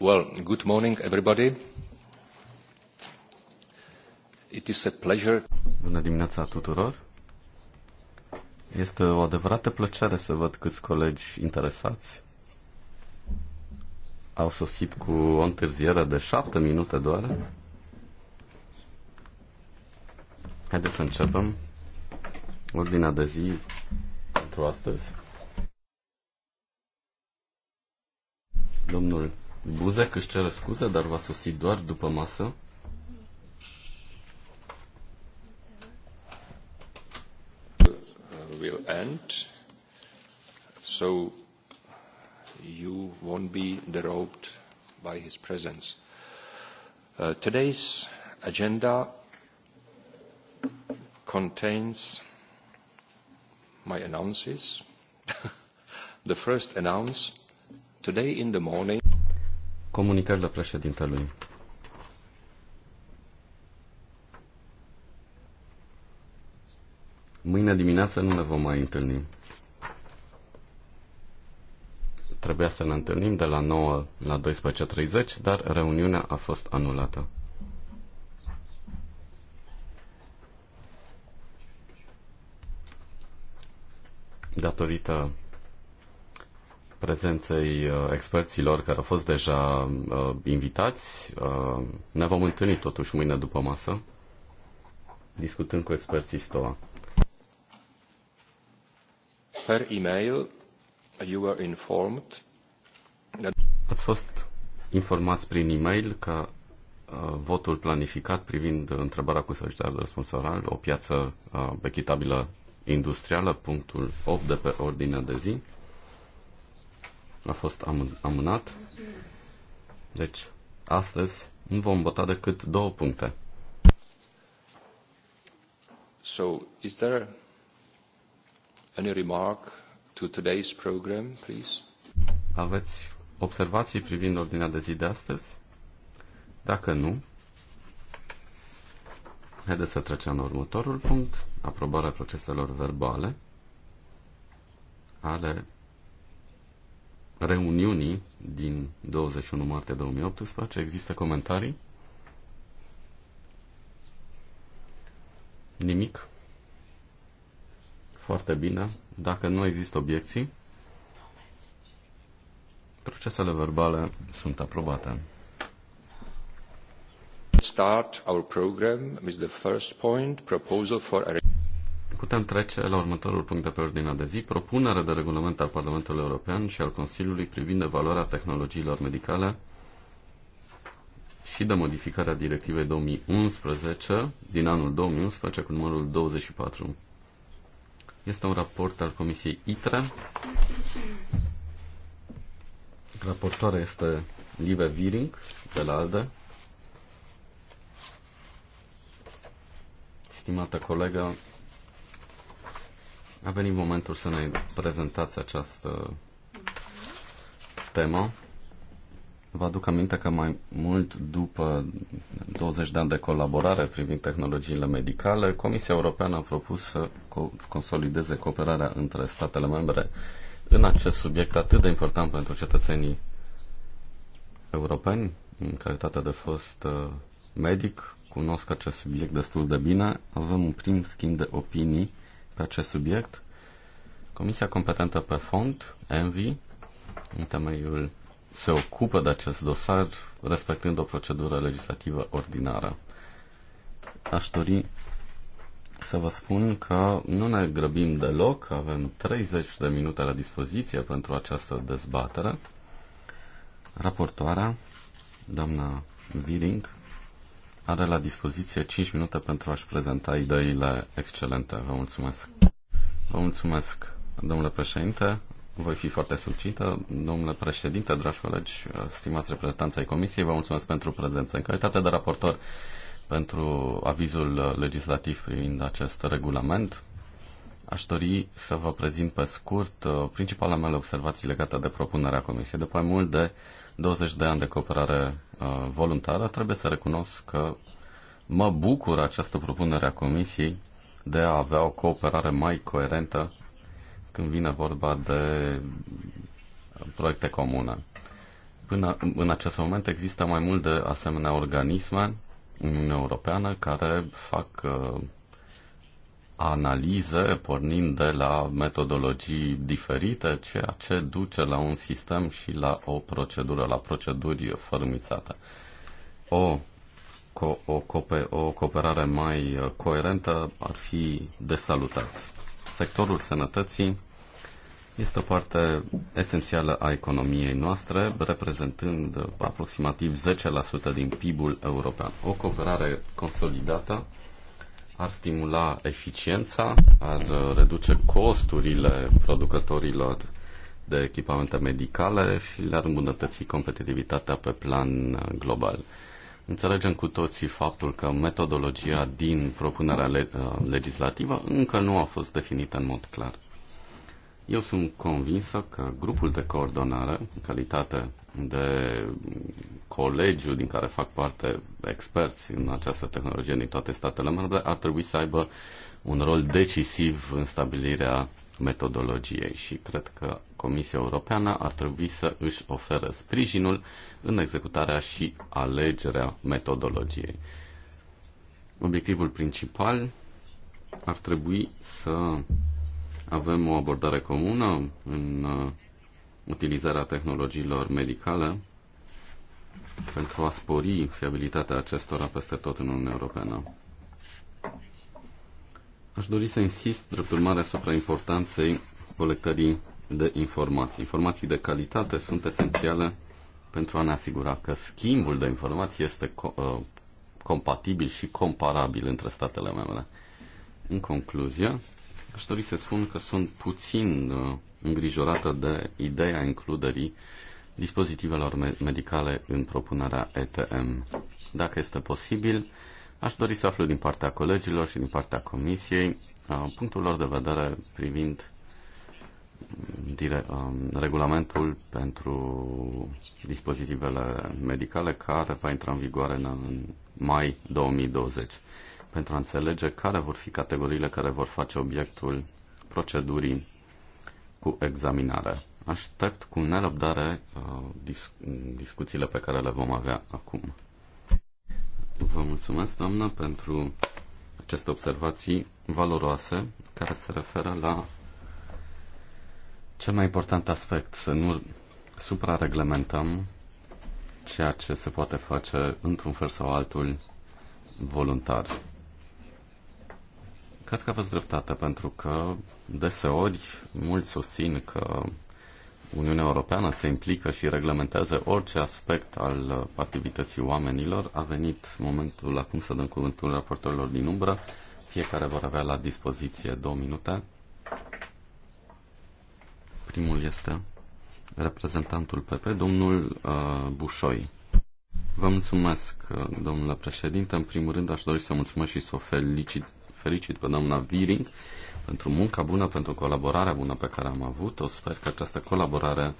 Well, good morning, everybody. It is a pleasure. Bună dimineața tuturor. Este o adevărată plăcere să văd câți colegi interesați au sosit cu o întârziere de șapte minute doar. Haideți să începem ordinea de zi pentru astăzi. Domnul Buzek își cere scuze, dar va sosi doar după masă. Uh, Will end. So you won't be derobed by his presence. Uh, today's agenda contains my announces. the first announce, today in the morning, Comunicările președintelui. Mâine dimineață nu ne vom mai întâlni. Trebuia să ne întâlnim de la 9 la 12.30, dar reuniunea a fost anulată. Datorită prezenței uh, experților care au fost deja uh, invitați. Uh, ne vom întâlni totuși mâine după masă, discutând cu experții STOA. Per email, you were informed that... Ați fost informați prin e-mail că uh, votul planificat privind întrebarea cu solicitarea de răspuns oral, o piață uh, echitabilă industrială, punctul 8 de pe ordinea de zi, a fost amânat. Deci, astăzi nu vom vota decât două puncte. So, is there any remark to today's program, please? Aveți observații privind ordinea de zi de astăzi? Dacă nu, haideți să trecem la următorul punct, aprobarea proceselor verbale ale reuniunii din 21 martie 2018. Există comentarii? Nimic? Foarte bine. Dacă nu există obiecții, procesele verbale sunt aprobate. Start our program with the first point, proposal for a Putem trece la următorul punct de pe ordinea de zi, propunerea de regulament al Parlamentului European și al Consiliului privind evaluarea tehnologiilor medicale și de modificarea directivei 2011, din anul 2011, cu numărul 24. Este un raport al Comisiei ITRE. Raportoarea este Live Viring, de la ALDE. Stimată colegă, a venit momentul să ne prezentați această temă. Vă aduc aminte că mai mult după 20 de ani de colaborare privind tehnologiile medicale, Comisia Europeană a propus să co- consolideze cooperarea între statele membre în acest subiect atât de important pentru cetățenii europeni, în calitate de fost uh, medic, cunosc acest subiect destul de bine. Avem un prim schimb de opinii pe acest subiect. Comisia competentă pe fond, ENVI, în temeiul se ocupă de acest dosar respectând o procedură legislativă ordinară. Aș dori să vă spun că nu ne grăbim deloc, avem 30 de minute la dispoziție pentru această dezbatere. Raportoarea, doamna Viring, are la dispoziție 5 minute pentru a-și prezenta ideile excelente. Vă mulțumesc! Vă mulțumesc, domnule președinte. Voi fi foarte succintă. Domnule președinte, dragi colegi, stimați reprezentanți ai Comisiei, vă mulțumesc pentru prezență. În calitate de raportor pentru avizul legislativ privind acest regulament, aș dori să vă prezint pe scurt uh, principala mele observații legate de propunerea Comisiei. După mai mult de 20 de ani de cooperare uh, voluntară, trebuie să recunosc că mă bucur această propunere a Comisiei de a avea o cooperare mai coerentă când vine vorba de proiecte comune. Până în acest moment există mai mult de asemenea organisme în Uniunea Europeană care fac uh, analize pornind de la metodologii diferite, ceea ce duce la un sistem și la o procedură, la proceduri fărâmițate. O co- o, cope- o cooperare mai uh, coerentă ar fi de salutat. Sectorul sănătății este o parte esențială a economiei noastre, reprezentând aproximativ 10% din PIB-ul european. O cooperare consolidată ar stimula eficiența, ar uh, reduce costurile producătorilor de echipamente medicale și le-ar îmbunătăți competitivitatea pe plan uh, global. Înțelegem cu toții faptul că metodologia din propunerea uh, legislativă încă nu a fost definită în mod clar. Eu sunt convinsă că grupul de coordonare, în calitate de colegiu din care fac parte experți în această tehnologie din toate statele membre, ar trebui să aibă un rol decisiv în stabilirea metodologiei și cred că Comisia Europeană ar trebui să își ofere sprijinul în executarea și alegerea metodologiei. Obiectivul principal ar trebui să avem o abordare comună în uh, utilizarea tehnologiilor medicale pentru a spori fiabilitatea acestora peste tot în Uniunea Europeană. Aș dori să insist, drept urmare, asupra importanței colectării de informații. Informații de calitate sunt esențiale pentru a ne asigura că schimbul de informații este co- uh, compatibil și comparabil între statele membre. În concluzie, aș dori să spun că sunt puțin uh, îngrijorată de ideea includerii dispozitivelor medicale în propunerea ETM. Dacă este posibil, aș dori să aflu din partea colegilor și din partea Comisiei uh, punctul lor de vedere privind dire, um, regulamentul pentru dispozitivele medicale care va intra în vigoare în, în mai 2020 pentru a înțelege care vor fi categoriile care vor face obiectul procedurii cu examinare. Aștept cu nerăbdare uh, dis- discuțiile pe care le vom avea acum. Vă mulțumesc, doamnă, pentru aceste observații valoroase care se referă la cel mai important aspect, să nu suprareglementăm ceea ce se poate face într-un fel sau altul voluntar. Cred că aveți dreptate, pentru că deseori mulți susțin că Uniunea Europeană se implică și reglementează orice aspect al activității oamenilor. A venit momentul acum să dăm cuvântul raportorilor din umbră. Fiecare vor avea la dispoziție două minute ultimul este reprezentantul PP, domnul uh, Bușoi. Vă mulțumesc, uh, domnule președinte. În primul rând, aș dori să mulțumesc și să o felicit, felicit pe doamna Viring pentru munca bună, pentru colaborarea bună pe care am avut-o. Sper că această colaborare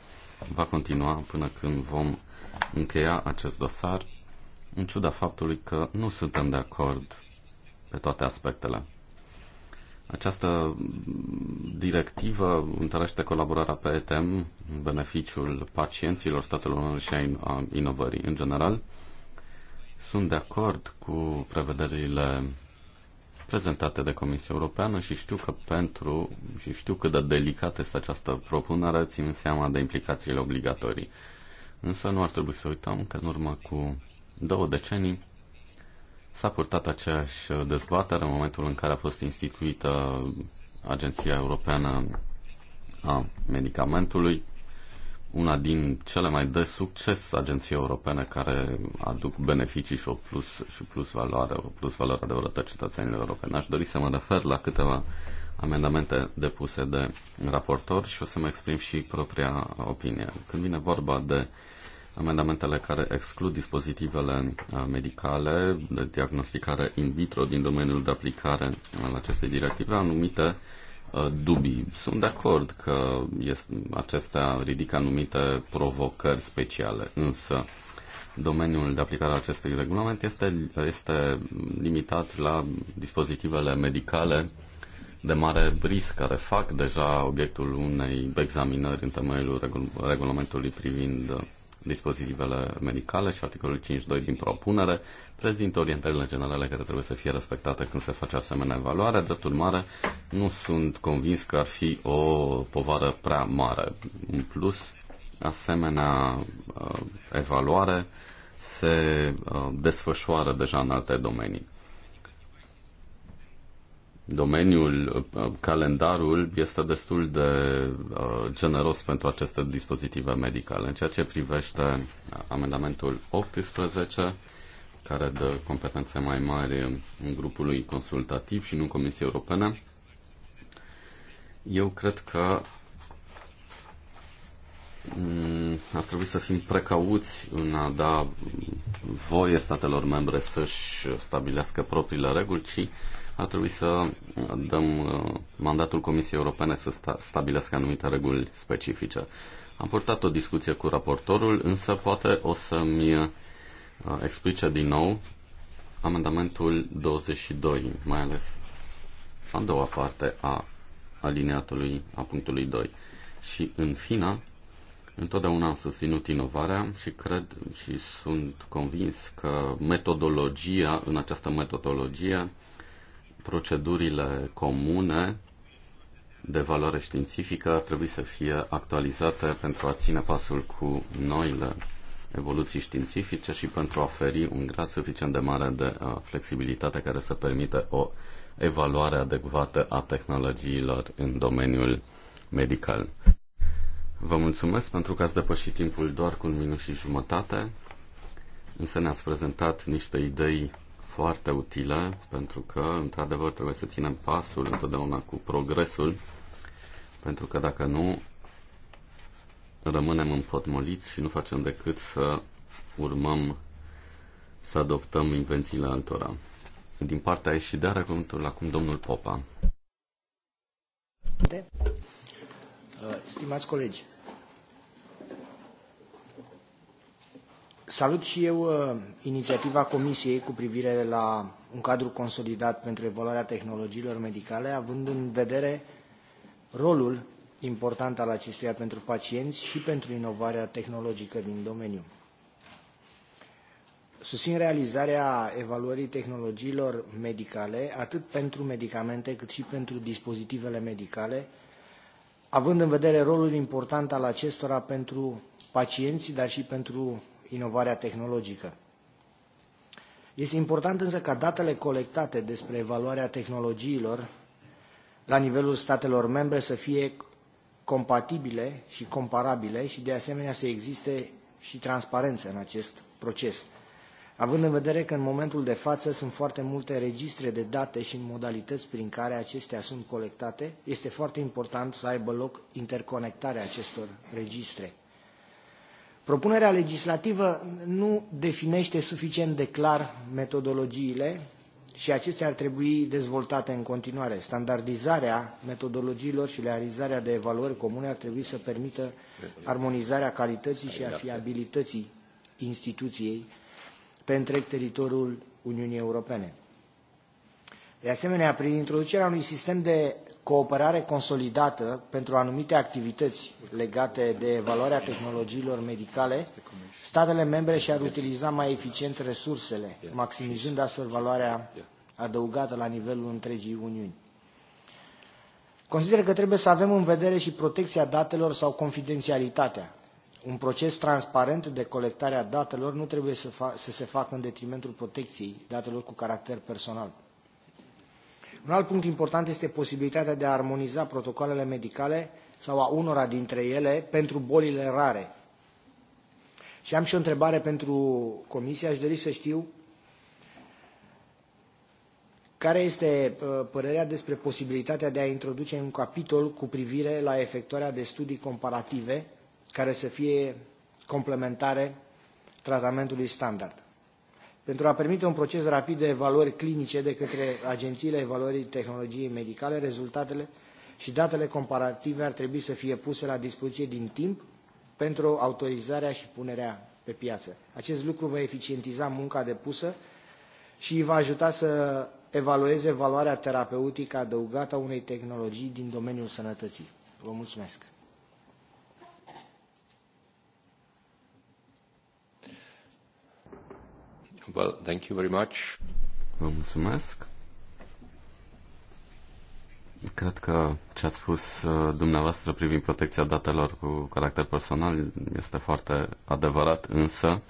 va continua până când vom încheia acest dosar, în ciuda faptului că nu suntem de acord pe toate aspectele. Această directivă întărește colaborarea pe ETM în beneficiul pacienților statelor unor și a inovării în general. Sunt de acord cu prevederile prezentate de Comisia Europeană și știu că pentru și știu cât de delicată este această propunere, țin seama de implicațiile obligatorii. Însă nu ar trebui să uităm că în urmă cu două decenii S-a purtat aceeași dezbatere în momentul în care a fost instituită Agenția Europeană a Medicamentului, una din cele mai de succes agenții europene care aduc beneficii și o plus, și plus valoare, o plus valoare adevărată cetățenilor europene. Aș dori să mă refer la câteva amendamente depuse de raportor și o să mi exprim și propria opinie. Când vine vorba de uh, amendamentele care exclud dispozitivele uh, medicale de diagnosticare in vitro din domeniul de aplicare al acestei directive anumite uh, dubii. Sunt de acord că este, acestea ridică anumite provocări speciale, însă domeniul de aplicare a acestui regulament este, este limitat la dispozitivele medicale de mare risc care fac deja obiectul unei examinări în temeiul regulamentului privind uh, dispozitivele medicale și articolul 5.2 din propunere prezintă orientările generale care trebuie să fie respectate când se face asemenea evaluare. Drept urmare, nu sunt convins că ar fi o povară prea mare. În plus, asemenea uh, evaluare se uh, desfășoară deja în alte domenii domeniul, uh, uh, calendarul este destul de uh, generos pentru aceste dispozitive medicale. În ceea ce privește amendamentul 18, care dă competențe mai mari în grupului consultativ și nu în Comisia Europeană, eu cred că mm, ar trebui să fim precauți în a da voie statelor membre să-și stabilească propriile reguli, ci ar trebui să dăm uh, mandatul Comisiei Europene să sta- stabilească anumite reguli specifice. Am purtat o discuție cu raportorul, însă poate o să-mi uh, explice din nou amendamentul 22, mai ales a doua parte a alineatului a punctului 2. Și în fine, întotdeauna am susținut inovarea și cred și sunt convins că metodologia, în această metodologie, procedurile comune de valoare științifică ar trebui să fie actualizate pentru a ține pasul cu noile evoluții științifice și pentru a oferi un grad suficient de mare de uh, flexibilitate care să permită o evaluare adecvată a tehnologiilor în domeniul medical. Vă mulțumesc pentru că ați depășit timpul doar cu un minut și jumătate, însă ne-ați prezentat niște idei foarte utile, pentru că, într-adevăr, trebuie să ținem pasul întotdeauna cu progresul, pentru că dacă nu, rămânem împotmoliți și nu facem decât să urmăm, să adoptăm invențiile altora. Din partea ei și de are acum domnul Popa. De. Stimați colegi, Salut și eu uh, inițiativa Comisiei cu privire la un cadru consolidat pentru evaluarea tehnologiilor medicale, având în vedere rolul important al acesteia pentru pacienți și pentru inovarea tehnologică din domeniu. Susțin realizarea evaluării tehnologiilor medicale, atât pentru medicamente cât și pentru dispozitivele medicale, având în vedere rolul important al acestora pentru pacienți, dar și pentru inovarea tehnologică. Este important însă ca datele colectate despre evaluarea tehnologiilor la nivelul statelor membre să fie compatibile și comparabile și de asemenea să existe și transparență în acest proces. Având în vedere că în momentul de față sunt foarte multe registre de date și modalități prin care acestea sunt colectate, este foarte important să aibă loc interconectarea acestor registre. Propunerea legislativă nu definește suficient de clar metodologiile și acestea ar trebui dezvoltate în continuare. Standardizarea metodologiilor și realizarea de evaluări comune ar trebui să permită armonizarea calității și a exact. fiabilității instituției pe întreg teritoriul Uniunii Europene. De asemenea, prin introducerea unui sistem de cooperare consolidată pentru anumite activități legate de evaluarea tehnologiilor medicale, statele membre și-ar utiliza mai eficient resursele, maximizând astfel valoarea adăugată la nivelul întregii Uniuni. Consider că trebuie să avem în vedere și protecția datelor sau confidențialitatea. Un proces transparent de colectare a datelor nu trebuie să, să se facă în detrimentul protecției datelor cu caracter personal. Un alt punct important este posibilitatea de a armoniza protocoalele medicale sau a unora dintre ele pentru bolile rare. Și am și o întrebare pentru Comisie. Aș dori să știu care este uh, părerea despre posibilitatea de a introduce un capitol cu privire la efectuarea de studii comparative care să fie complementare tratamentului standard? pentru a permite un proces rapid de evaluări clinice de către agențiile evaluării tehnologiei medicale, rezultatele și datele comparative ar trebui să fie puse la dispoziție din timp pentru autorizarea și punerea pe piață. Acest lucru va eficientiza munca depusă și îi va ajuta să evalueze valoarea terapeutică adăugată a unei tehnologii din domeniul sănătății. Vă mulțumesc! Well, thank you very much. Vă mulțumesc. Cred că ce ați spus uh, dumneavoastră privind protecția datelor cu caracter personal este foarte adevărat, însă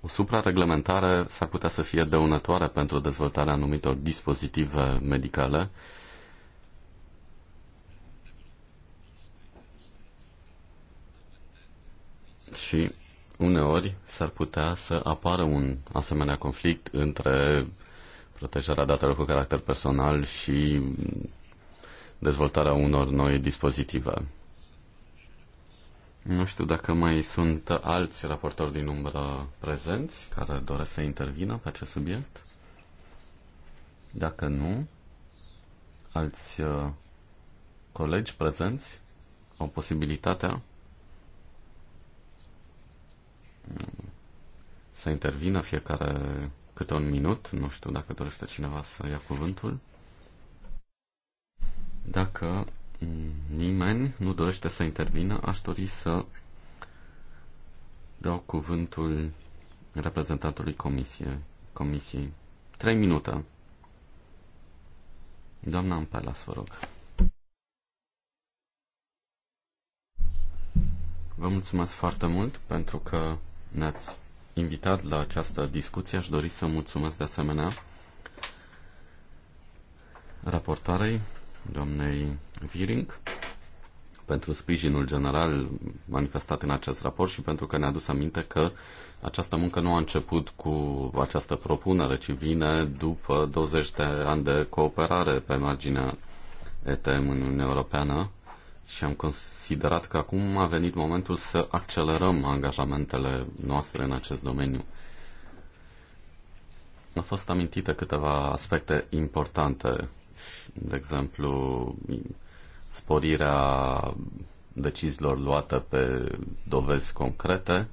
o suprareglementare s-ar putea să fie dăunătoare pentru dezvoltarea anumitor dispozitive medicale. Și uneori s-ar putea să apară un asemenea conflict între protejarea datelor cu caracter personal și dezvoltarea unor noi dispozitive. Nu știu dacă mai sunt alți raportori din umbră prezenți care doresc să intervină pe acest subiect. Dacă nu, alți uh, colegi prezenți au posibilitatea să intervină fiecare câte un minut. Nu știu dacă dorește cineva să ia cuvântul. Dacă nimeni nu dorește să intervină, aș dori să dau cuvântul reprezentantului comisie, comisiei. Trei minute. Doamna Ampelas, vă rog. Vă mulțumesc foarte mult pentru că ne-ați invitat la această discuție. Aș dori să mulțumesc de asemenea raportoarei, doamnei Viring, pentru sprijinul general manifestat în acest raport și pentru că ne-a dus aminte că această muncă nu a început cu această propunere, ci vine după 20 de ani de cooperare pe marginea ETM în Uniunea Europeană și am considerat că acum a venit momentul să accelerăm angajamentele noastre în acest domeniu. Au fost amintite câteva aspecte importante, de exemplu, sporirea deciziilor luate pe dovezi concrete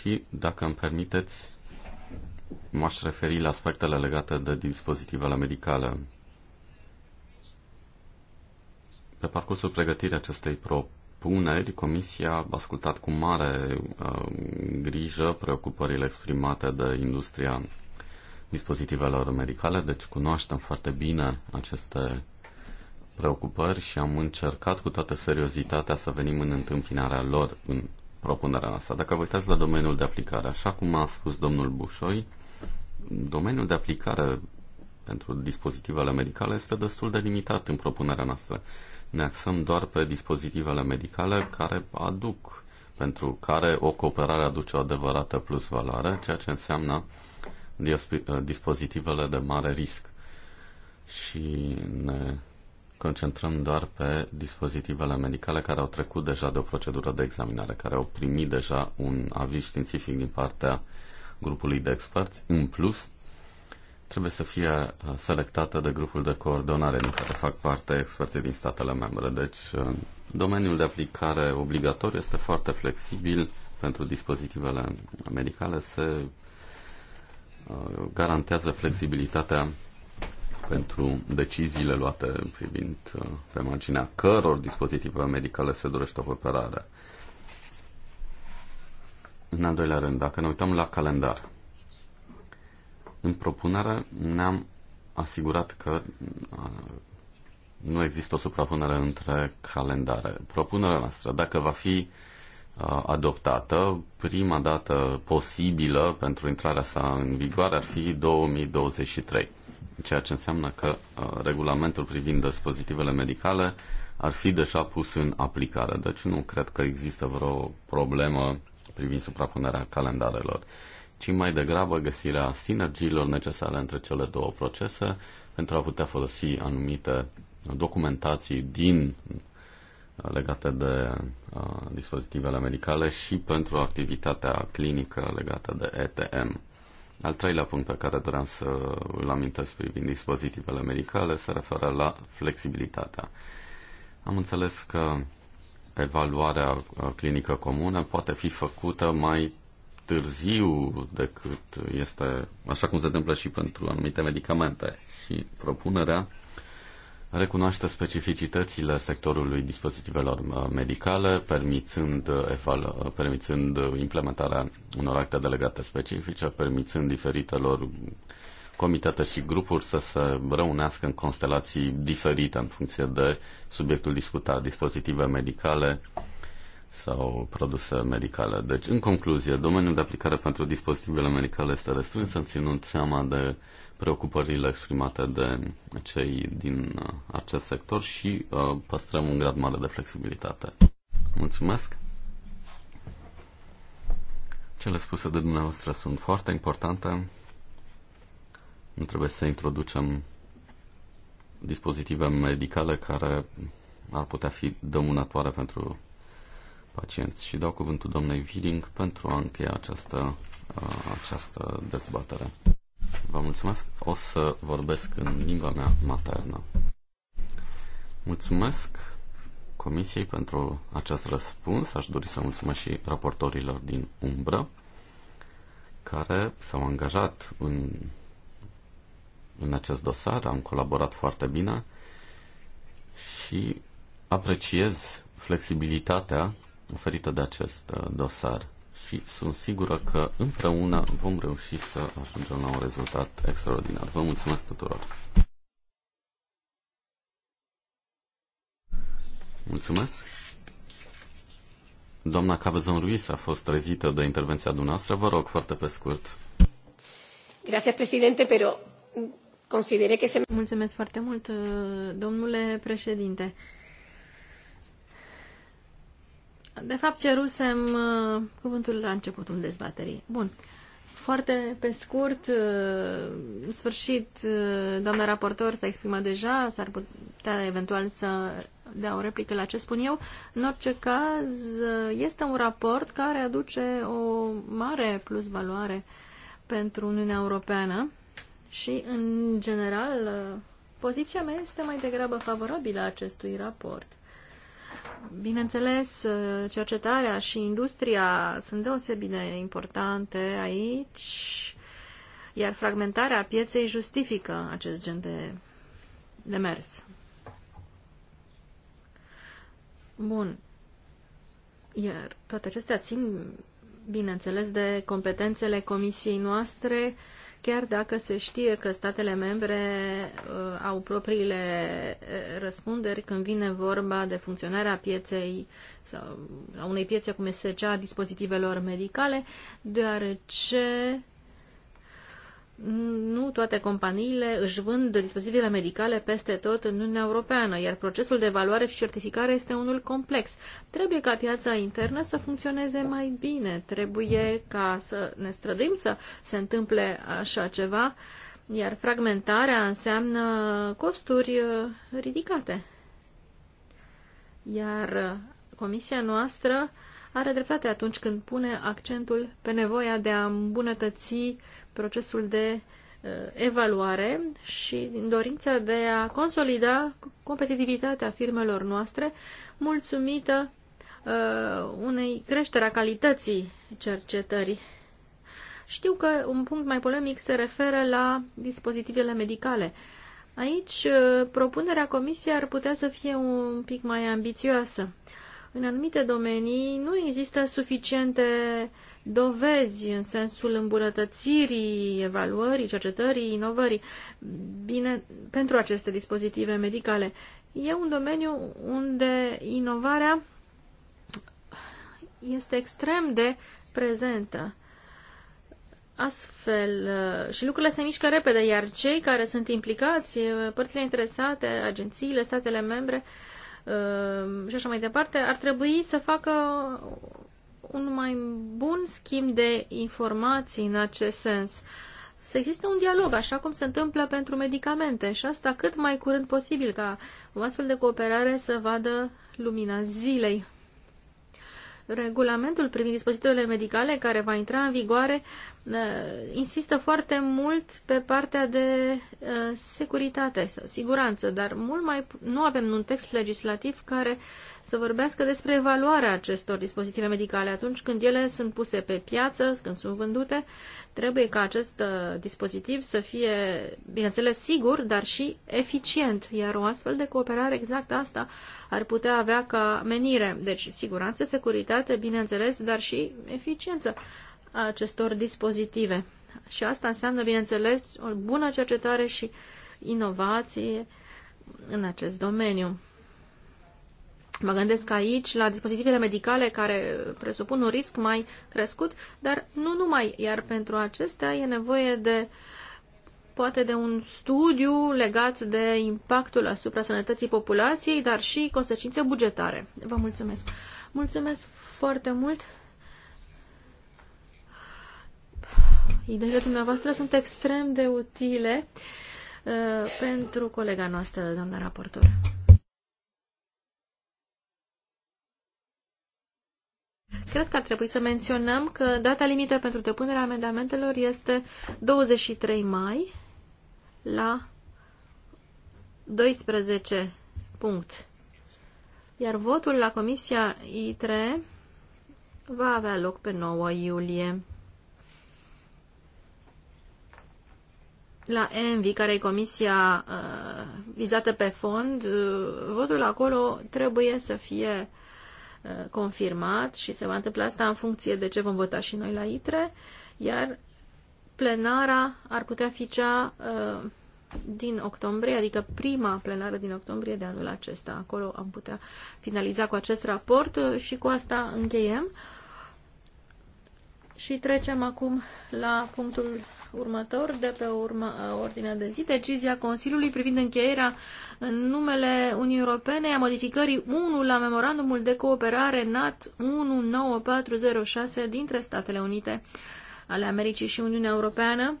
și, dacă îmi permiteți, m-aș referi la aspectele legate de dispozitivele medicale pe parcursul pregătirii acestei propuneri, Comisia a ascultat cu mare uh, grijă preocupările exprimate de industria dispozitivelor medicale, deci cunoaștem foarte bine aceste preocupări și am încercat cu toată seriozitatea să venim în întâmpinarea lor în propunerea asta. Dacă vă uitați la domeniul de aplicare, așa cum a spus domnul Bușoi, domeniul de aplicare pentru dispozitivele medicale este destul de limitat în propunerea noastră ne axăm doar pe dispozitivele medicale care aduc, pentru care o cooperare aduce o adevărată plus valoare, ceea ce înseamnă eh, dispozitivele de mare risc. Și ne concentrăm doar pe dispozitivele medicale care au trecut deja de o procedură de examinare, care au primit deja un aviz științific din partea grupului de experți. În plus, trebuie să fie uh, selectată de grupul de coordonare din care fac parte experții din statele membre. Deci, uh, domeniul de aplicare obligatoriu este foarte flexibil pentru dispozitivele medicale. Se uh, garantează flexibilitatea pentru deciziile luate privind pe marginea căror dispozitive medicale se dorește o operare. În al doilea rând, dacă ne uităm la calendar, în propunere ne-am asigurat că nu există o suprapunere între calendare. Propunerea noastră, dacă va fi adoptată, prima dată posibilă pentru intrarea sa în vigoare ar fi 2023, ceea ce înseamnă că regulamentul privind dispozitivele medicale ar fi deja pus în aplicare. Deci nu cred că există vreo problemă privind suprapunerea calendarelor ci mai degrabă găsirea sinergiilor necesare între cele două procese pentru a putea folosi anumite documentații din uh, legate de uh, dispozitivele medicale și pentru activitatea clinică legată de ETM. Al treilea punct pe care doream să îl amintesc privind dispozitivele medicale se referă la flexibilitatea. Am înțeles că evaluarea uh, clinică comună poate fi făcută mai târziu decât este, așa cum se întâmplă și pentru anumite medicamente. Și propunerea recunoaște specificitățile sectorului dispozitivelor uh, medicale, permițând, uh, eval, uh, permițând implementarea unor acte delegate specifice, permițând diferitelor comitete și grupuri să se reunească în constelații diferite în funcție de subiectul discutat, dispozitive medicale, sau produse medicale. Deci, în concluzie, domeniul de aplicare pentru dispozitivele medicale este restrâns, ținând seama de preocupările exprimate de cei din uh, acest sector și uh, păstrăm un grad mare de flexibilitate. Mulțumesc! Cele spuse de dumneavoastră sunt foarte importante. Nu trebuie să introducem dispozitive medicale care ar putea fi dămânătoare pentru pacienți. Și dau cuvântul doamnei Viring pentru a încheia această, această dezbatere. Vă mulțumesc. O să vorbesc în limba mea maternă. Mulțumesc Comisiei pentru acest răspuns. Aș dori să mulțumesc și raportorilor din umbră care s-au angajat în, în acest dosar, am colaborat foarte bine și apreciez flexibilitatea oferită de acest uh, dosar și sunt sigură că împreună vom reuși să ajungem la un rezultat extraordinar. Vă mulțumesc tuturor! Mulțumesc! Doamna Cabezon Ruiz a fost trezită de intervenția dumneavoastră. Vă rog foarte pe scurt. Gracias, presidente, pero considere că se... Mulțumesc foarte mult, domnule președinte. De fapt, cerusem uh, cuvântul la începutul dezbaterii. Bun. Foarte pe scurt, uh, în sfârșit, uh, doamna raportor s-a exprimat deja, s-ar putea eventual să dea o replică la ce spun eu. În orice caz, uh, este un raport care aduce o mare plus valoare pentru Uniunea Europeană și, în general, uh, poziția mea este mai degrabă favorabilă acestui raport. Bineînțeles, cercetarea și industria sunt deosebit de importante aici, iar fragmentarea pieței justifică acest gen de, de mers. Bun. Iar toate acestea țin, bineînțeles, de competențele comisiei noastre chiar dacă se știe că statele membre uh, au propriile uh, răspunderi când vine vorba de funcționarea pieței sau a unei piețe cum este cea a dispozitivelor medicale, deoarece nu toate companiile își vând dispozitivele medicale peste tot în Uniunea Europeană, iar procesul de evaluare și certificare este unul complex. Trebuie ca piața internă să funcționeze mai bine, trebuie ca să ne străduim să se întâmple așa ceva, iar fragmentarea înseamnă costuri uh, ridicate. Iar uh, comisia noastră are dreptate atunci când pune accentul pe nevoia de a îmbunătăți procesul de uh, evaluare și din dorința de a consolida competitivitatea firmelor noastre, mulțumită uh, unei creștere a calității cercetării. Știu că un punct mai polemic se referă la dispozitivele medicale. Aici, uh, propunerea comisiei ar putea să fie un pic mai ambițioasă. În anumite domenii nu există suficiente dovezi în sensul îmbunătățirii, evaluării, cercetării, inovării bine, pentru aceste dispozitive medicale. E un domeniu unde inovarea este extrem de prezentă. Astfel, uh, și lucrurile se mișcă repede, iar cei care sunt implicați, uh, părțile interesate, agențiile, statele membre uh, și așa mai departe, ar trebui să facă un mai bun schimb de informații în acest sens. Să existe un dialog, așa cum se întâmplă pentru medicamente și asta cât mai curând posibil, ca o astfel de cooperare să vadă lumina zilei. Regulamentul privind dispozitivele medicale care va intra în vigoare insistă foarte mult pe partea de uh, securitate sau siguranță, dar mult mai nu avem un text legislativ care să vorbească despre evaluarea acestor dispozitive medicale atunci când ele sunt puse pe piață, când sunt vândute, trebuie ca acest uh, dispozitiv să fie, bineînțeles, sigur, dar și eficient, iar o astfel de cooperare exact asta ar putea avea ca menire. Deci, siguranță, securitate, bineînțeles, dar și eficiență a acestor dispozitive. Și asta înseamnă, bineînțeles, o bună cercetare și inovație în acest domeniu. Mă gândesc aici la dispozitivele medicale care presupun un risc mai crescut, dar nu numai, iar pentru acestea e nevoie de poate de un studiu legat de impactul asupra sănătății populației, dar și consecințe bugetare. Vă mulțumesc! Mulțumesc foarte mult! ideile dumneavoastră sunt extrem de utile uh, pentru colega noastră, doamna raportor. Cred că ar trebui să menționăm că data limită pentru depunerea amendamentelor este 23 mai la 12 punct. Iar votul la Comisia ITRE va avea loc pe 9 iulie. la ENVI, care e comisia uh, vizată pe fond, uh, votul acolo trebuie să fie uh, confirmat și se va întâmpla asta în funcție de ce vom vota și noi la ITRE, iar plenara ar putea fi cea uh, din octombrie, adică prima plenară din octombrie de anul acesta. Acolo am putea finaliza cu acest raport uh, și cu asta încheiem. Și trecem acum la punctul următor de pe urma, ordinea de zi, decizia Consiliului privind încheierea în numele Uniunii Europene a modificării 1 la memorandumul de cooperare NAT 19406 dintre Statele Unite ale Americii și Uniunea Europeană.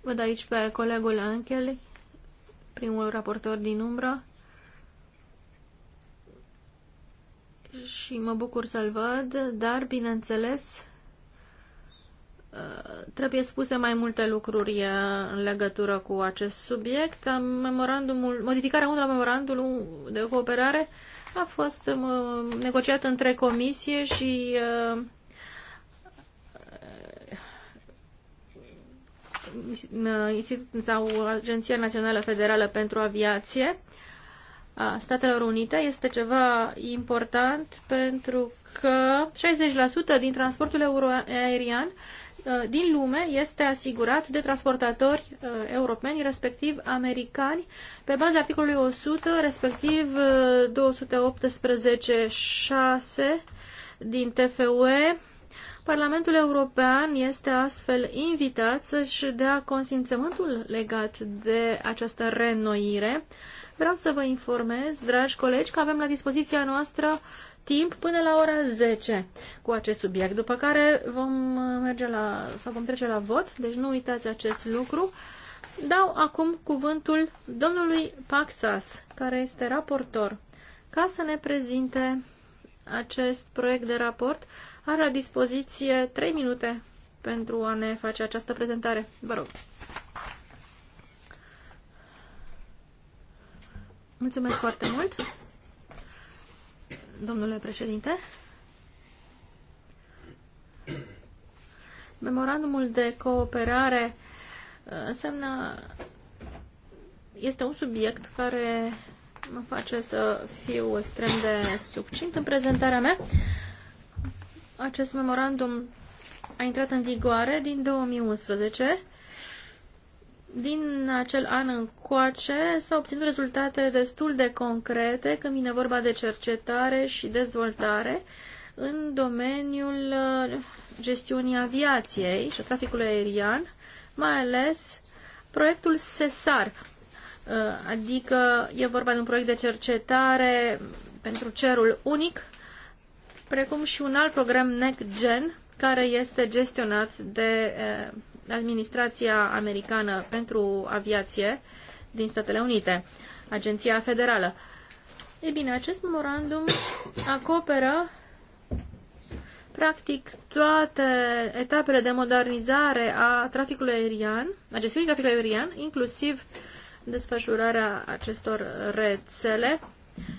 Văd aici pe colegul Anchel, primul raportor din umbră. și mă bucur să-l văd, dar, bineînțeles, ă, trebuie spuse mai multe lucruri ă, în legătură cu acest subiect. Memorandumul, modificarea unui la memorandul de cooperare a fost negociată între comisie și ă, sau Agenția Națională Federală pentru Aviație. Uh, a Statelor Unite este ceva important pentru că 60% din transportul aerian uh, din lume este asigurat de transportatori uh, europeni, respectiv americani, pe baza articolului 100, respectiv 218.6 uh, din TFUE. Parlamentul European este astfel invitat să-și dea consimțământul legat de această reînnoire Vreau să vă informez, dragi colegi, că avem la dispoziția noastră timp până la ora 10 cu acest subiect, după care vom merge la, sau vom trece la vot, deci nu uitați acest lucru. Dau acum cuvântul domnului Paxas, care este raportor, ca să ne prezinte acest proiect de raport. Are la dispoziție 3 minute pentru a ne face această prezentare. Vă rog. Mulțumesc foarte mult, domnule președinte. Memorandumul de cooperare uh, înseamnă este un subiect care mă face să fiu extrem de succint în prezentarea mea. Acest memorandum a intrat în vigoare din 2011 din acel an încoace s-au obținut rezultate destul de concrete când vine vorba de cercetare și dezvoltare în domeniul uh, gestiunii aviației și traficului aerian, mai ales proiectul SESAR, uh, adică e vorba de un proiect de cercetare pentru cerul unic, precum și un alt program NECGEN, care este gestionat de uh, Administrația Americană pentru Aviație din Statele Unite, Agenția Federală. Ei bine, acest memorandum acoperă practic toate etapele de modernizare a traficului aerian, a gestiunii traficului aerian, inclusiv desfășurarea acestor rețele.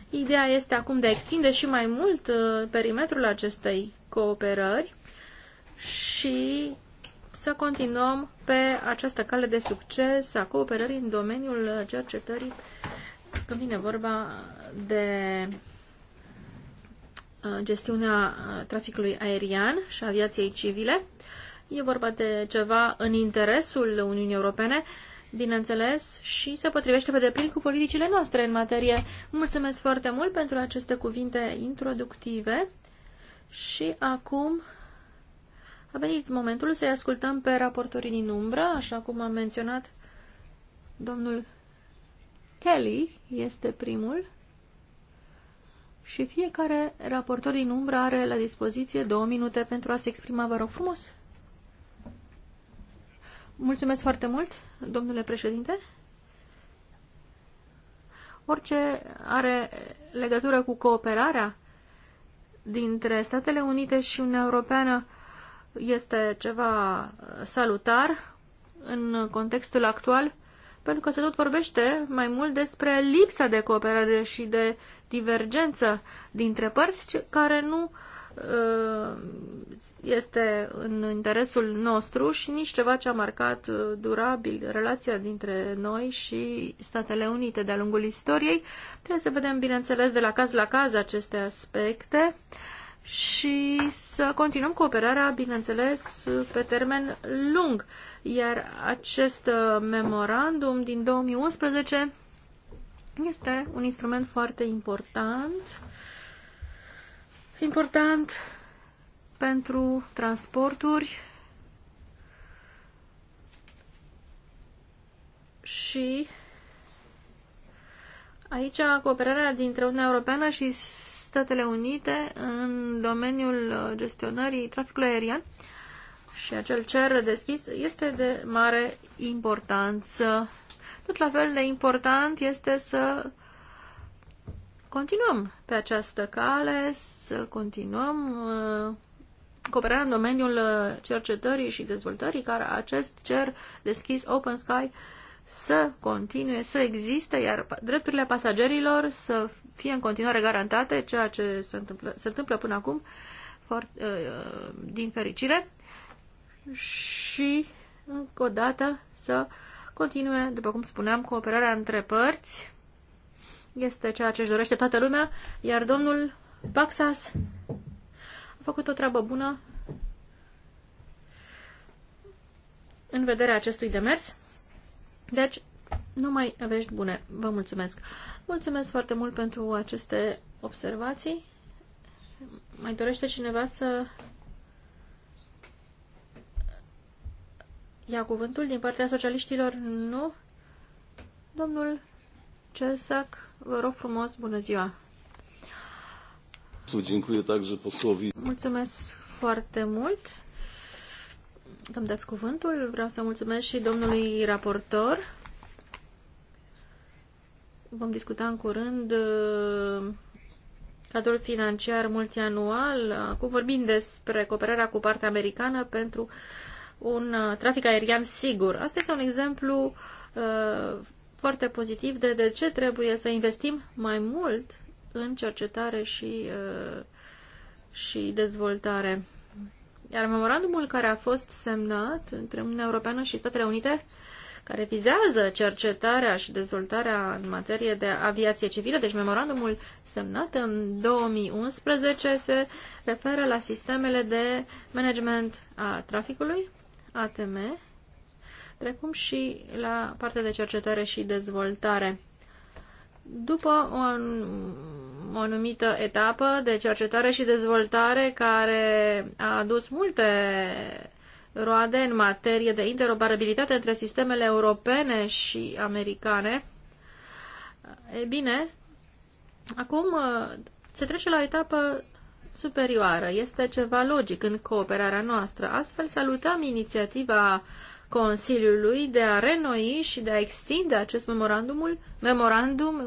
Ideea este acum de a extinde și mai mult uh, perimetrul acestei cooperări și să continuăm pe această cale de succes a cooperării în domeniul cercetării când vine vorba de uh, gestiunea traficului aerian și aviației civile. E vorba de ceva în interesul Uniunii Europene, bineînțeles, și se potrivește pe deplin cu politicile noastre în materie. Mulțumesc foarte mult pentru aceste cuvinte introductive și acum a venit momentul să-i ascultăm pe raportorii din umbră, așa cum am menționat domnul Kelly este primul și fiecare raportor din umbră are la dispoziție două minute pentru a se exprima, vă rog frumos. Mulțumesc foarte mult, domnule președinte. Orice are legătură cu cooperarea dintre Statele Unite și Uniunea Europeană este ceva salutar în contextul actual, pentru că se tot vorbește mai mult despre lipsa de cooperare și de divergență dintre părți care nu uh, este în interesul nostru și nici ceva ce a marcat uh, durabil relația dintre noi și Statele Unite de-a lungul istoriei. Trebuie să vedem, bineînțeles, de la caz la caz aceste aspecte și să continuăm cooperarea, bineînțeles, pe termen lung. Iar acest memorandum din 2011 este un instrument foarte important, important pentru transporturi și aici cooperarea dintre Uniunea Europeană și Statele Unite în domeniul gestionării traficului aerian și acel cer deschis este de mare importanță. Tot la fel de important este să continuăm pe această cale, să continuăm uh, cooperarea în domeniul uh, cercetării și dezvoltării, care acest cer deschis Open Sky să continue, să existe, iar drepturile pasagerilor să fie în continuare garantate, ceea ce se întâmplă, se întâmplă până acum, foarte, uh, uh, din fericire, și încă o dată să continue, după cum spuneam, cooperarea între părți. Este ceea ce își dorește toată lumea, iar domnul Baxas a făcut o treabă bună în vederea acestui demers. Deci, numai vești bune. Vă mulțumesc! Mulțumesc foarte mult pentru aceste observații. Mai dorește cineva să ia cuvântul din partea socialiștilor? Nu. Domnul Cesac, vă rog frumos, bună ziua! Mulțumesc foarte mult îmi dați cuvântul. Vreau să mulțumesc și domnului raportor Vom discuta în curând uh, cadrul financiar multianual. Uh, cu vorbim despre cooperarea cu partea americană pentru un uh, trafic aerian sigur. Asta este un exemplu foarte pozitiv de de ce trebuie să investim mai mult în cercetare și, și dezvoltare. Iar memorandumul care a fost semnat între Uniunea Europeană și Statele Unite care vizează cercetarea și dezvoltarea în materie de aviație civilă. Deci memorandumul semnat în 2011 se referă la sistemele de management a traficului, ATM, precum și la partea de cercetare și dezvoltare. După o, o anumită etapă de cercetare și dezvoltare care a adus multe roade în materie de interoperabilitate între sistemele europene și americane. E bine, acum uh, se trece la o etapă superioară. Este ceva logic în cooperarea noastră. Astfel salutăm inițiativa Consiliului de a renoi și de a extinde acest memorandumul, memorandum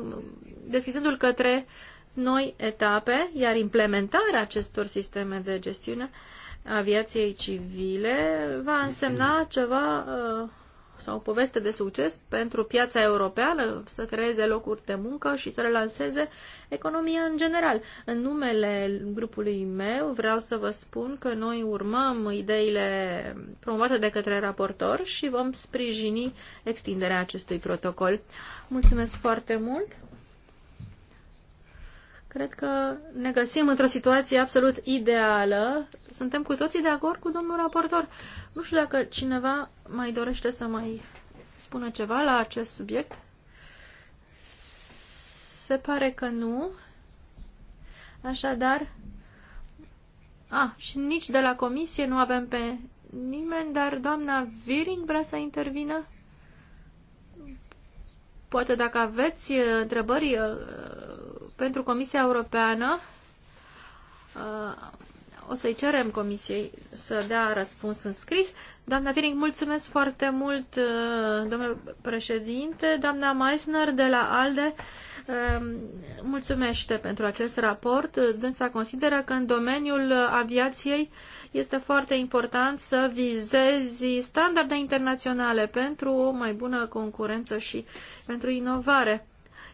deschizându-l către noi etape, iar implementarea acestor sisteme de gestiune uh, aviației civile va însemna ceva uh, sau o poveste de succes pentru piața europeană, să creeze locuri de muncă și să relanseze economia în general. În numele grupului meu vreau să vă spun că noi urmăm ideile promovate de către raportor și vom sprijini extinderea acestui protocol. Mulțumesc foarte mult! Cred că ne găsim într-o situație absolut ideală. Suntem cu toții de acord cu domnul raportor. Nu știu dacă cineva mai dorește să mai spună ceva la acest subiect. Se pare că nu. Așadar, a, și nici de la comisie nu avem pe nimeni, dar doamna Viring vrea să intervină. Poate dacă aveți uh, întrebări uh, pentru Comisia Europeană. Uh, o să-i cerem Comisiei să dea răspuns în scris. Doamna Firing, mulțumesc foarte mult, uh, domnule președinte. Doamna Meissner de la ALDE um, mulțumește pentru acest raport. Dânsa consideră că în domeniul aviației este foarte important să vizezi standarde internaționale pentru o mai bună concurență și pentru inovare.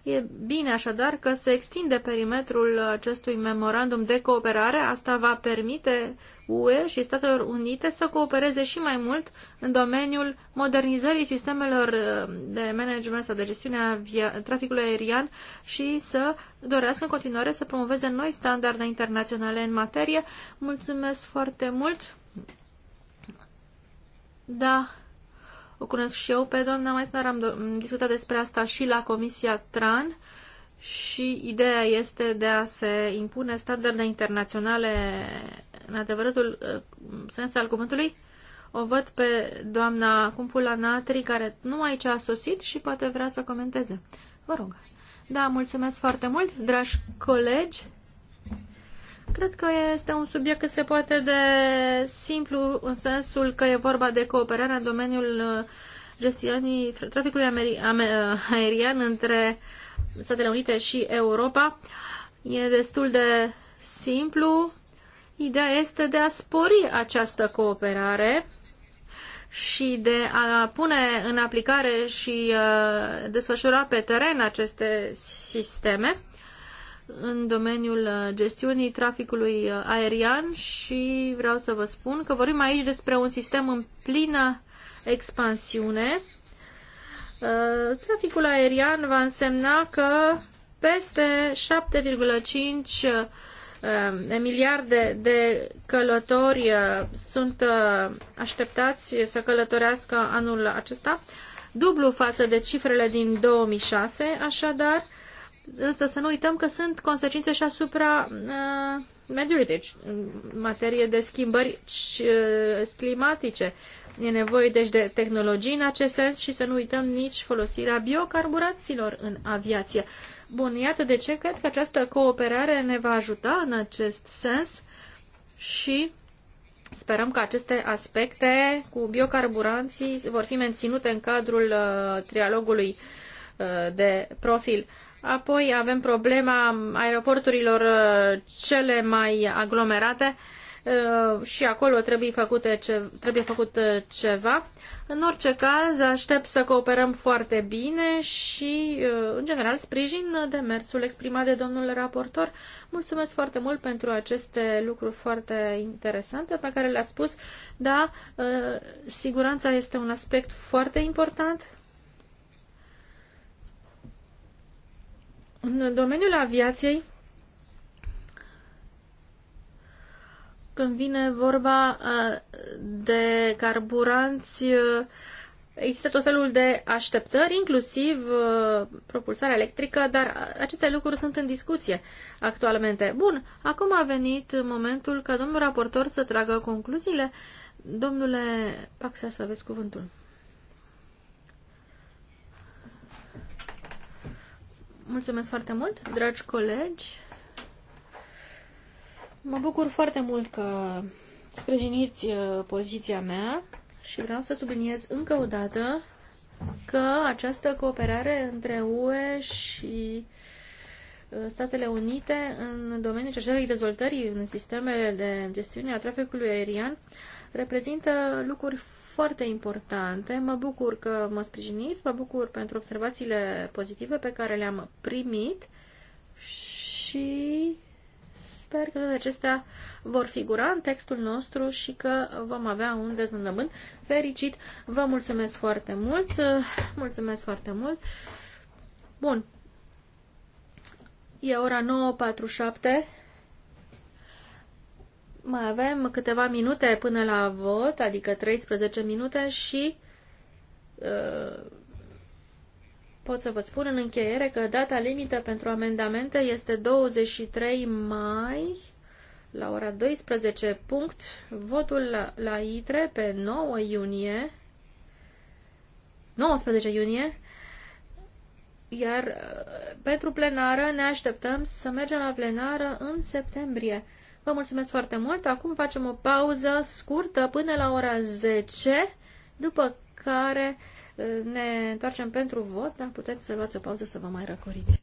E bine așadar că se extinde perimetrul acestui memorandum de cooperare. Asta va permite UE și Statelor Unite să coopereze și mai mult în domeniul modernizării sistemelor uh, de management sau de gestiune a traficului aerian și să dorească în continuare să promoveze noi standarde internaționale în materie. Mulțumesc foarte mult! Da, o cunosc și eu pe doamna Meissner, am discutat despre asta și la Comisia TRAN și ideea este de a se impune standarde internaționale în adevăratul uh, sens al cuvântului. O văd pe doamna Cumpula Natri, care nu aici a sosit și poate vrea să comenteze. Vă rog. Da, mulțumesc foarte mult, dragi colegi. Cred că este un subiect cât se poate de simplu în sensul că e vorba de cooperarea în domeniul uh, gestionii traficului uh, aerian între Statele Unite și Europa. E destul de simplu. Ideea este de a spori această cooperare și de a pune în aplicare și uh, desfășura pe teren aceste sisteme în domeniul uh, gestiunii traficului uh, aerian și vreau să vă spun că vorbim aici despre un sistem în plină expansiune. Uh, traficul aerian va însemna că peste 7,5 miliarde de călători sunt așteptați să călătorească anul acesta, dublu față de cifrele din 2006, așadar, însă să nu uităm că sunt consecințe și asupra uh, mediului, deci în materie de schimbări uh, climatice. E nevoie deci de tehnologii în acest sens și să nu uităm nici folosirea biocarburanților în aviație. Bun, iată de ce cred că această cooperare ne va ajuta în acest sens și sperăm că aceste aspecte cu biocarburanții vor fi menținute în cadrul uh, trialogului uh, de profil. Uh, Apoi avem problema aeroporturilor uh, cele mai aglomerate uh, și acolo trebuie, făcute uh, ce, trebuie făcut ceva. În orice caz, aștept să cooperăm foarte bine și, în general, sprijin demersul exprimat de domnul raportor. Mulțumesc foarte mult pentru aceste lucruri foarte interesante pe care le-ați spus. Da, siguranța este un aspect foarte important În domeniul aviației, când vine vorba uh, de carburanți, uh, există tot felul de așteptări, inclusiv uh, propulsarea electrică, dar aceste lucruri sunt în discuție actualmente. Bun, acum a venit momentul ca domnul raportor să tragă concluziile. Domnule Paxa, să aveți cuvântul. Mulțumesc foarte mult, dragi colegi. Mă bucur foarte mult că sprijiniți uh, poziția mea și vreau să subliniez încă o dată că această cooperare între UE și uh, Statele Unite în domeniul cercetării dezvoltării în sistemele de gestiune a traficului aerian reprezintă lucruri foarte importante. Mă bucur că mă sprijiniți, mă bucur pentru observațiile pozitive pe care le-am primit și sper că acestea vor figura în textul nostru și că vom avea un deznodământ fericit. Vă mulțumesc foarte mult! Mulțumesc foarte mult! Bun, E ora 9.47 mai avem câteva minute până la vot, adică 13 minute și uh, pot să vă spun în încheiere că data limită pentru amendamente este 23 mai la ora 12. Punct. Votul la, la ITRE pe 9 iunie 19 iunie iar uh, pentru plenară ne așteptăm să mergem la plenară în septembrie. Vă mulțumesc foarte mult. Acum facem o pauză scurtă până la ora 10, după care eh, ne întoarcem pentru vot, dar puteți să luați o pauză să vă mai răcoriți.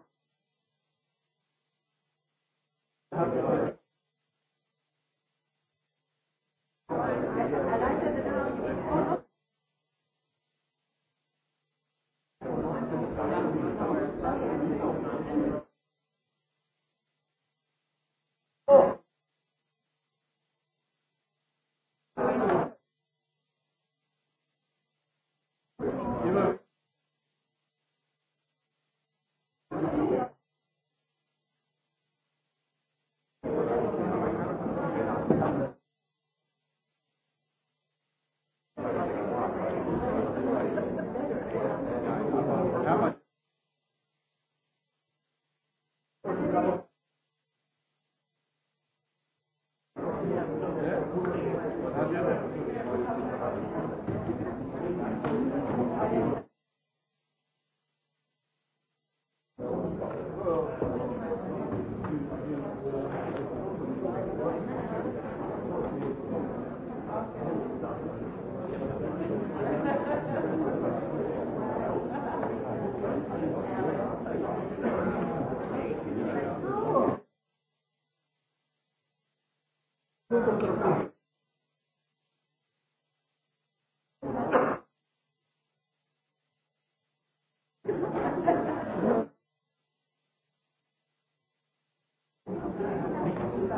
Thank you.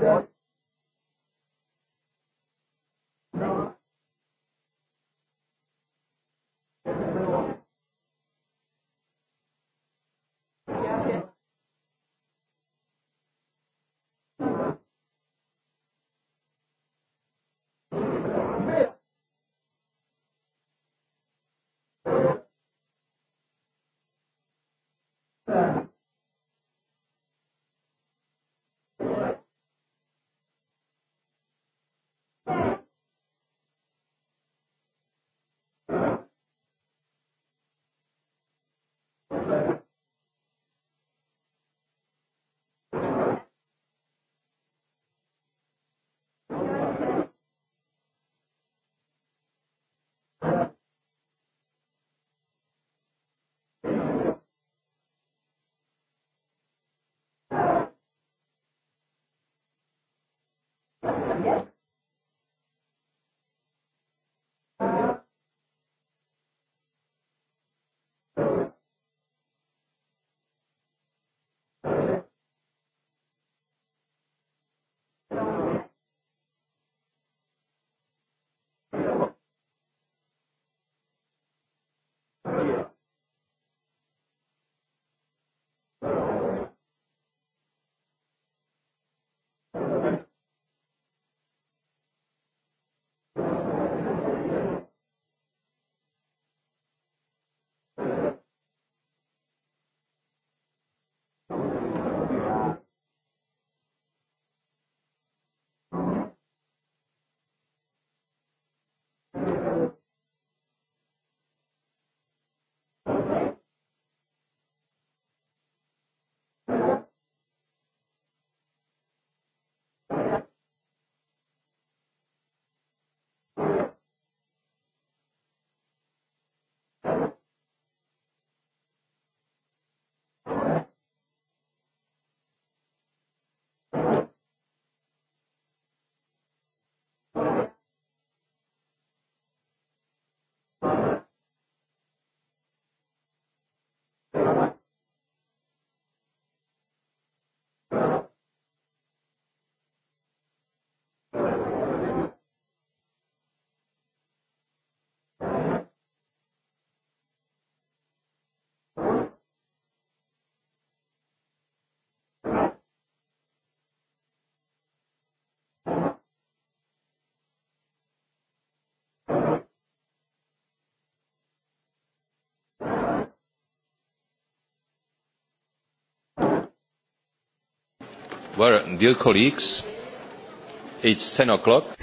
Yeah.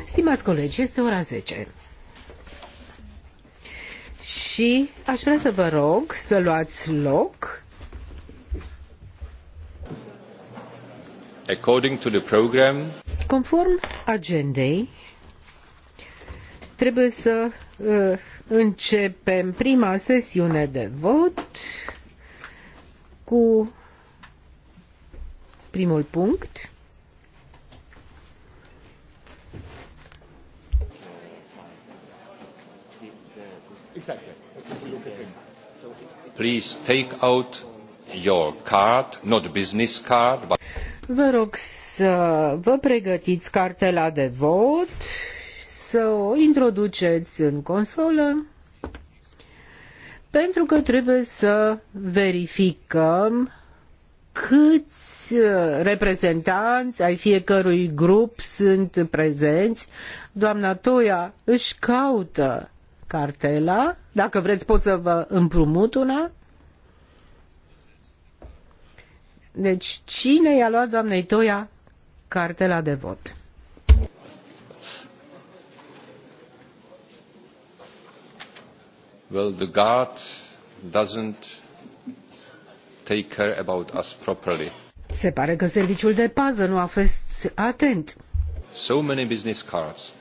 Stimați colegi, este ora 10. Și aș vrea să vă rog să luați loc. According to the program, conform agendei, trebuie să uh, începem prima sesiune de vot cu primul punct. Please take out your card, not business card, but... Vă rog să vă pregătiți cartela de vot, să o introduceți în consolă, pentru că trebuie să verificăm câți uh, reprezentanți ai fiecărui grup sunt prezenți. Doamna Toia își caută cartela. Dacă vreți pot să vă împrumut una. Deci cine i-a luat doamnei Toia cartela de vot? Well, the guard doesn't take care about us properly. Se pare că serviciul de pază nu a fost atent. So many business cards.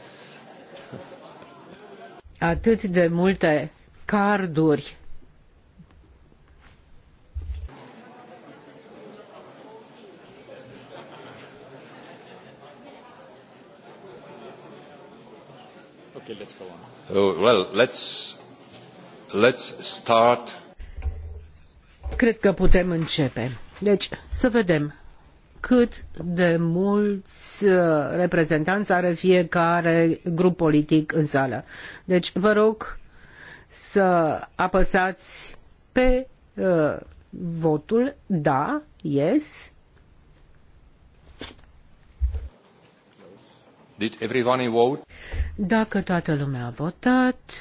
Atât de multe carduri. Okay, let's go on. Oh, well, let's let's start Cred că putem începe. Deci, să vedem cât de mulți uh, reprezentanți are fiecare grup politic în sală. Deci, vă rog să apăsați pe uh, votul da, yes. Did everyone vote? Dacă toată lumea a votat,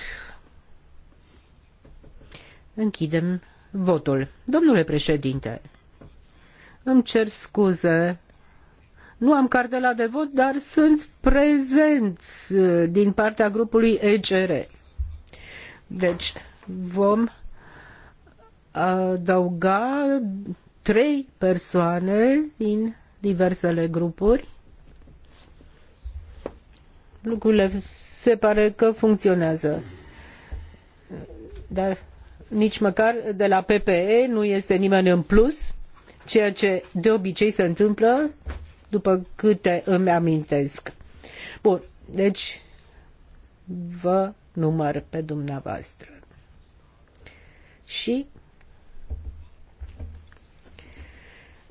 închidem votul. Domnule președinte, îmi cer scuze. Nu am la de vot, dar sunt prezent uh, din partea grupului EGR. Deci vom adăuga trei persoane din diversele grupuri. Lucrurile se pare că funcționează. Dar nici măcar de la PPE nu este nimeni în plus, ceea ce de obicei se întâmplă, după câte îmi amintesc. Bun, deci vă număr pe dumneavoastră. Și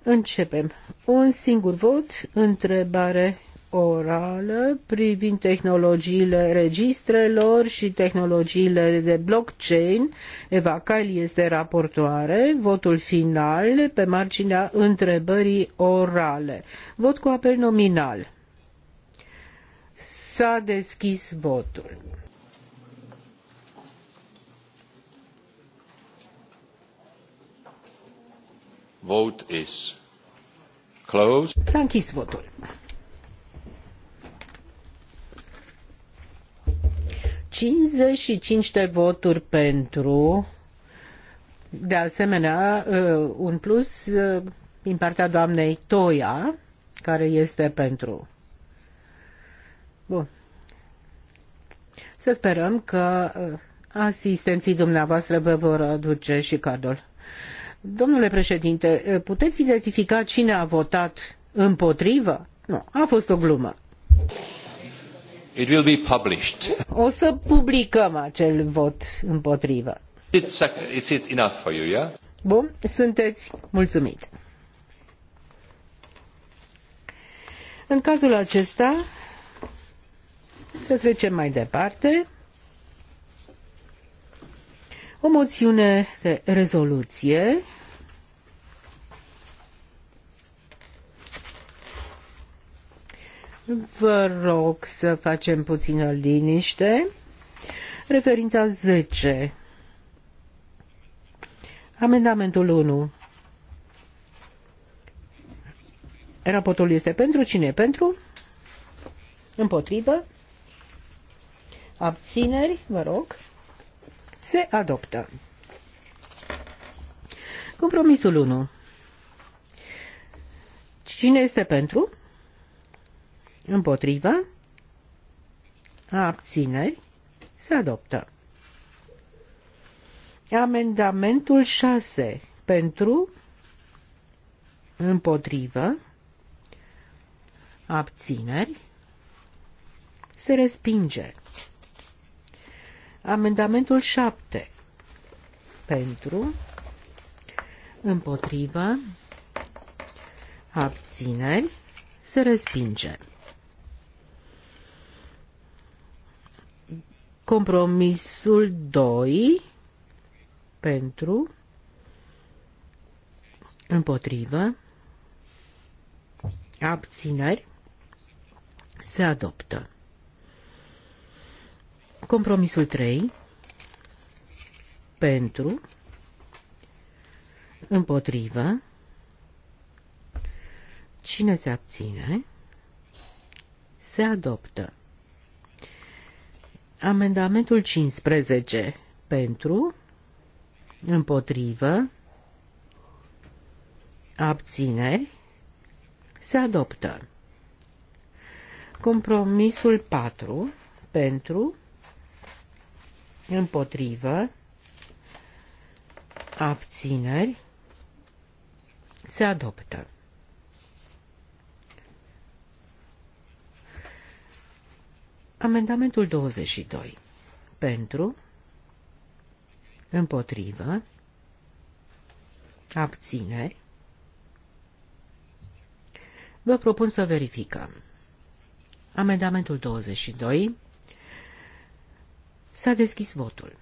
începem. Un singur vot, întrebare orală privind tehnologiile registrelor și tehnologiile de blockchain. Eva Kail este raportoare. Votul final pe marginea întrebării orale. Vot cu apel nominal. S-a deschis votul. Vote is closed. S-a închis votul. 55 de voturi pentru, de asemenea, uh, un plus uh, din partea doamnei Toia, care este pentru. Bun. Să sperăm că uh, asistenții dumneavoastră vă vor aduce și cadrul. Domnule președinte, puteți identifica cine a votat împotrivă? Nu, a fost o glumă. It will be published. O să publicăm acel vot împotrivă. It's, it's enough for you, yeah? Bun, sunteți mulțumit. În cazul acesta, să trecem mai departe. O moțiune de rezoluție Vă rog să facem puțină liniște. Referința 10. Amendamentul 1. Raportul este pentru cine? Pentru? Împotrivă? Abțineri? Vă rog. Se adoptă. Compromisul 1. Cine este pentru? Împotrivă. Abțineri. Se adoptă. Amendamentul 6. Pentru. Împotrivă. Abțineri. Se respinge. Amendamentul 7. Pentru. Împotrivă. Abțineri. Se respinge. Compromisul 2 pentru împotrivă abțineri se adoptă. Compromisul 3 pentru împotrivă cine se abține se adoptă. Amendamentul 15 pentru, împotrivă, abțineri, se adoptă. Compromisul 4 pentru, împotrivă, abțineri, se adoptă. Amendamentul 22. Pentru, împotrivă, abțineri. Vă propun să verificăm. Amendamentul 22. S-a deschis votul.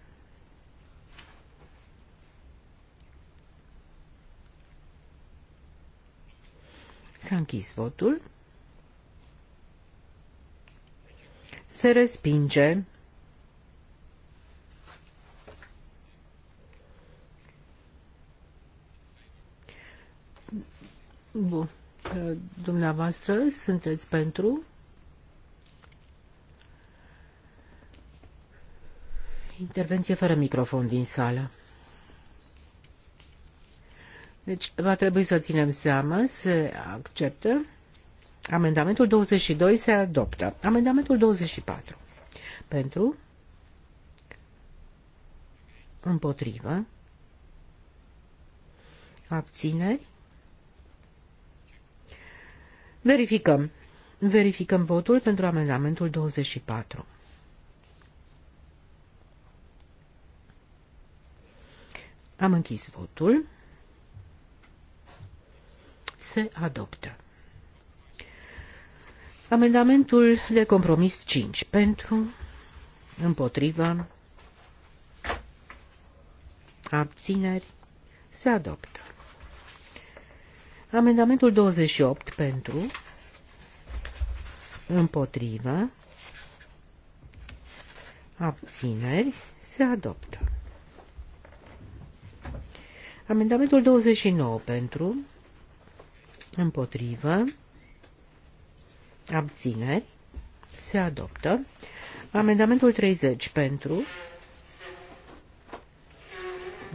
S-a închis votul. se respinge. Bun. Dumneavoastră sunteți pentru? Intervenție fără microfon din sală. Deci va trebui să ținem seama, se acceptă. Amendamentul 22 se adoptă. Amendamentul 24. Pentru? Împotrivă? Abțineri? Verificăm. Verificăm votul pentru amendamentul 24. Am închis votul. Se adoptă. Amendamentul de compromis 5 pentru, împotriva, abțineri, se adoptă. Amendamentul 28 pentru, împotriva, abțineri, se adoptă. Amendamentul 29 pentru, împotrivă, abțineri, se adoptă. Amendamentul 30 pentru,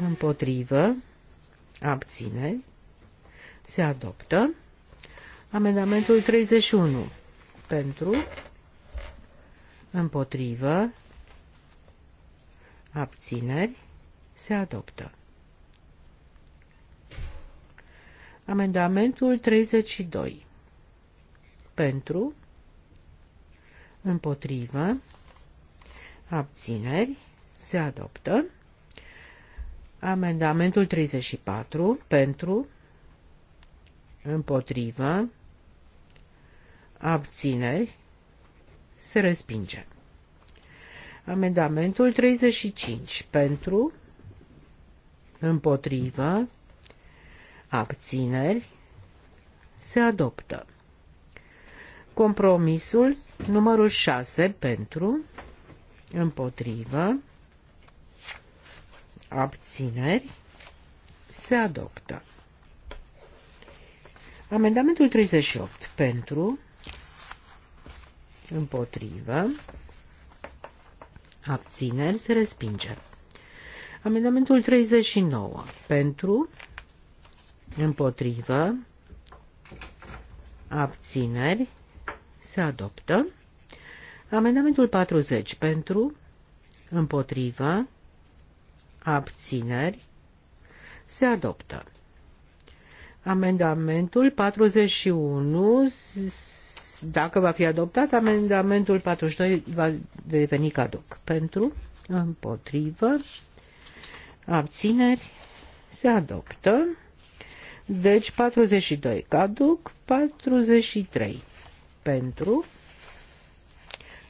împotrivă, abțineri, se adoptă. Amendamentul 31 pentru, împotrivă, abțineri, se adoptă. Amendamentul 32 pentru, împotrivă, abțineri, se adoptă. Amendamentul 34 pentru, împotrivă, abțineri, se respinge. Amendamentul 35 pentru, împotrivă, abțineri, se adoptă. Compromisul numărul 6 pentru, împotrivă, abțineri, se adoptă. Amendamentul 38 pentru, împotrivă, abțineri, se respinge. Amendamentul 39 pentru, împotrivă, abțineri, se adoptă. Amendamentul 40 pentru, împotrivă, abțineri, se adoptă. Amendamentul 41, dacă va fi adoptat, amendamentul 42 va deveni caduc. Pentru, împotrivă, abțineri, se adoptă. Deci 42 caduc, 43 pentru,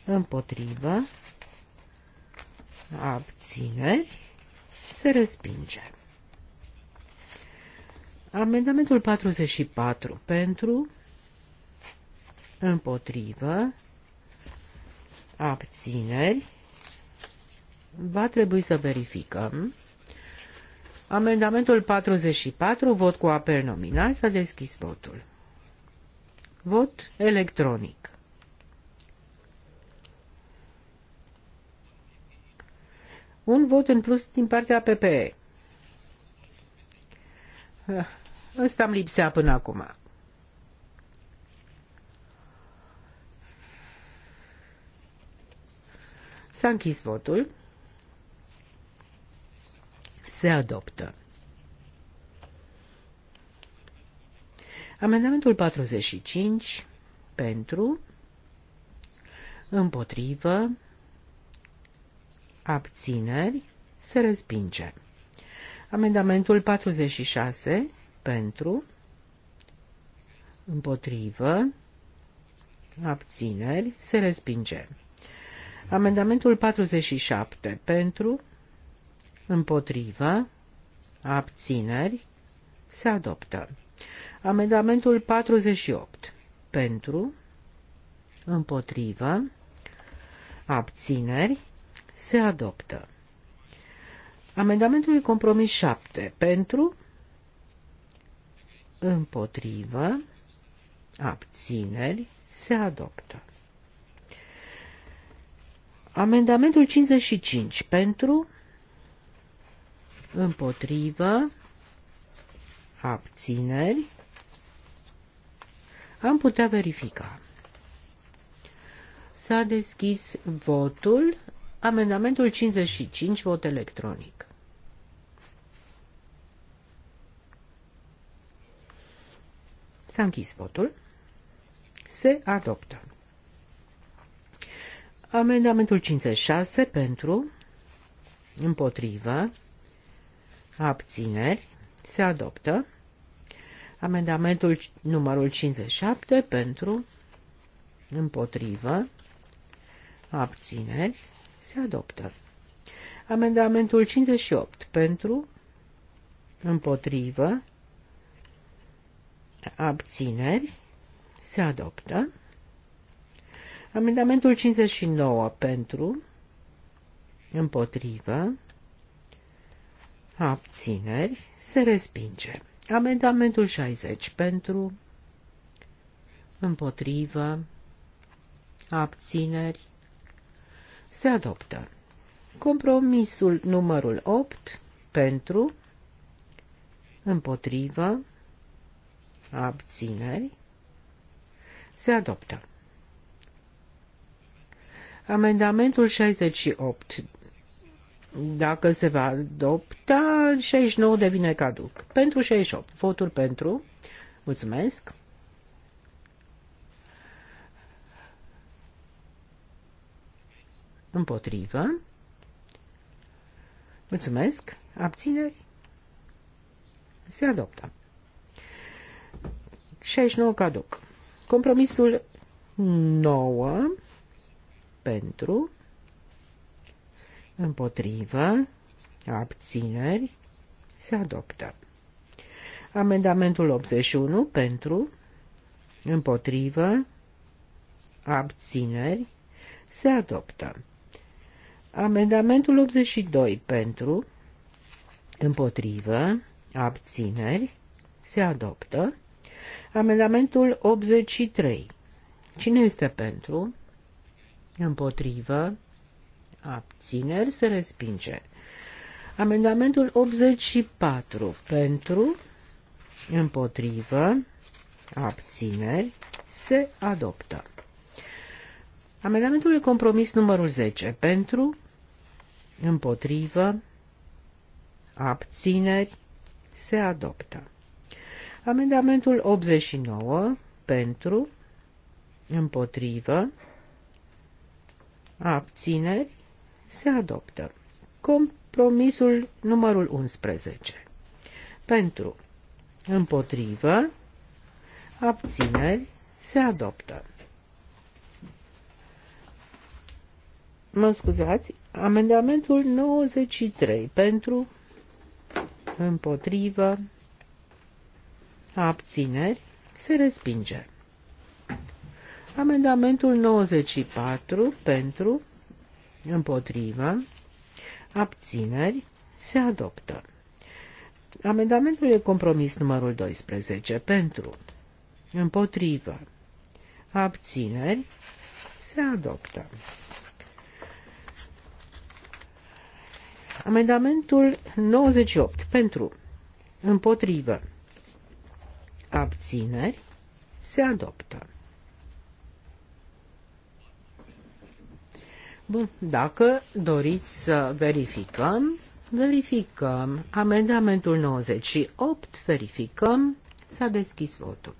împotrivă, abțineri, se respinge. Amendamentul 44 pentru, împotrivă, abțineri, va trebui să verificăm. Amendamentul 44, vot cu apel nominal, s-a deschis votul. Vot electronic. Un vot în plus din partea PPE. Ah, ăsta îmi lipsea până acum. S-a închis votul. Se adoptă. Amendamentul 45 pentru, împotrivă, abțineri, se respinge. Amendamentul 46 pentru, împotrivă, abțineri, se respinge. Amendamentul 47 pentru, împotrivă, abțineri, se adoptă. Amendamentul 48. Pentru, împotrivă, abțineri, se adoptă. Amendamentul compromis 7. Pentru, împotrivă, abțineri, se adoptă. Amendamentul 55. Pentru, împotrivă, abțineri, am putea verifica. S-a deschis votul. Amendamentul 55, vot electronic. S-a închis votul. Se adoptă. Amendamentul 56 pentru, împotrivă, abțineri, se adoptă. Amendamentul numărul 57 pentru, împotrivă, abțineri, se adoptă. Amendamentul 58 pentru, împotrivă, abțineri, se adoptă. Amendamentul 59 pentru, împotrivă, abțineri, se respinge. Amendamentul 60 pentru, împotrivă, abțineri, se adoptă. Compromisul numărul 8 pentru, împotrivă, abțineri, se adoptă. Amendamentul 68 dacă se va adopta, 69 devine caduc. Pentru 68. voturi pentru. Mulțumesc. Împotrivă. Mulțumesc. Abțineri. Se adoptă. 69 caduc. Compromisul 9 pentru împotrivă, abțineri, se adoptă. Amendamentul 81 pentru, împotrivă, abțineri, se adoptă. Amendamentul 82 pentru, împotrivă, abțineri, se adoptă. Amendamentul 83. Cine este pentru? Împotrivă, abțineri, se respinge. Amendamentul 84 pentru, împotrivă, abțineri, se adoptă. Amendamentul de compromis numărul 10 pentru, împotrivă, abțineri, se adoptă. Amendamentul 89 pentru, împotrivă, abțineri, se adoptă. Compromisul numărul 11. Pentru, împotrivă, abțineri, se adoptă. Mă scuzați, amendamentul 93 pentru, împotrivă, abțineri, se respinge. Amendamentul 94 pentru, împotrivă, abțineri, se adoptă. Amendamentul e compromis numărul 12 pentru, împotrivă, abțineri, se adoptă. Amendamentul 98 pentru, împotrivă, abțineri, se adoptă. Bun, dacă doriți să verificăm, verificăm amendamentul 98, verificăm, s-a deschis votul.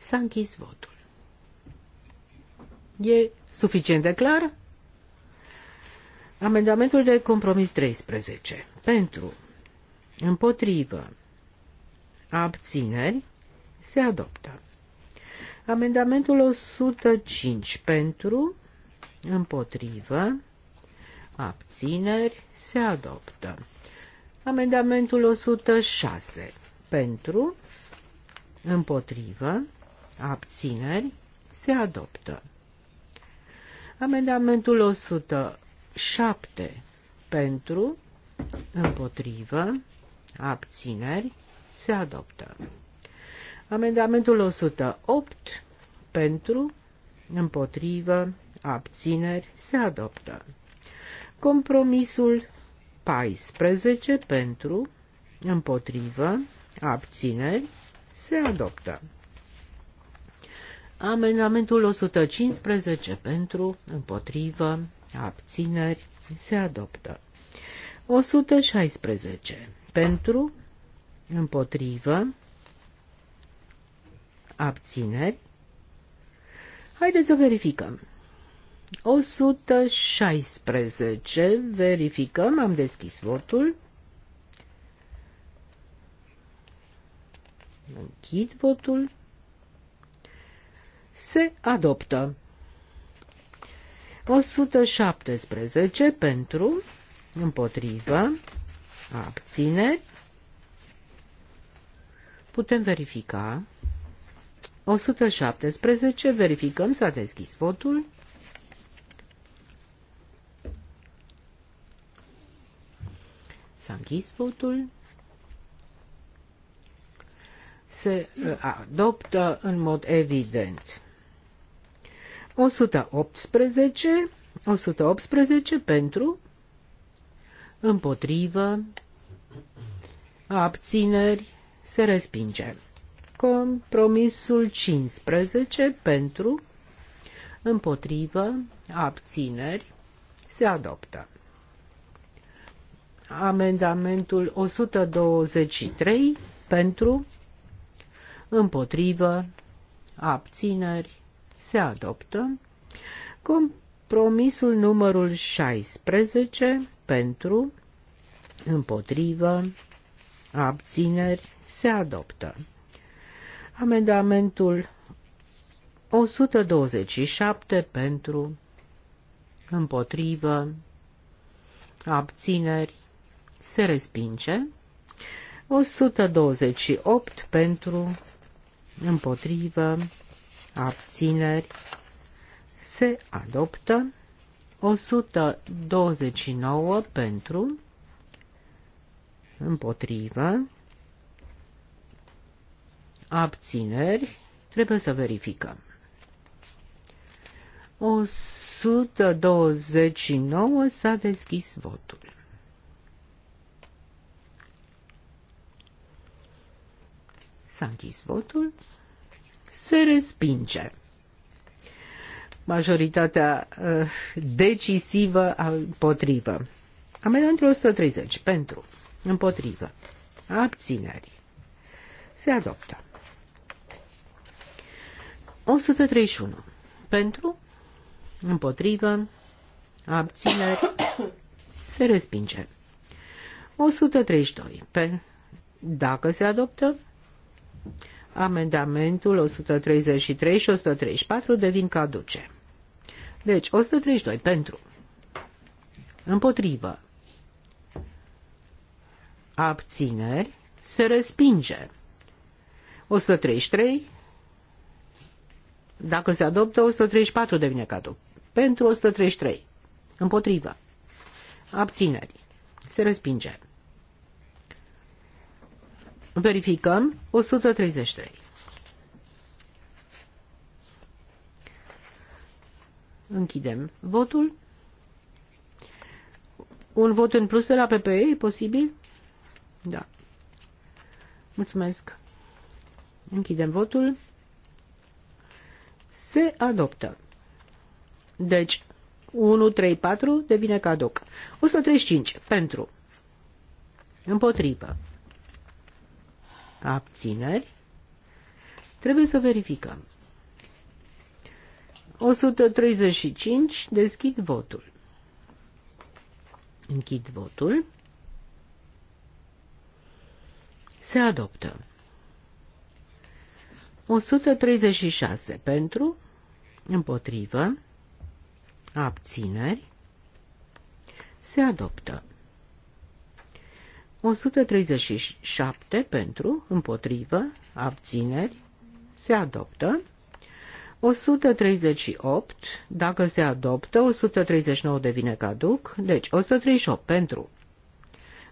S-a închis votul. E suficient de clar? Amendamentul de compromis 13. Pentru, împotrivă, abțineri, se adoptă. Amendamentul 105 pentru, împotrivă, abțineri, se adoptă. Amendamentul 106 pentru, împotrivă, abțineri, se adoptă. Amendamentul 107 pentru, împotrivă, abțineri, se adoptă. Amendamentul 108 pentru, împotrivă, abțineri se adoptă. Compromisul 14 pentru, împotrivă, abțineri se adoptă. Amendamentul 115 pentru, împotrivă, abțineri se adoptă. 116 pentru, împotrivă, abțineri. Haideți să verificăm. 116. Verificăm. Am deschis votul. Închid votul. Se adoptă. 117 pentru, împotrivă, abțineri. Putem verifica. 117. Verificăm. S-a deschis votul. S-a închis votul. Se uh, adoptă în mod evident. 118, 118 pentru, împotrivă, abțineri, se respinge. Compromisul 15 pentru, împotrivă, abțineri, se adoptă. Amendamentul 123 pentru, împotrivă, abțineri, se adoptă. Compromisul numărul 16 pentru, împotrivă, abțineri, se adoptă. Amendamentul 127 pentru, împotrivă, abțineri, se respinge. 128 pentru, împotrivă, abțineri, se adoptă. 129 pentru, împotrivă, abțineri, trebuie să verificăm. 129 s-a deschis votul. S-a închis votul. Se respinge. Majoritatea uh, decisivă împotrivă. Amendamentul 130 pentru, împotrivă, abțineri. Se adoptă. 131. Pentru, împotrivă, abțineri, se respinge. 132. Pe, dacă se adoptă, amendamentul 133 și 134 devin caduce. Deci, 132 pentru, împotrivă, abțineri, se respinge. 133 dacă se adoptă, 134 devine caduc. Pentru 133. Împotrivă. Abțineri. Se respinge. Verificăm 133. Închidem votul. Un vot în plus de la PPE e posibil? Da. Mulțumesc. Închidem votul se adoptă. Deci, 1, 3, 4 devine cadoc. 135 pentru. Împotrivă. Abțineri. Trebuie să verificăm. 135. Deschid votul. Închid votul. Se adoptă. 136 pentru, împotrivă, abțineri, se adoptă. 137 pentru, împotrivă, abțineri, se adoptă. 138, dacă se adoptă, 139 devine caduc, deci 138 pentru,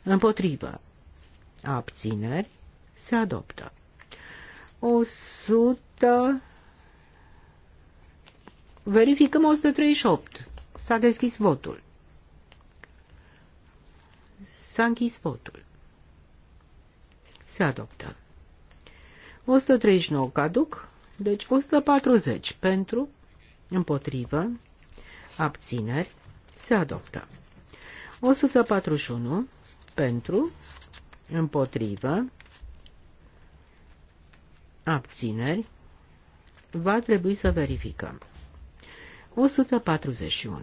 împotrivă, abțineri, se adoptă. 100 Verificăm 138. S-a deschis votul. S-a închis votul. Se adoptă. 139 caduc, deci 140 pentru, împotrivă, abțineri, se adoptă. 141 pentru, împotrivă, abțineri, va trebui să verificăm. 141.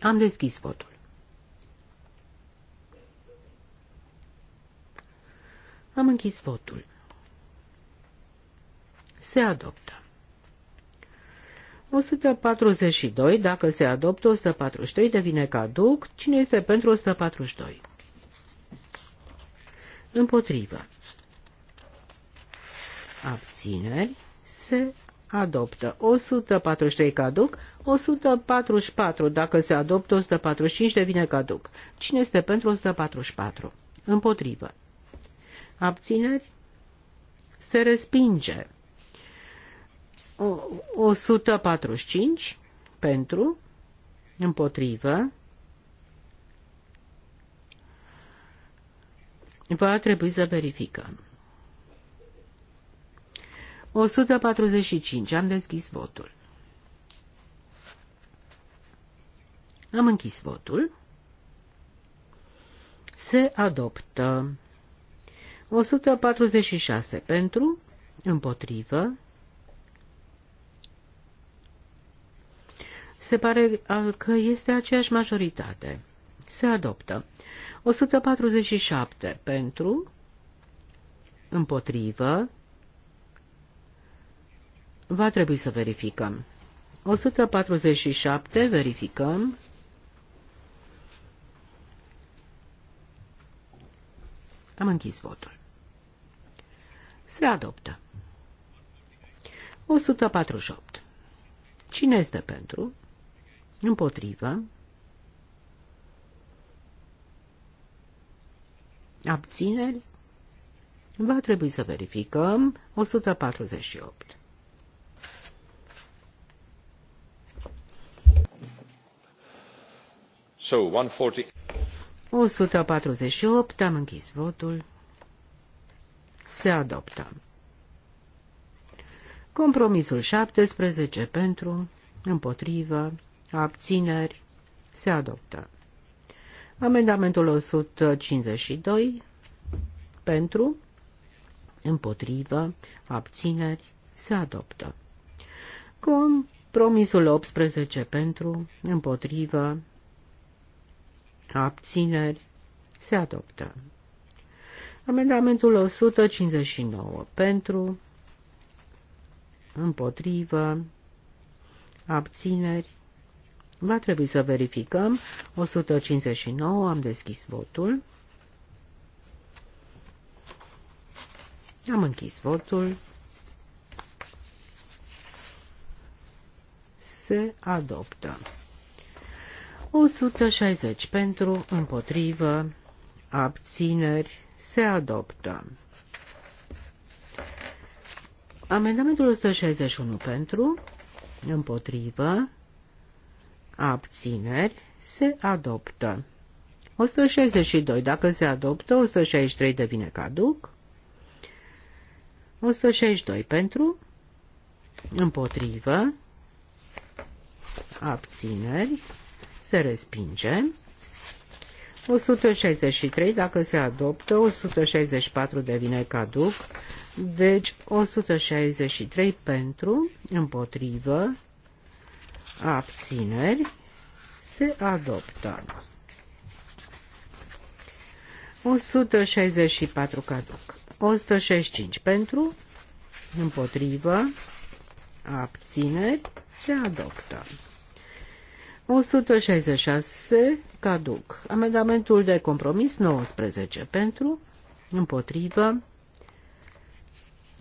Am deschis votul. Am închis votul. Se adoptă. 142, dacă se adoptă 143, devine caduc. Cine este pentru 142? Împotrivă. Abțineri se adoptă. 143 caduc, 144, dacă se adoptă 145 devine caduc. Cine este pentru 144? Împotrivă. Abțineri? Se respinge. O, 145 pentru, împotrivă, va trebui să verificăm. 145. Am deschis votul. Am închis votul. Se adoptă. 146 pentru, împotrivă. Se pare uh, că este aceeași majoritate. Se adoptă. 147 pentru, împotrivă, Va trebui să verificăm. 147, verificăm. Am închis votul. Se adoptă. 148. Cine este pentru? Împotrivă. Abțineri? Va trebui să verificăm. 148. So, 148, am închis votul. Se adoptă. Compromisul 17 pentru, împotrivă, abțineri, se adoptă. Amendamentul 152 pentru, împotrivă, abțineri, se adoptă. Compromisul 18 pentru, împotrivă, abțineri, se adoptă. Amendamentul 159 pentru, împotrivă, abțineri. Va trebui să verificăm. 159, am deschis votul. Am închis votul. Se adoptă. 160 pentru, împotrivă, abțineri, se adoptă. Amendamentul 161 pentru, împotrivă, abțineri, se adoptă. 162, dacă se adoptă, 163 devine caduc. 162 pentru, împotrivă, abțineri, se respinge. 163 dacă se adoptă, 164 devine caduc, deci 163 pentru, împotrivă, abțineri, se adoptă. 164 caduc, 165 pentru, împotrivă, abțineri, se adoptă. 166 caduc. Amendamentul de compromis 19 pentru, împotrivă,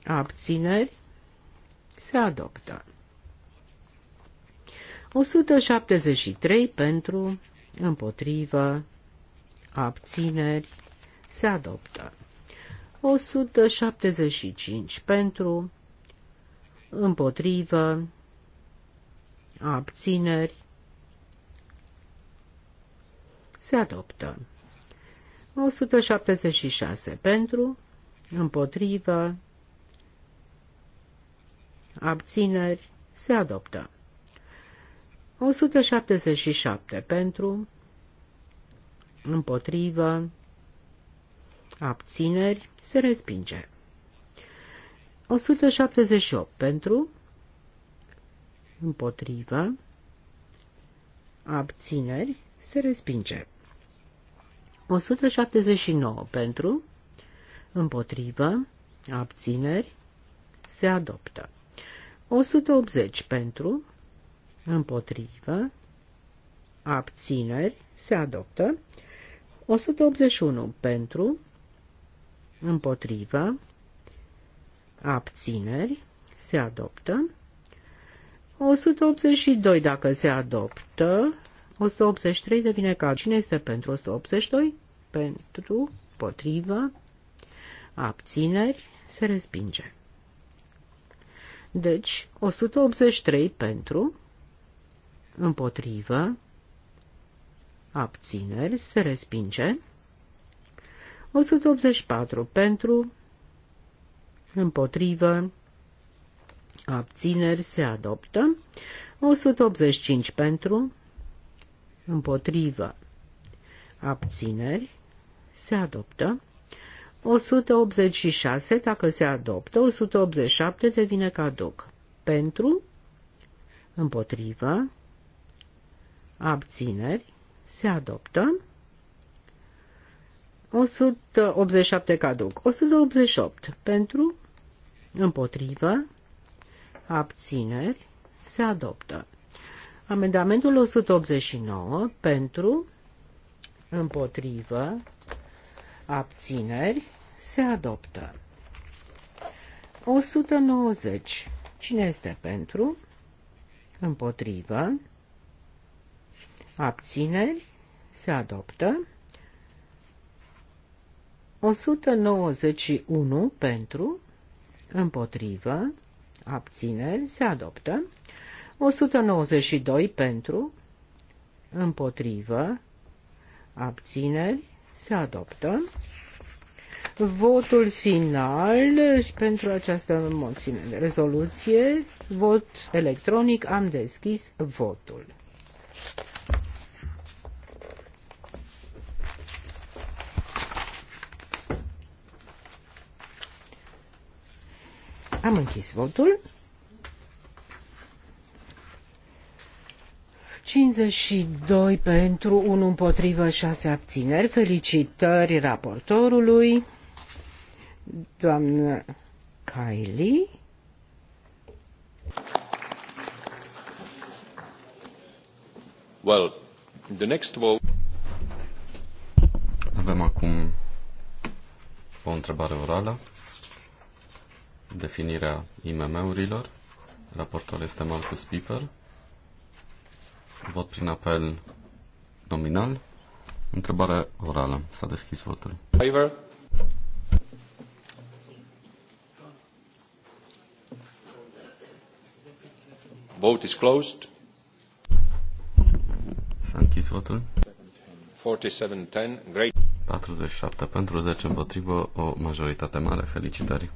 abțineri, se adoptă. 173 pentru, împotrivă, abțineri, se adoptă. 175 pentru, împotrivă, abțineri, se adoptă. 176 pentru, împotrivă, abțineri, se adoptă. 177 pentru, împotrivă, abțineri, se respinge. 178 pentru, împotrivă, abțineri, se respinge. 179 pentru, împotrivă, abțineri, se adoptă. 180 pentru, împotrivă, abțineri, se adoptă. 181 pentru, împotrivă, abțineri, se adoptă. 182 dacă se adoptă, 183 devine ca. Cine este pentru 182? Pentru, potrivă, abțineri, se respinge. Deci, 183 pentru, împotrivă, abțineri, se respinge. 184 pentru, împotrivă, abțineri, se adoptă. 185 pentru, împotrivă, abțineri, se adoptă. 186, dacă se adoptă, 187 devine caduc. Pentru, împotrivă, abțineri, se adoptă. 187 caduc. 188 pentru, împotrivă, abțineri, se adoptă. Amendamentul 189 pentru, împotrivă, abțineri, se adoptă. 190. Cine este pentru? Împotrivă. Abțineri, se adoptă. 191 pentru, împotrivă, abțineri, se adoptă. 192 pentru, împotrivă, abțineri, se adoptă. Votul final și pentru această moțiune de rezoluție, vot electronic, am deschis votul. Am închis votul. 52 pentru, 1 împotrivă, 6 abțineri. Felicitări raportorului, doamnă Kylie. Well, the next vote... Avem acum o întrebare orală. Definirea IMM-urilor. Raportor este Marcus Piper. Vot prin apel nominal. Întrebare orală. S-a deschis votul. Favor. Vote is closed. S-a închis votul. 47, 10. Great. 47 pentru 10 împotrivă, o majoritate mare. Felicitări.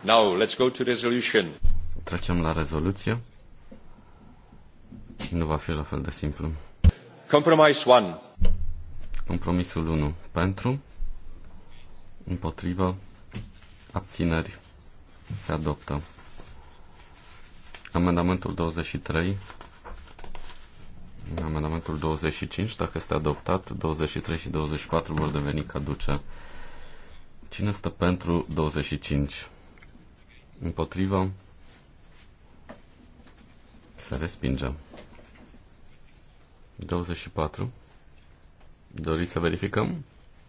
Now, let's go to resolution. Trecem la rezoluție. Deci nu va fi la fel de simplu. Compromise 1. Compromisul 1. Pentru, împotrivă, abțineri, se adoptă. Amendamentul 23, amendamentul 25, dacă este adoptat, 23 și 24 vor deveni caduce. Cine stă pentru 25? Împotrivă? Se respinge. 24. Doriți să verificăm?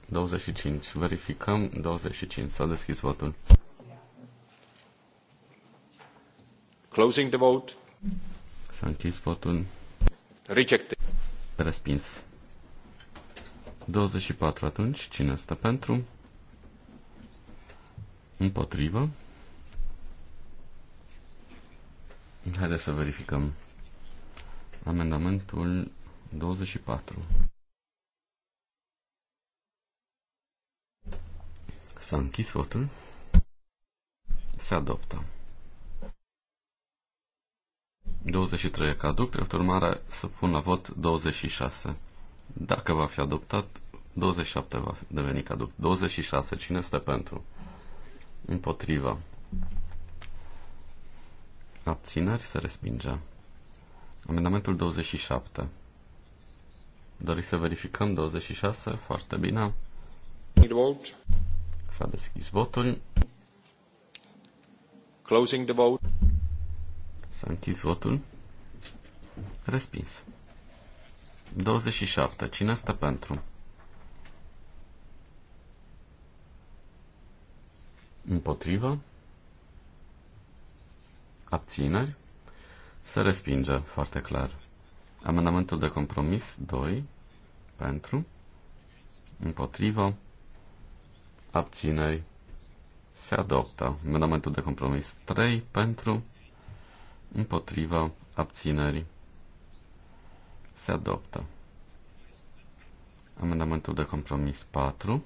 25. Verificăm 25. S-a deschis votul. Closing the vote. S-a închis votul. Rejected. Respins. 24 atunci. Cine stă pentru? Împotrivă. Haideți să verificăm. Amendamentul 24. S-a închis votul. Se adoptă. 23 ca aduc, drept urmare să pun la vot 26. Dacă va fi adoptat, 27 va deveni caduc. 26. Cine este pentru? Împotriva. Abțineri se respinge. Amendamentul 27. Dori să verificăm 26? Foarte bine. S-a deschis votul. Closing the vote. S-a închis votul. Respins. 27. Cine stă pentru? Împotrivă? Abțineri? Se respinge foarte clar. Amendamentul de compromis 2 pentru, împotrivă, abținei se adoptă. Amendamentul de compromis 3 pentru, împotrivă, abținerii se adoptă. Amendamentul de compromis 4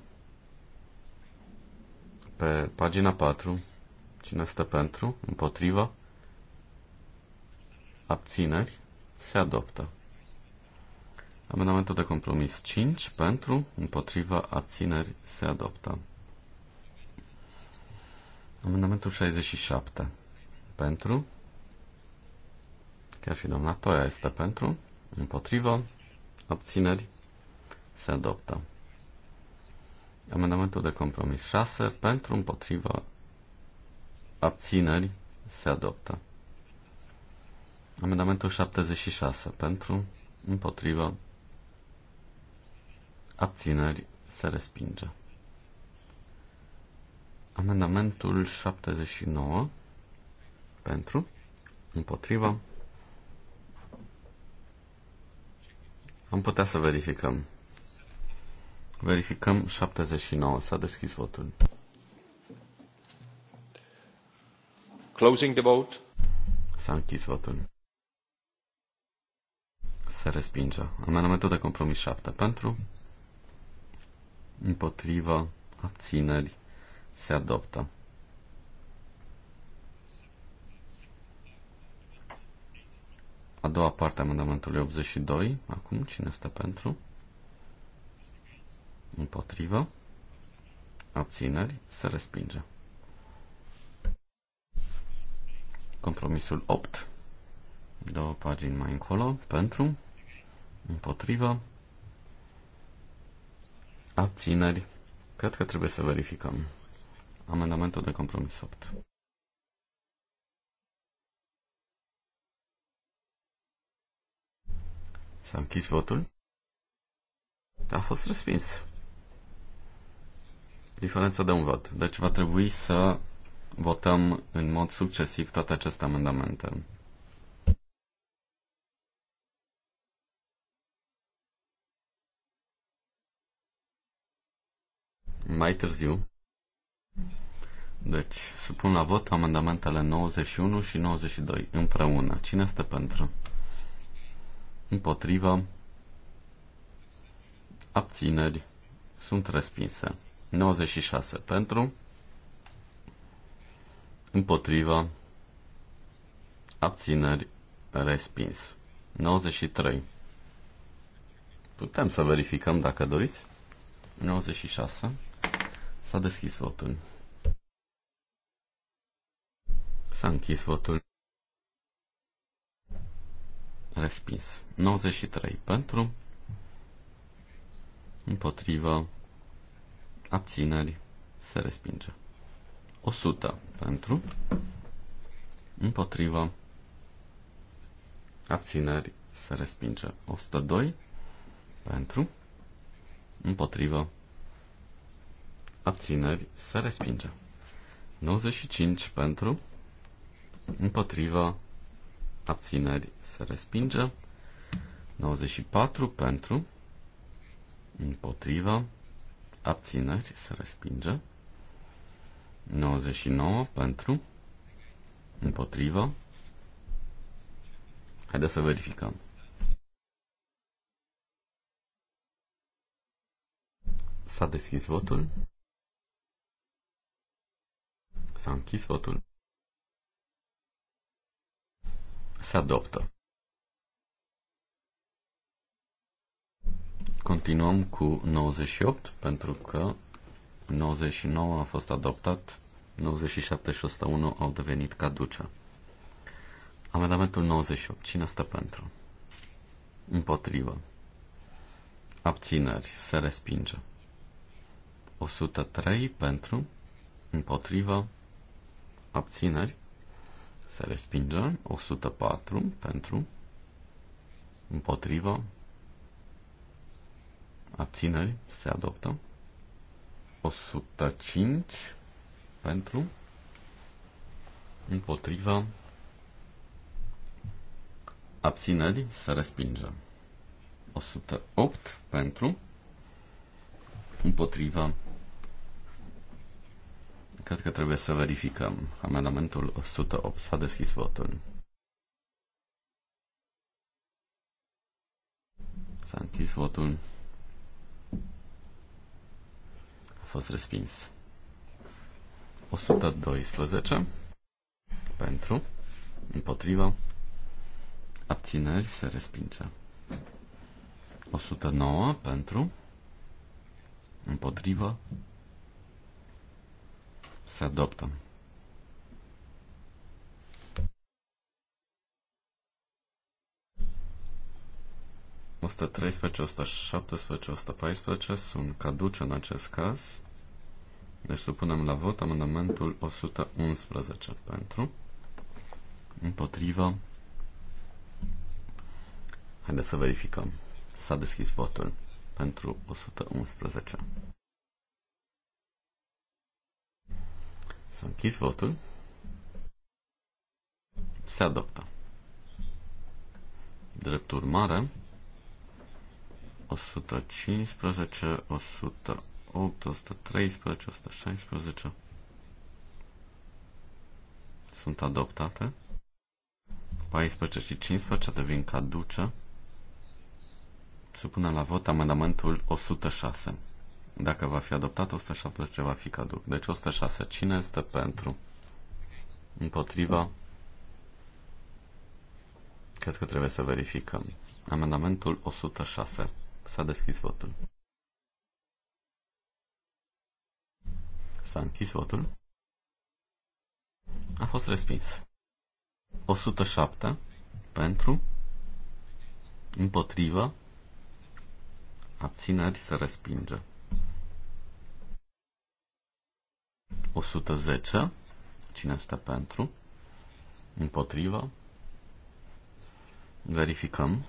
pe pagina 4 cine stă pentru, împotrivă, abțineri, se adoptă. Amendamentul de compromis 5 pentru, împotriva, abțineri se adoptă. Amendamentul 67 pentru, chiar și doamna Toia este pentru, împotriva, abțineri se adoptă. Amendamentul de compromis 6 pentru, împotriva, abțineri se adoptă. Amendamentul 76 pentru, împotrivă, abțineri se respinge. Amendamentul 79 pentru, împotrivă, am putea să verificăm. Verificăm 79. S-a deschis votul. Closing the vote. S-a închis votul se respinge. Amendamentul de compromis 7 pentru, împotrivă, abțineri, se adoptă. A doua parte a amendamentului 82, acum cine este pentru? Împotrivă, abțineri, se respinge. Compromisul 8 două pagini mai încolo, pentru, Împotrivă. Abțineri. Cred că trebuie să verificăm. Amendamentul de compromis 8. S-a închis votul. A fost respins. Diferența de un vot. Deci va trebui să votăm în mod succesiv toate aceste amendamente. mai târziu. Deci, supun la vot amendamentele 91 și 92 împreună. Cine este pentru? Împotrivă. Abțineri. Sunt respinse. 96 pentru. Împotrivă. Abțineri. Respins. 93. Putem să verificăm dacă doriți. 96. S-a deschis votul. S-a închis votul. Respins. 93 pentru. Împotrivă. Abțineri. Se respinge. 100 pentru. Împotrivă. Abțineri. Se respinge. 102 pentru. Împotrivă abțineri, se respinge. 95 pentru, împotriva, abțineri, se respinge. 94 pentru, împotriva, abțineri, se respinge. 99 pentru, împotriva. Haideți să verificăm. S-a deschis votul. S-a închis votul. Se adoptă. Continuăm cu 98 pentru că 99 a fost adoptat, 97 și 101 au devenit caduce. Amendamentul 98. Cine stă pentru? Împotrivă. Abțineri. Se respinge. 103 pentru. Împotrivă abțineri, se respinge, 104 pentru, împotrivă, abțineri, se adoptă, 105 pentru, împotrivă, abțineri, se respinge, 108 pentru, împotriva Cred că trebuie să verificăm. Amendamentul 108 s-a deschis votul. S-a închis votul. A fost respins. 112 pentru, împotriva, abțineri se respinge. 109 pentru, împotriva, se adoptă. Osta 13, 117, 114 sunt caduce în acest caz. Deci supunem la vot amendamentul 111 pentru, împotriva. Haideți să verificăm. S-a deschis votul pentru 111. Să închizi votul. Se adoptă. Drept urmare, 115, 108, 113, 116 sunt adoptate. 14 și 15 devin caduce. Supunem la vot amendamentul 106. Dacă va fi adoptat, 170 va fi caduc. Deci 106. Cine este pentru? Împotriva? Cred că trebuie să verificăm. Amendamentul 106. S-a deschis votul. S-a închis votul. A fost respins. 107 pentru, împotrivă, abțineri se respinge. 110. Cine este pentru? Împotrivă? Verificăm.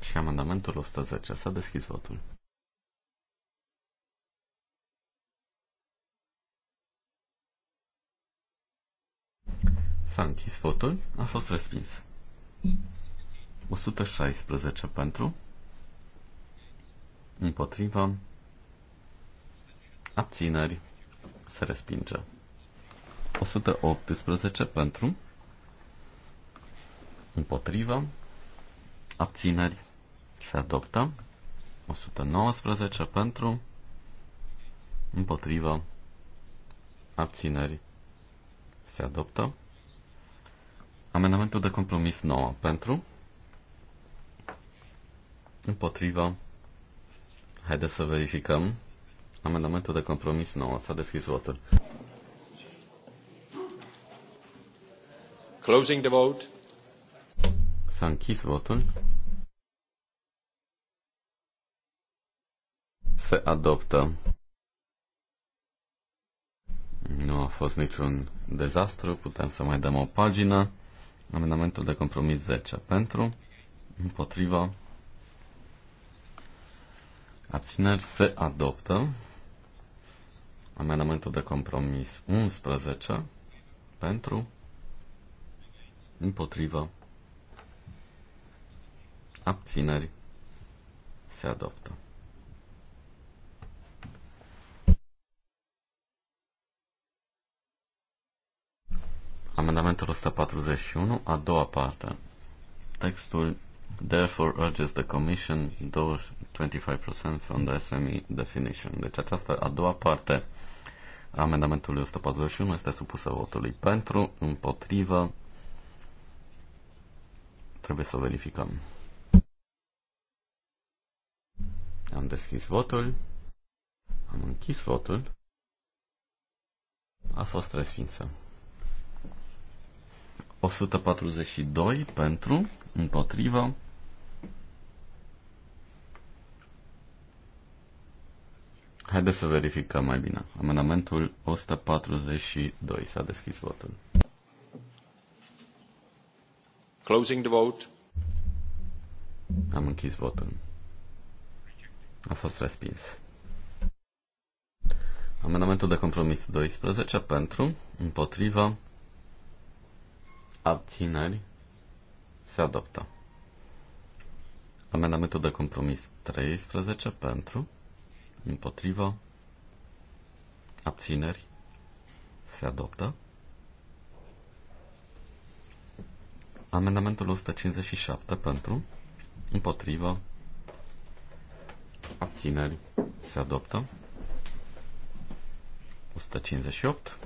Și amendamentul 110. S-a deschis votul. S-a închis votul. A fost respins. 116 pentru. Împotrivă. Abțineri se respinge. 118 pentru, împotrivă, abțineri, se adoptă. 119 pentru, împotrivă, abțineri, se adoptă. Amendamentul de compromis 9 pentru, împotrivă, haideți să verificăm, Amendamentul de compromis nou S-a deschis votul. Closing the vote. S-a închis votul. Se adoptă. Nu a fost niciun dezastru, putem să mai dăm o pagină. Amendamentul de compromis 10 pentru, împotriva, abțineri se adoptă. Amendamentul de compromis 11 pentru, împotrivă, abțineri, se adoptă. Amendamentul 141, a doua parte. Textul Therefore urges the Commission 25% from the SME definition. Deci această a doua parte Amendamentul 141 este supusă votului pentru, împotrivă. Trebuie să o verificăm. Am deschis votul. Am închis votul. A fost respinsă. 142 pentru, împotrivă. Haideți să verificăm mai bine. Amendamentul 142. S-a deschis votul. Closing the vote. Am închis votul. A fost respins. Amendamentul de compromis 12 pentru, împotriva, abțineri, se adoptă. Amendamentul de compromis 13 pentru, împotrivă, abțineri, se adoptă. Amendamentul 157 pentru, împotrivă, abțineri, se adoptă. 158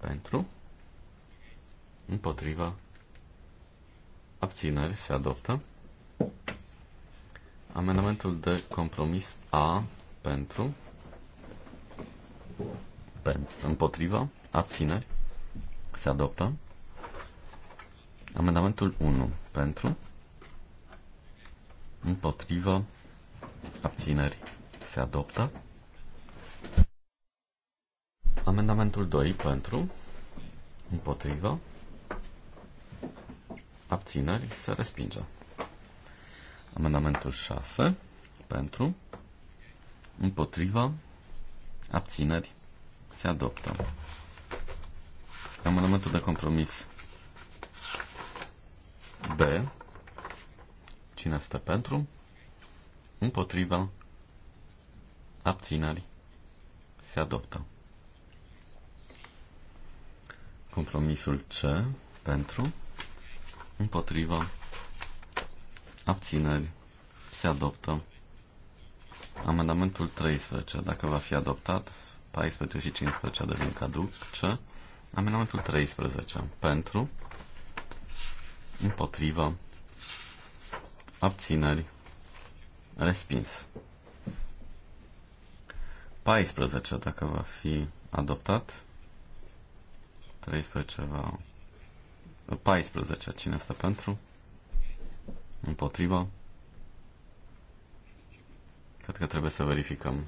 pentru, împotrivă, abțineri se adoptă. Amendamentul de compromis A pentru, pentru împotriva, abțineri, se adoptă. Amendamentul 1 pentru, împotriva, abțineri, se adoptă. Amendamentul 2 pentru, împotriva, abțineri, se respinge. Amendamentul 6 pentru, împotriva, abțineri, se adoptă. Amendamentul de compromis B. Cine este pentru? Împotriva, abțineri, se adoptă. Compromisul C pentru, împotriva, Abțineri. Se adoptă. Amendamentul 13, dacă va fi adoptat, 14 și 15 devin caduc. caduce. Amendamentul 13, pentru, împotrivă, abțineri, respins. 14, dacă va fi adoptat, 13 va... 14, cine stă pentru? Împotriva? Cred că trebuie să verificăm.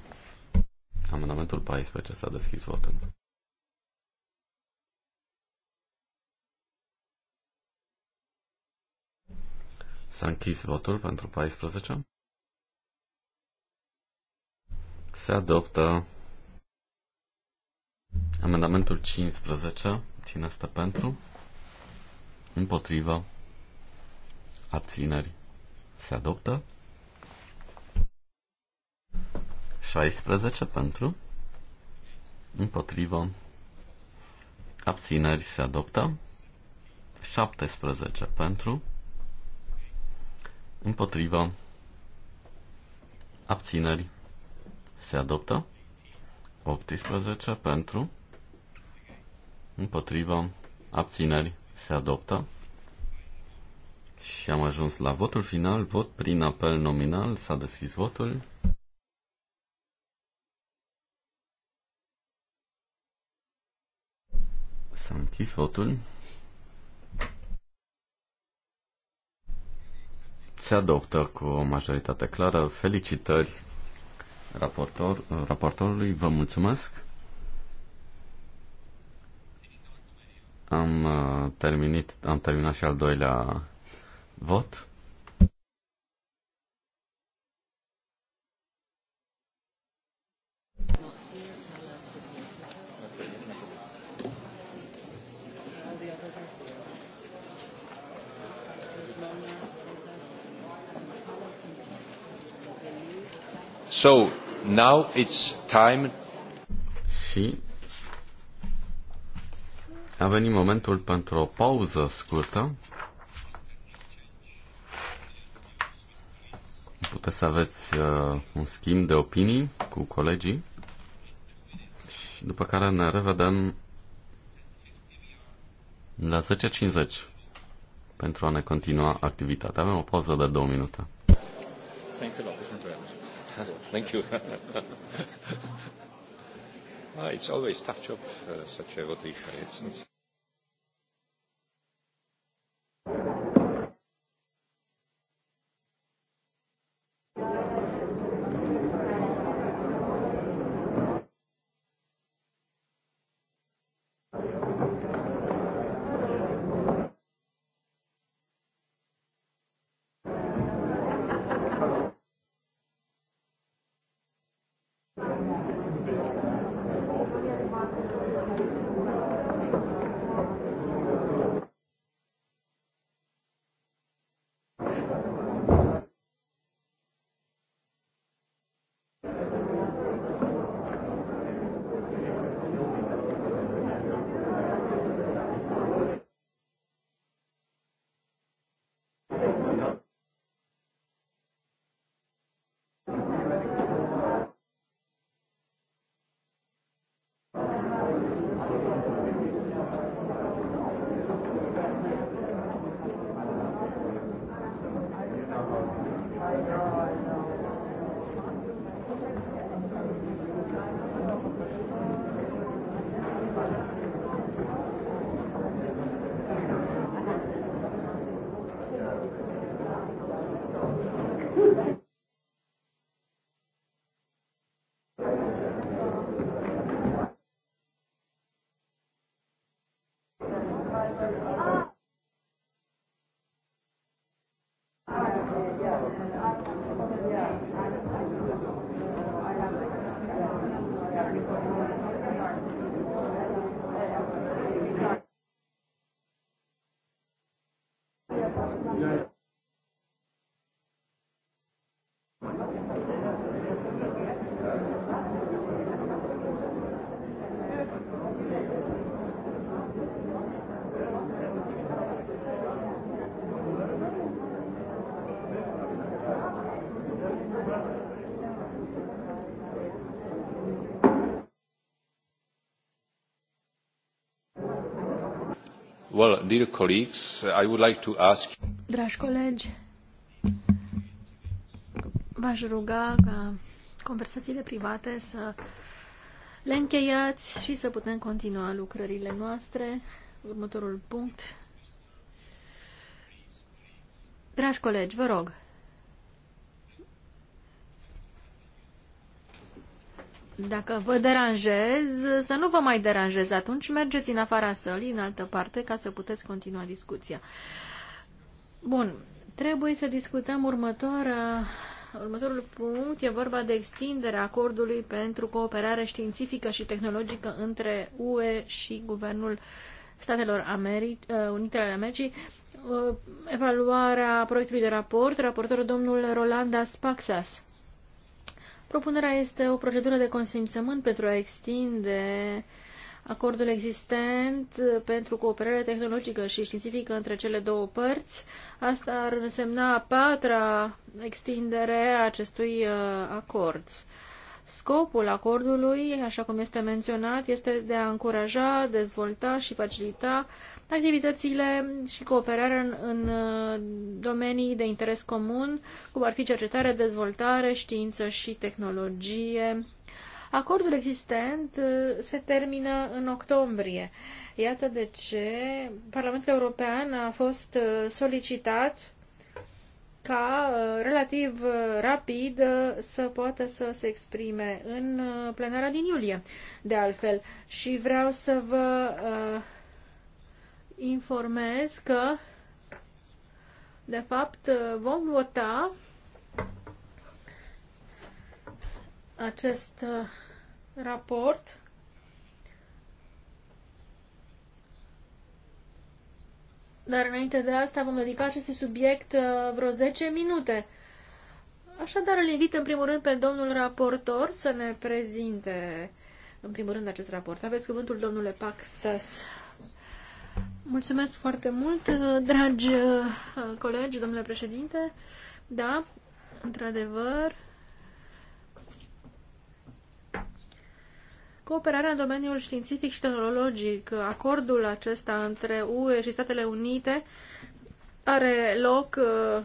Amendamentul 14 s-a deschis votul. S-a închis votul pentru 14. Se adoptă amendamentul 15. Cine stă pentru? Împotriva abțineri se adoptă. 16 pentru, împotrivă, abțineri se adoptă. 17 pentru, împotrivă, abțineri se adoptă. 18 pentru, împotrivă, abțineri se adoptă. Și am ajuns la votul final, vot prin apel nominal, s-a deschis votul. S-a închis votul. Se adoptă cu o majoritate clară. Felicitări raportor, raportorului, vă mulțumesc. Am uh, terminat, am terminat și al doilea vot. So now it's time. Și a venit momentul pentru o pauză scurtă. puteți să aveți uh, un schimb de opinii cu colegii și după care ne revedem la 10.50 pentru a ne continua activitatea. Avem o pauză de două minute. Thanks a lot. Thank you. ah, it's always tough job, uh, such a rotation. It's, it's Well, dear colleagues, I would like to ask... Dragi colegi, v-aș ruga ca conversațiile private să le încheiați și să putem continua lucrările noastre. Următorul punct. Dragi colegi, vă rog. Dacă vă deranjez, să nu vă mai deranjez, atunci mergeți în afara sălii, în altă parte, ca să puteți continua discuția. Bun, trebuie să discutăm următoarea Următorul punct e vorba de extinderea acordului pentru cooperare științifică și tehnologică între UE și Guvernul Statelor Americi, uh, Unite ale Americii. Uh, evaluarea proiectului de raport, raportorul domnul Rolanda Spaxas. Propunerea este o procedură de consimțământ pentru a extinde acordul existent pentru cooperare tehnologică și științifică între cele două părți. Asta ar însemna a patra extindere a acestui uh, acord. Scopul acordului, așa cum este menționat, este de a încuraja, dezvolta și facilita activitățile și cooperarea în, în uh, domenii de interes comun, cum ar fi cercetare, dezvoltare, știință și tehnologie. Acordul existent uh, se termină în octombrie. Iată de ce Parlamentul European a fost uh, solicitat ca relativ rapid să poată să se exprime în plenara din iulie, de altfel. Și vreau să vă uh, informez că, de fapt, vom vota acest uh, raport Dar înainte de asta vom dedica acest subiect uh, vreo 10 minute. Așadar îl invit în primul rând pe domnul raportor să ne prezinte în primul rând acest raport. Aveți cuvântul domnule Paxas. Mulțumesc foarte mult, dragi uh, colegi, domnule președinte. Da, într-adevăr, Cooperarea în domeniul științific și tehnologic, acordul acesta între UE și Statele Unite are loc uh,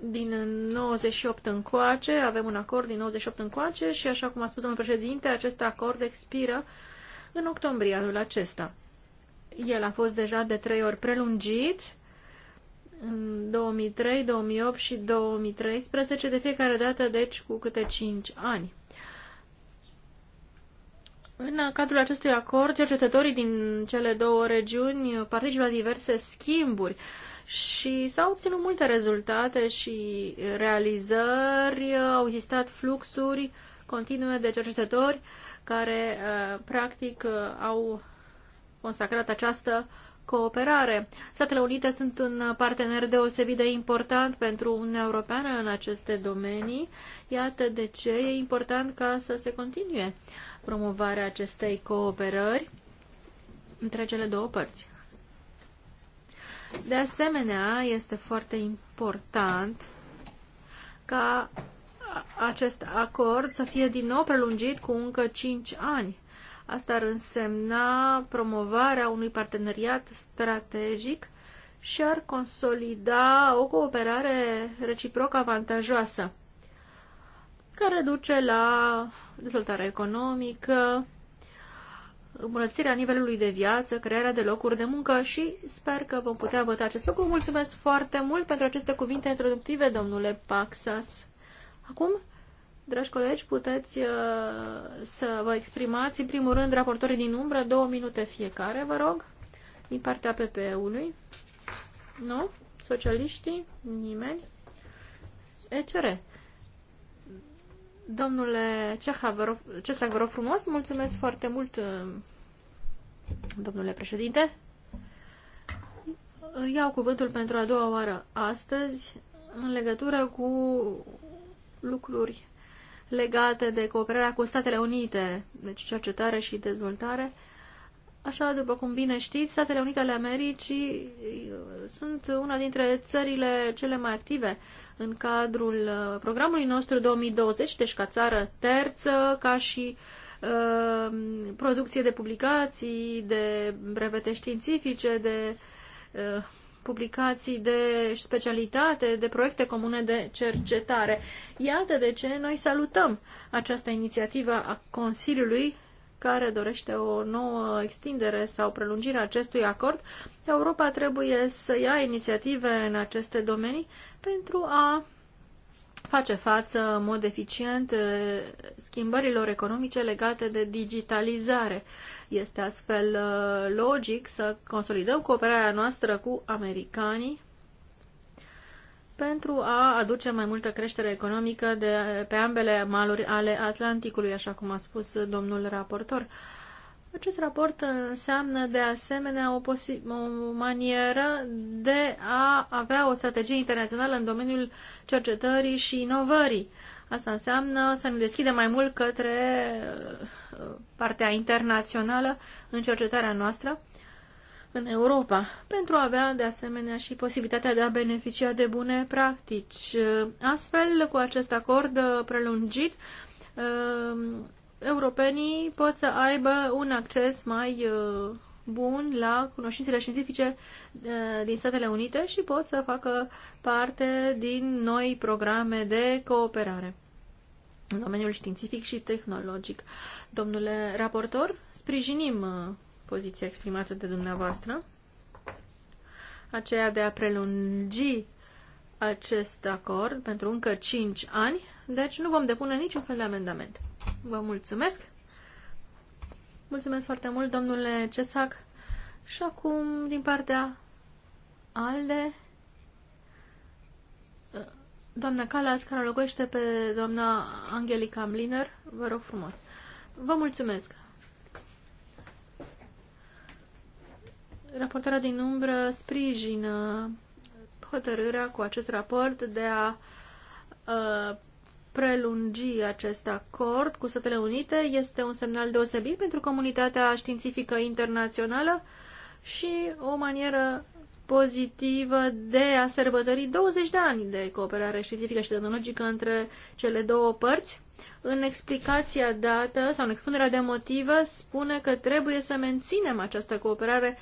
din 98 încoace, avem un acord din 98 încoace și, așa cum a spus domnul președinte, acest acord expiră în octombrie anul acesta. El a fost deja de trei ori prelungit în 2003, 2008 și 2013, de fiecare dată, deci, cu câte 5 ani. În cadrul acestui acord, cercetătorii din cele două regiuni participă la diverse schimburi și s-au obținut multe rezultate și realizări, au existat fluxuri continue de cercetători care eh, practic eh, au consacrat această cooperare. Statele Unite sunt un partener deosebit de important pentru Uniunea Europeană în aceste domenii. Iată de ce e important ca să se continue promovarea acestei cooperări între cele două părți. De asemenea, este foarte important ca acest acord să fie din nou prelungit cu încă 5 ani Asta ar însemna promovarea unui parteneriat strategic și ar consolida o cooperare reciproc avantajoasă, care duce la dezvoltarea economică, îmbunătățirea nivelului de viață, crearea de locuri de muncă și sper că vom putea vota acest lucru. Mulțumesc foarte mult pentru aceste cuvinte introductive, domnule Paxas. Acum Dragi colegi, puteți uh, să vă exprimați. În primul rând, raportorii din umbră, două minute fiecare, vă rog, din partea PPE-ului. Nu? Socialiștii? Nimeni? ECR. Domnule Ceha, vă rog, vă rog frumos, mulțumesc foarte mult, uh, domnule președinte. Iau cuvântul pentru a doua oară astăzi în legătură cu lucruri legate de cooperarea cu Statele Unite, deci cercetare și dezvoltare. Așa, după cum bine știți, Statele Unite ale Americii uh, sunt una dintre țările cele mai active în cadrul uh, programului nostru 2020, deci ca țară terță, ca și uh, producție de publicații, de brevete științifice, de publicații de specialitate, de proiecte comune de cercetare. Iată de ce noi salutăm această inițiativă a Consiliului care dorește o nouă extindere sau prelungire a acestui acord, Europa trebuie să ia inițiative în aceste domenii pentru a face față în mod eficient schimbărilor economice legate de digitalizare. Este astfel logic să consolidăm cooperarea noastră cu americanii pentru a aduce mai multă creștere economică de, pe ambele maluri ale Atlanticului, așa cum a spus domnul raportor. Uh, acest raport înseamnă de asemenea o, o manieră de a avea o strategie internațională în domeniul cercetării și inovării. Asta înseamnă să ne deschidem mai mult către uh, partea internațională în cercetarea noastră în Europa, pentru a avea de asemenea și posibilitatea de a beneficia de bune practici. Astfel, cu acest acord prelungit, uh, europenii pot să aibă un acces mai uh, bun la cunoștințele științifice uh, din Statele Unite și pot să facă parte din noi programe de cooperare în domeniul științific și tehnologic. Domnule raportor, sprijinim uh, poziția exprimată de dumneavoastră, aceea de a prelungi acest acord pentru încă 5 ani, deci nu vom depune niciun fel de amendament. Vă mulțumesc! Mulțumesc foarte mult, domnule Cesac. Și acum, din partea ALDE, doamna Calas, care locuiește pe doamna Angelica Mliner, vă rog frumos. Vă mulțumesc! Raportarea din umbră sprijină hotărârea cu acest raport de a uh, prelungi acest acord cu Statele Unite este un semnal deosebit pentru comunitatea științifică internațională și o manieră pozitivă de a sărbători 20 de ani de cooperare științifică și tehnologică între cele două părți. În explicația dată sau în expunerea de motive spune că trebuie să menținem această cooperare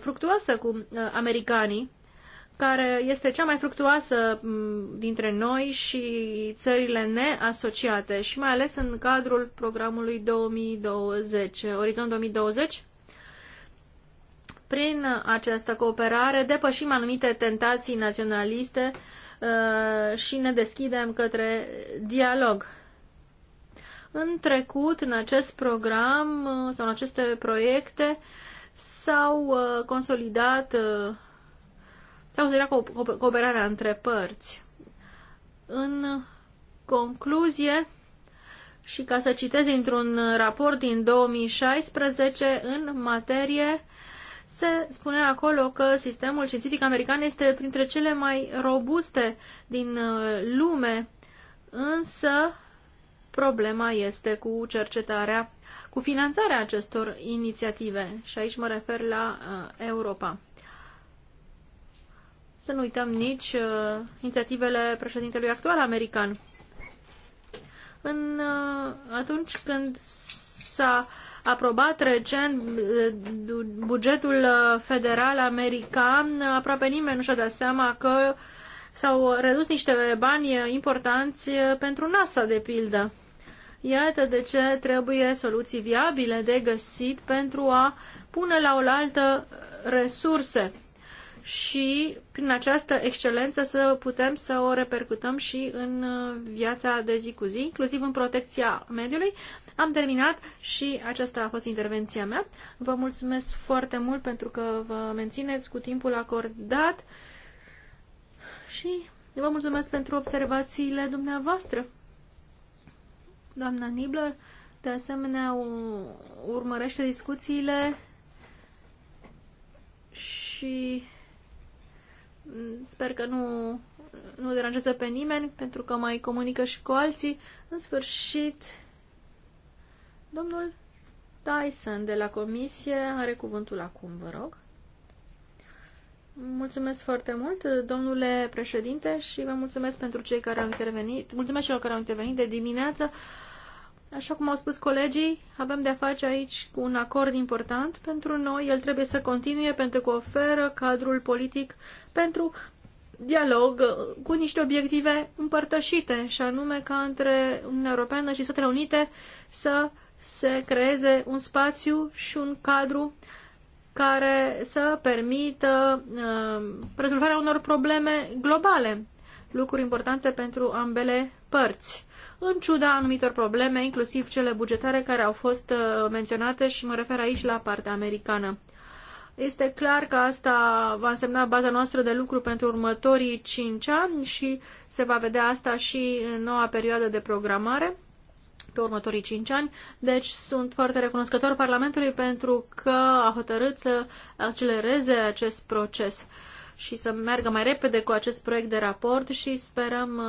fructuoasă cu uh, americanii care este cea mai fructuoasă dintre noi și țările neasociate și mai ales în cadrul programului 2020, Orizont 2020. Prin această cooperare depășim anumite tentații naționaliste uh, și ne deschidem către dialog. În trecut, în acest program uh, sau în aceste proiecte, s-au uh, consolidat clauzele cooperarea între părți. În concluzie, și ca să citez într-un raport din 2016 în materie, se spune acolo că sistemul științific american este printre cele mai robuste din uh, lume, însă problema este cu cercetarea, cu finanțarea acestor inițiative și aici mă refer la uh, Europa. Să nu uităm nici uh, inițiativele președintelui actual american. În, uh, atunci când s-a aprobat recent uh, bugetul uh, federal american, uh, aproape nimeni nu și-a dat seama că s-au redus niște bani importanți pentru NASA, de pildă. Iată de ce trebuie soluții viabile de găsit pentru a pune la oaltă resurse și prin această excelență să putem să o repercutăm și în uh, viața de zi cu zi, inclusiv în protecția mediului. Am terminat și aceasta a fost intervenția mea. Vă mulțumesc foarte mult pentru că vă mențineți cu timpul acordat și vă mulțumesc pentru observațiile dumneavoastră. Doamna Nibler, de asemenea, urmărește discuțiile și Sper că nu, nu deranjează pe nimeni, pentru că mai comunică și cu alții. În sfârșit, domnul Tyson de la comisie are cuvântul acum, vă rog. Mulțumesc foarte mult, domnule președinte, și vă mulțumesc pentru cei care au intervenit. Mulțumesc celor care au intervenit de dimineață. Așa cum au spus colegii, avem de-a face aici cu un acord important pentru noi. El trebuie să continue pentru că oferă cadrul politic pentru dialog cu niște obiective împărtășite, și anume ca între Uniunea Europeană și Statele Unite să se creeze un spațiu și un cadru care să permită uh, rezolvarea unor probleme globale, lucruri importante pentru ambele părți în ciuda anumitor probleme, inclusiv cele bugetare care au fost uh, menționate și mă refer aici la partea americană. Este clar că asta va însemna baza noastră de lucru pentru următorii 5 ani și se va vedea asta și în noua perioadă de programare pe următorii 5 ani. Deci sunt foarte recunoscător Parlamentului pentru că a hotărât să accelereze acest proces și să meargă mai repede cu acest proiect de raport și sperăm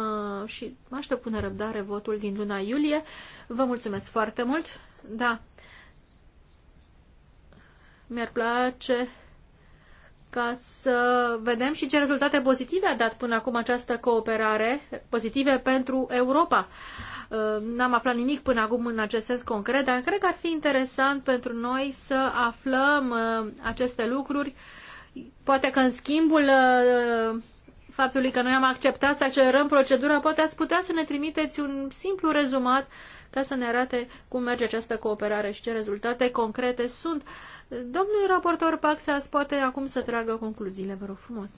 uh, și aștept până răbdare votul din luna iulie. Vă mulțumesc foarte mult. Da. Mi-ar place ca să vedem și ce rezultate pozitive a dat până acum această cooperare, pozitive pentru Europa. Uh, n-am aflat nimic până acum în acest sens concret, dar cred că ar fi interesant pentru noi să aflăm uh, aceste lucruri Poate că în schimbul uh, faptului că noi am acceptat să accelerăm procedura, poate ați putea să ne trimiteți un simplu rezumat ca să ne arate cum merge această cooperare și ce rezultate concrete sunt. Domnul raportor Paxas poate acum să tragă concluziile, vă rog frumos.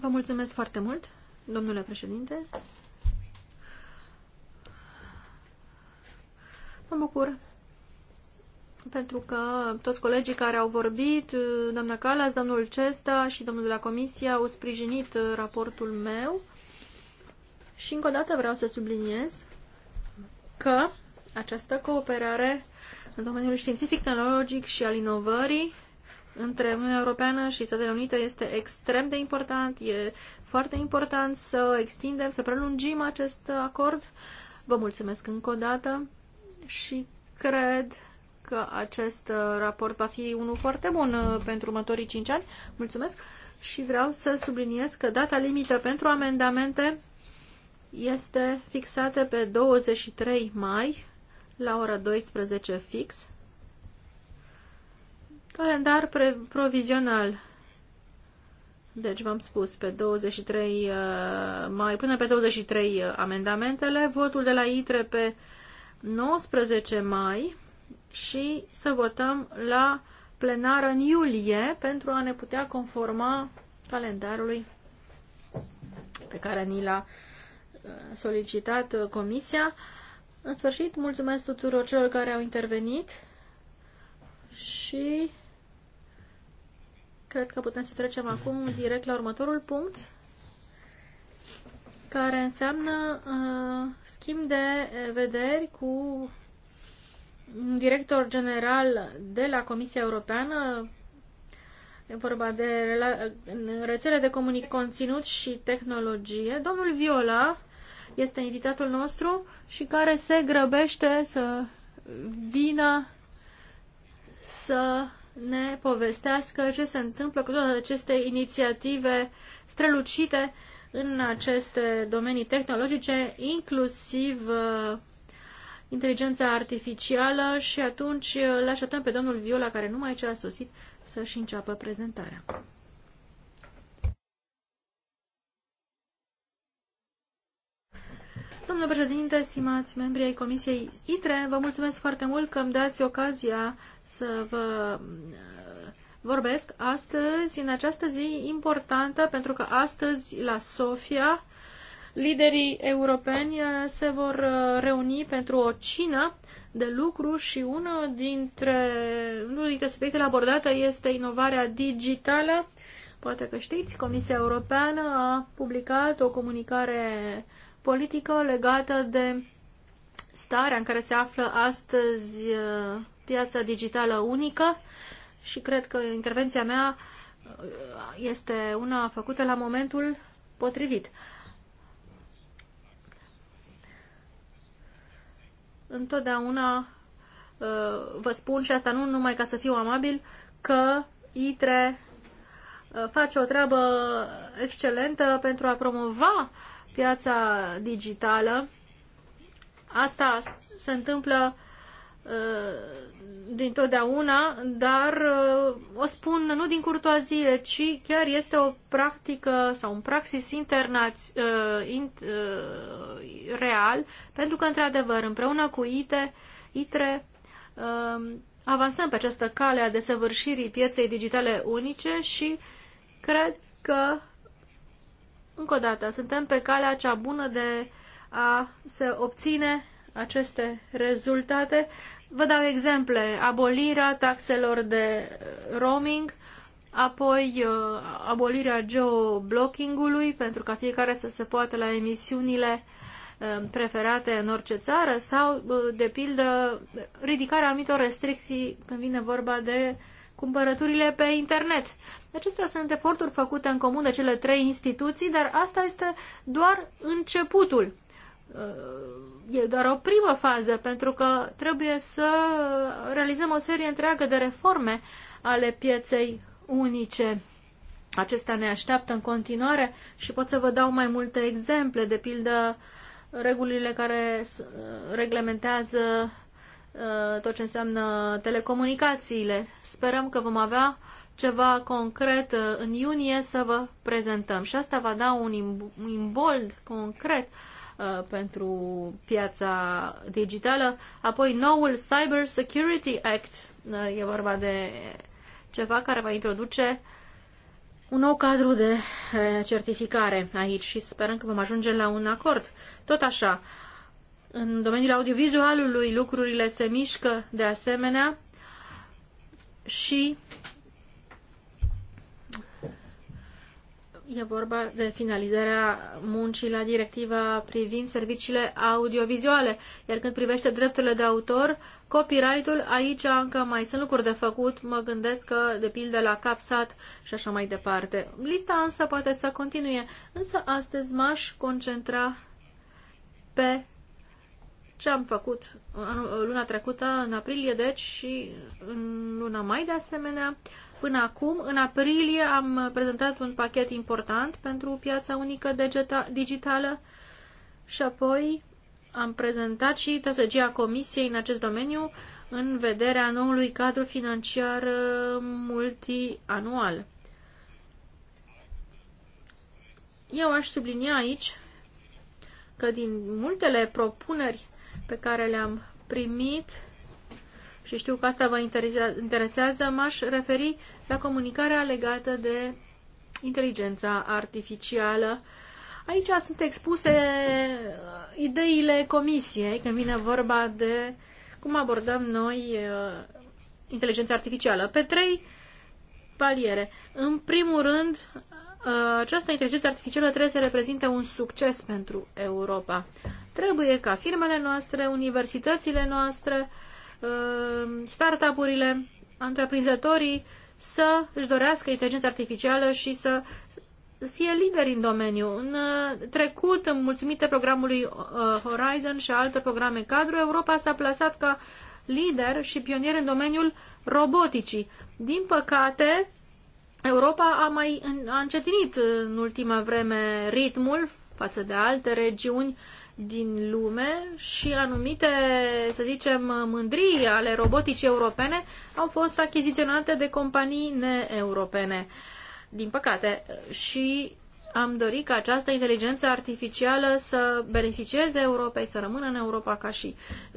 Vă mulțumesc foarte mult, domnule președinte. Mă bucur pentru că toți colegii care au vorbit, doamna Calas, domnul Cesta și domnul de la Comisie au sprijinit raportul meu. Și încă o dată vreau să subliniez că această cooperare în domeniul științific, tehnologic și al inovării între Uniunea Europeană și Statele Unite este extrem de important. E foarte important să extindem, să prelungim acest acord. Vă mulțumesc încă o dată și cred că acest uh, raport va fi unul foarte bun uh, pentru următorii 5 ani. Mulțumesc! Și vreau să subliniez că data limită pentru amendamente este fixată pe 23 mai la ora 12 fix. Calendar provizional. Deci v-am spus pe 23 uh, mai, până pe 23 amendamentele, votul de la ITRE pe 19 mai și să votăm la plenară în iulie pentru a ne putea conforma calendarului pe care ni l-a uh, solicitat uh, Comisia. În sfârșit, mulțumesc tuturor celor care au intervenit și cred că putem să trecem acum direct la următorul punct care înseamnă uh, schimb de uh, vederi cu director general de la Comisia Europeană, e vorba de rețele de comunic conținut și tehnologie. Domnul Viola este invitatul nostru și care se grăbește să vină să ne povestească ce se întâmplă cu toate aceste inițiative strălucite în aceste domenii tehnologice, inclusiv uh, inteligența artificială și atunci îl uh, așteptăm pe domnul Viola, care numai ce a sosit, să-și înceapă prezentarea. Domnule președinte, stimați membri ai Comisiei ITRE, vă mulțumesc foarte mult că îmi dați ocazia să vă uh, vorbesc astăzi, în această zi importantă, pentru că astăzi la Sofia Liderii europeni uh, se vor uh, reuni pentru o cină de lucru și una dintre, unul dintre subiectele abordate este inovarea digitală. Poate că știți, Comisia Europeană a publicat o comunicare politică legată de starea în care se află astăzi uh, piața digitală unică și cred că intervenția mea este una făcută la momentul potrivit. întotdeauna uh, vă spun, și asta nu numai ca să fiu amabil, că ITRE uh, face o treabă excelentă pentru a promova piața digitală. Asta se întâmplă Uh, din totdeauna, dar uh, o spun nu din curtoazie, ci chiar este o practică sau un praxis internaț, uh, real, pentru că, într-adevăr, împreună cu ITE, ITRE, um, avansăm pe această cale a desăvârșirii pieței digitale unice și cred că, încă o dată, suntem pe calea cea bună de a se obține aceste rezultate. Vă dau exemple. Abolirea taxelor de uh, roaming, apoi uh, abolirea geoblocking-ului pentru ca fiecare să se poată la emisiunile uh, preferate în orice țară sau, de pildă, ridicarea anumitor restricții când vine vorba de cumpărăturile pe internet. Acestea sunt eforturi făcute în comun de cele trei instituții, dar asta este doar începutul. Uh, e doar o primă fază, pentru că trebuie să realizăm o serie întreagă de reforme ale pieței unice. Acesta ne așteaptă în continuare și pot să vă dau mai multe exemple, de pildă regulile care uh, reglementează uh, tot ce înseamnă telecomunicațiile. Sperăm că vom avea ceva concret în iunie să vă prezentăm și asta va da un imbold concret uh, Uh, pentru piața digitală. Apoi noul Cyber Security Act, uh, e vorba de ceva care va introduce un nou cadru de uh, certificare aici și sperăm că vom ajunge la un acord. Tot așa, în domeniul audiovizualului lucrurile se mișcă de asemenea și E vorba de finalizarea muncii la directiva privind serviciile audiovizuale, iar când privește drepturile de autor, copyright-ul, aici încă mai sunt lucruri de făcut, mă gândesc că, de pildă, la capsat și așa mai departe. Lista însă poate să continue, însă astăzi m-aș concentra pe ce am făcut luna trecută, în aprilie, deci, și în luna mai, de asemenea, Până acum, în aprilie, am prezentat un pachet important pentru piața unică digitală și apoi am prezentat și strategia Comisiei în acest domeniu în vederea noului cadru financiar uh, multianual. Eu aș sublinia aici că din multele propuneri pe care le-am primit, și știu că asta vă interesează, m-aș referi la comunicarea legată de inteligența artificială. Aici sunt expuse uh, ideile comisiei când vine vorba de cum abordăm noi uh, inteligența artificială. Pe trei paliere. În primul rând, uh, această inteligență artificială trebuie să reprezinte un succes pentru Europa. Trebuie ca firmele noastre, universitățile noastre, Uh, startup-urile, întreprinzătorii să își dorească inteligența artificială și să fie lideri în domeniu. În uh, trecut, în mulțumite programului uh, Horizon și altor programe cadru, Europa s-a plasat ca lider și pionier în domeniul roboticii. Din păcate, Europa a mai a încetinit în ultima vreme ritmul față de alte regiuni uh, din lume și anumite, să zicem, mândrii ale roboticii europene au fost achiziționate de companii neeuropene. Din păcate. Și am dorit ca această inteligență artificială să beneficieze Europei, să rămână în Europa ca și,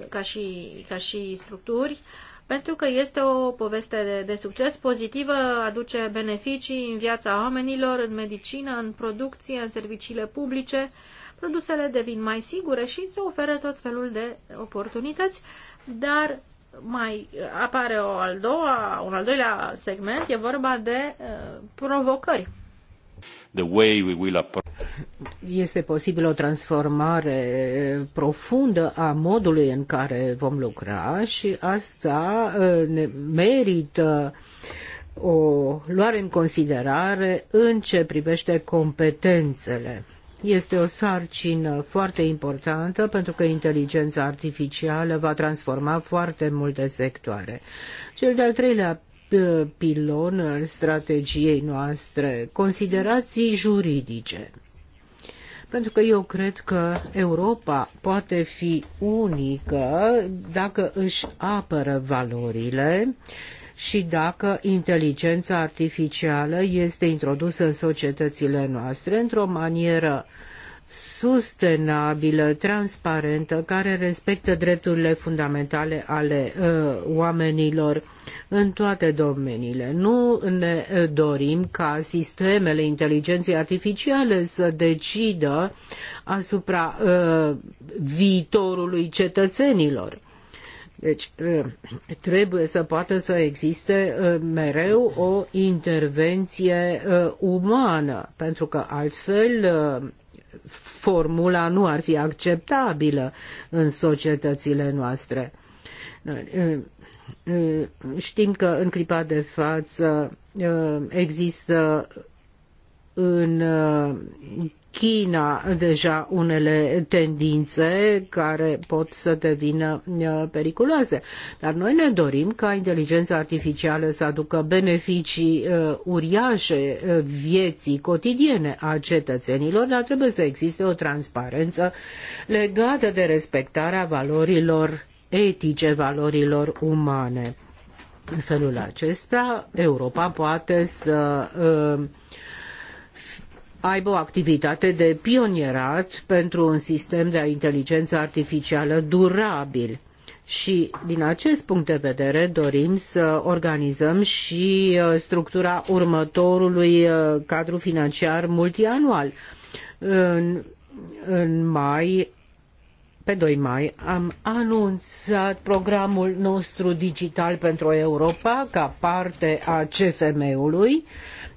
ca și, ca și structuri, pentru că este o poveste de, de succes pozitivă, aduce beneficii în viața oamenilor, în medicină, în producție, în serviciile publice, uh, produsele devin mai sigure și se oferă tot felul de oportunități, dar mai apare o al doua, un al doilea segment, e vorba de uh, provocări. The way we will este posibil o transformare profundă a modului în care vom lucra și asta uh, ne merită o luare în considerare în ce privește competențele. Este o sarcină foarte importantă pentru că inteligența artificială va transforma foarte multe sectoare. Cel de-al treilea uh, pilon al strategiei noastre, considerații juridice. Pentru că eu cred că Europa poate fi unică dacă își apără valorile și dacă inteligența artificială este introdusă în societățile noastre într-o manieră sustenabilă, transparentă, care respectă drepturile fundamentale ale uh, oamenilor în toate domeniile. Nu ne uh, dorim ca sistemele inteligenței artificiale să decidă asupra uh, viitorului cetățenilor deci ă, trebuie să poată să existe ă, mereu o intervenție ă, umană, pentru că altfel formula nu ar fi acceptabilă în societățile noastre. Știm că în clipa de față există în China deja unele tendințe care pot să devină uh, periculoase. Dar noi ne dorim ca inteligența artificială să aducă beneficii uh, uriașe uh, vieții cotidiene a cetățenilor, dar trebuie să existe o transparență legată de respectarea valorilor etice, valorilor umane. În felul acesta, Europa poate să uh, aibă o activitate de pionierat pentru un sistem de inteligență artificială durabil. Și din acest punct de vedere dorim să organizăm și uh, structura următorului uh, cadru financiar multianual. În, în mai pe 2 mai am anunțat programul nostru digital pentru Europa ca parte a CFM-ului.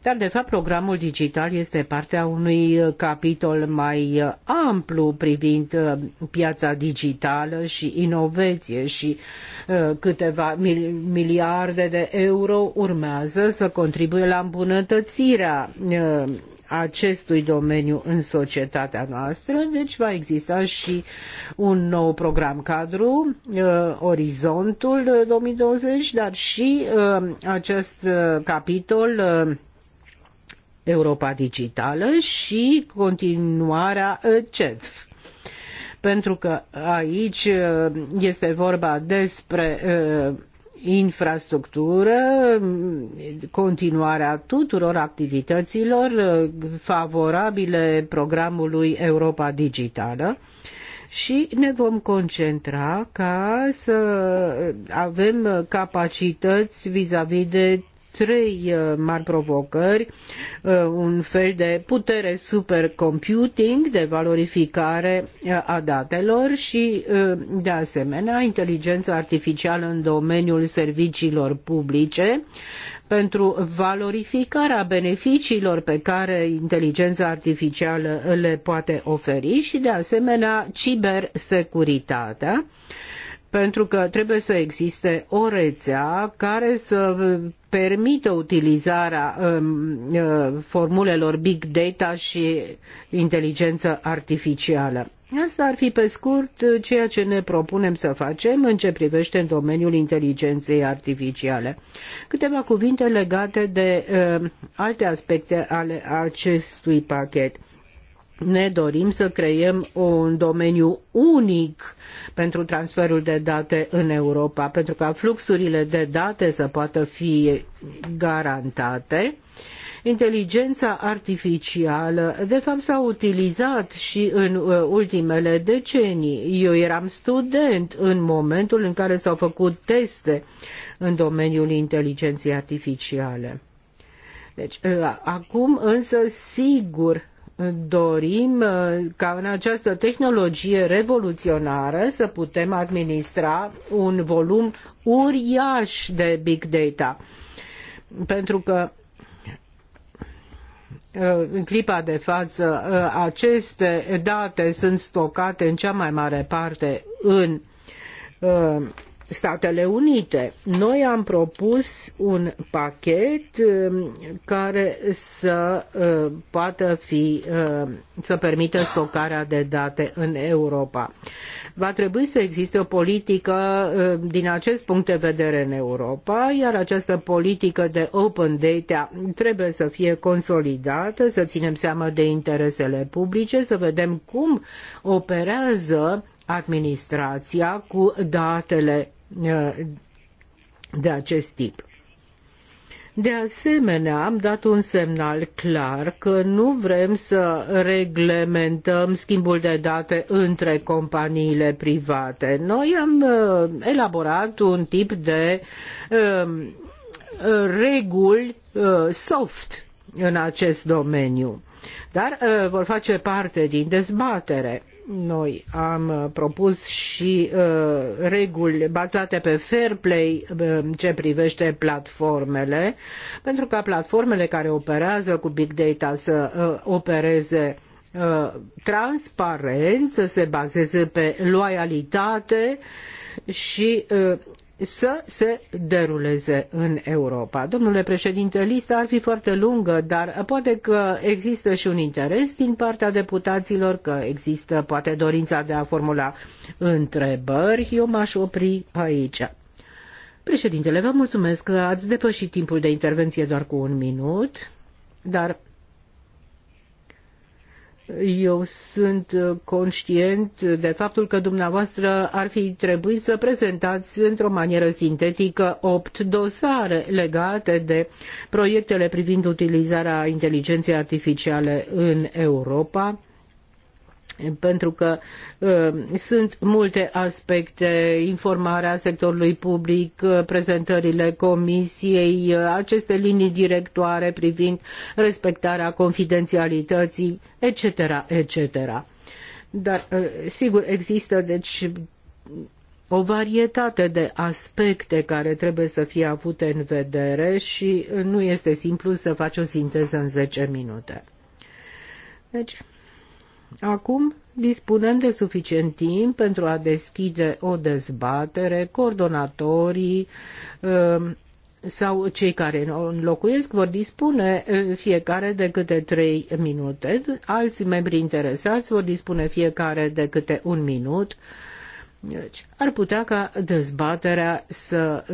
Dar, de fapt, programul digital este partea unui uh, capitol mai uh, amplu privind uh, piața digitală și inovație și câteva miliarde de euro urmează să contribuie la îmbunătățirea acestui domeniu în societatea noastră, deci va exista și un nou program cadru, Orizontul 2020, dar și acest capitol Europa Digitală și continuarea uh, CEF pentru că aici uh, este vorba despre uh, infrastructură, continuarea tuturor activităților favorabile programului Europa Digitală și ne vom concentra ca să avem capacități vis-a-vis -vis de trei uh, mari provocări, uh, un fel de putere supercomputing, de valorificare uh, a datelor și, de asemenea, inteligența artificială în domeniul serviciilor publice, pentru valorificarea beneficiilor pe care inteligența artificială le poate oferi și, de asemenea, cibersecuritatea pentru că trebuie să existe o rețea care să permită utilizarea um, uh, formulelor big data și inteligență artificială. Asta ar fi pe scurt uh, ceea ce ne propunem să facem în ce privește în domeniul inteligenței artificiale. Câteva cuvinte legate de uh, alte aspecte ale acestui pachet ne dorim să creăm un domeniu unic pentru transferul de date în Europa, pentru ca fluxurile de date să poată fi garantate. Inteligența artificială, de fapt, s-a utilizat și în uh, ultimele decenii. Eu eram student în momentul în care s-au făcut teste în domeniul inteligenței artificiale. Deci, uh, acum însă, sigur, dorim uh, ca în această tehnologie revoluționară să putem administra un volum uriaș de big data. Pentru că uh, în clipa de față uh, aceste date sunt stocate în cea mai mare parte în Statele Unite. Noi am propus un pachet um, care să uh, poată fi, um, să permită stocarea de date în Europa. Va trebui să existe o politică um, din acest punct de vedere în Europa, iar această politică de open data trebuie să fie consolidată, să ținem seama de interesele publice, să vedem cum operează administrația cu datele Uh, de acest tip. De asemenea, am dat un semnal clar că nu vrem să reglementăm schimbul de date între companiile private. Noi am uh, elaborat un tip de uh, reguli uh, soft în acest domeniu, dar uh, vor face parte din dezbatere. Noi am uh, propus și uh, reguli bazate pe fair play uh, ce privește platformele, pentru ca platformele care operează cu big data să uh, opereze uh, transparent, să se bazeze pe loialitate și uh, să se deruleze în Europa. Domnule președinte, lista ar fi foarte lungă, dar poate că există și un interes din partea deputaților, că există poate dorința de a formula întrebări. Eu m-aș opri aici. Președintele, vă mulțumesc că ați depășit timpul de intervenție doar cu un minut, dar eu sunt uh, conștient de faptul că dumneavoastră ar fi trebuit să prezentați într-o manieră sintetică opt dosare legate de proiectele privind utilizarea inteligenței artificiale în Europa pentru că uh, sunt multe aspecte, informarea sectorului public, uh, prezentările comisiei, uh, aceste linii directoare privind respectarea confidențialității, etc., etc. Dar, uh, sigur, există, deci, o varietate de aspecte care trebuie să fie avute în vedere și nu este simplu să faci o sinteză în 10 minute. Deci, Acum dispunem de suficient timp pentru a deschide o dezbatere, coordonatorii um, sau cei care înlocuiesc vor dispune uh, fiecare de câte trei minute, alți membri interesați vor dispune fiecare de câte un minut. Deci, ar putea ca dezbaterea să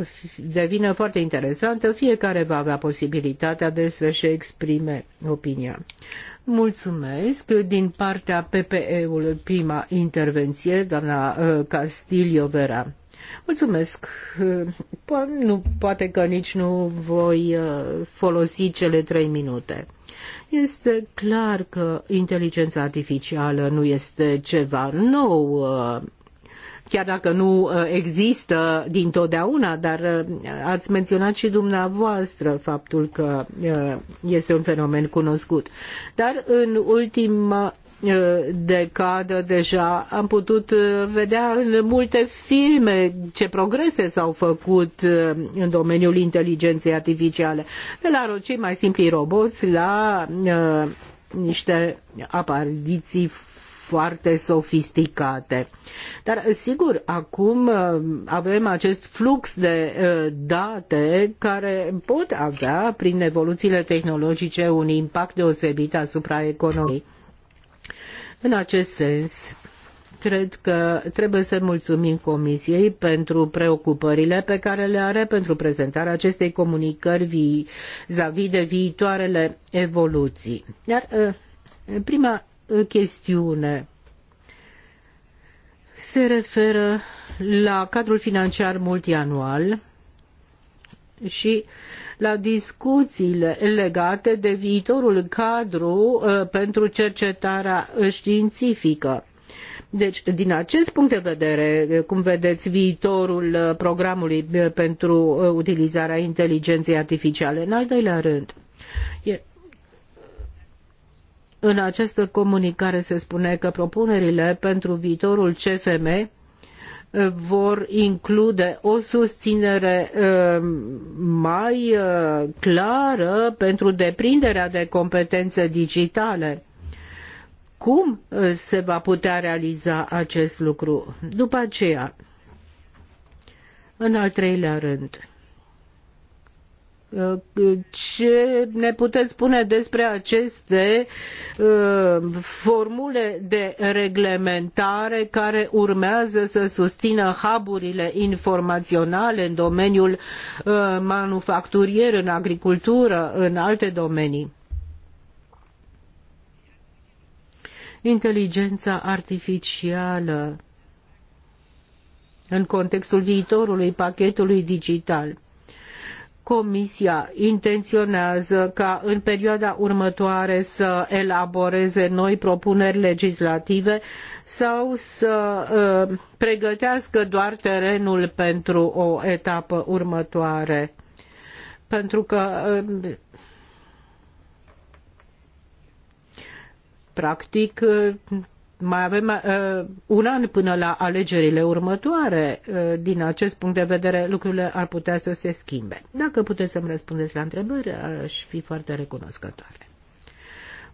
devină foarte interesantă, fiecare va avea posibilitatea de să-și exprime opinia. Mulțumesc din partea PPE-ului prima intervenție, doamna uh, Castilio Vera. Mulțumesc. Uh, nu, poate că nici nu voi uh, folosi cele trei minute. Este clar că inteligența artificială nu este ceva nou chiar dacă nu uh, există dintotdeauna, dar uh, ați menționat și dumneavoastră faptul că uh, este un fenomen cunoscut. Dar în ultima decadă deja am putut vedea în multe filme ce progrese s-au făcut în domeniul inteligenței artificiale, de la cei mai simpli roboți la niște apariții foarte sofisticate. Dar, sigur, acum uh, avem acest flux de uh, date care pot avea, prin evoluțiile tehnologice, un impact deosebit asupra economiei. În acest sens, cred că trebuie să mulțumim Comisiei pentru preocupările pe care le are pentru prezentarea acestei comunicări vis-a-vis -vis de viitoarele evoluții. Iar uh, prima chestiune se referă la cadrul financiar multianual și la discuțiile legate de viitorul cadru uh, pentru cercetarea științifică. Deci, din acest punct de vedere, uh, cum vedeți viitorul uh, programului pentru utilizarea inteligenței artificiale? În al doilea rând, e în această comunicare se spune că propunerile pentru viitorul CFM vor include o susținere ehm, mai eh, clară pentru deprinderea de competențe digitale. Cum eh, se va putea realiza acest lucru? După aceea, în al treilea rând, ce ne puteți spune despre aceste uh, formule de reglementare care urmează să susțină haburile informaționale în domeniul uh, manufacturier, în agricultură, în alte domenii? Inteligența artificială în contextul viitorului pachetului digital – Comisia intenționează ca în perioada următoare să elaboreze noi propuneri legislative sau să uh, pregătească doar terenul pentru o etapă următoare? Pentru că uh, practic uh, mai avem uh, un an până la alegerile următoare. Uh, din acest punct de vedere, lucrurile ar putea să se schimbe. Dacă puteți să-mi răspundeți la întrebări, aș fi foarte recunoscătoare.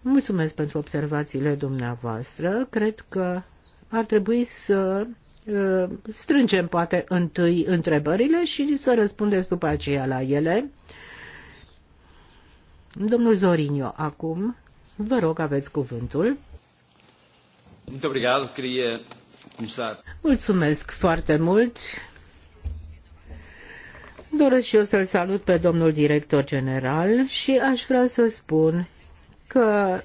Mulțumesc pentru observațiile dumneavoastră. Cred că ar trebui să uh, strângem poate întâi întrebările și să răspundeți după aceea la ele. Domnul Zorinio, acum, vă rog, aveți cuvântul. Mulțumesc foarte mult. Doresc și eu să-l salut pe domnul director general și aș vrea să spun că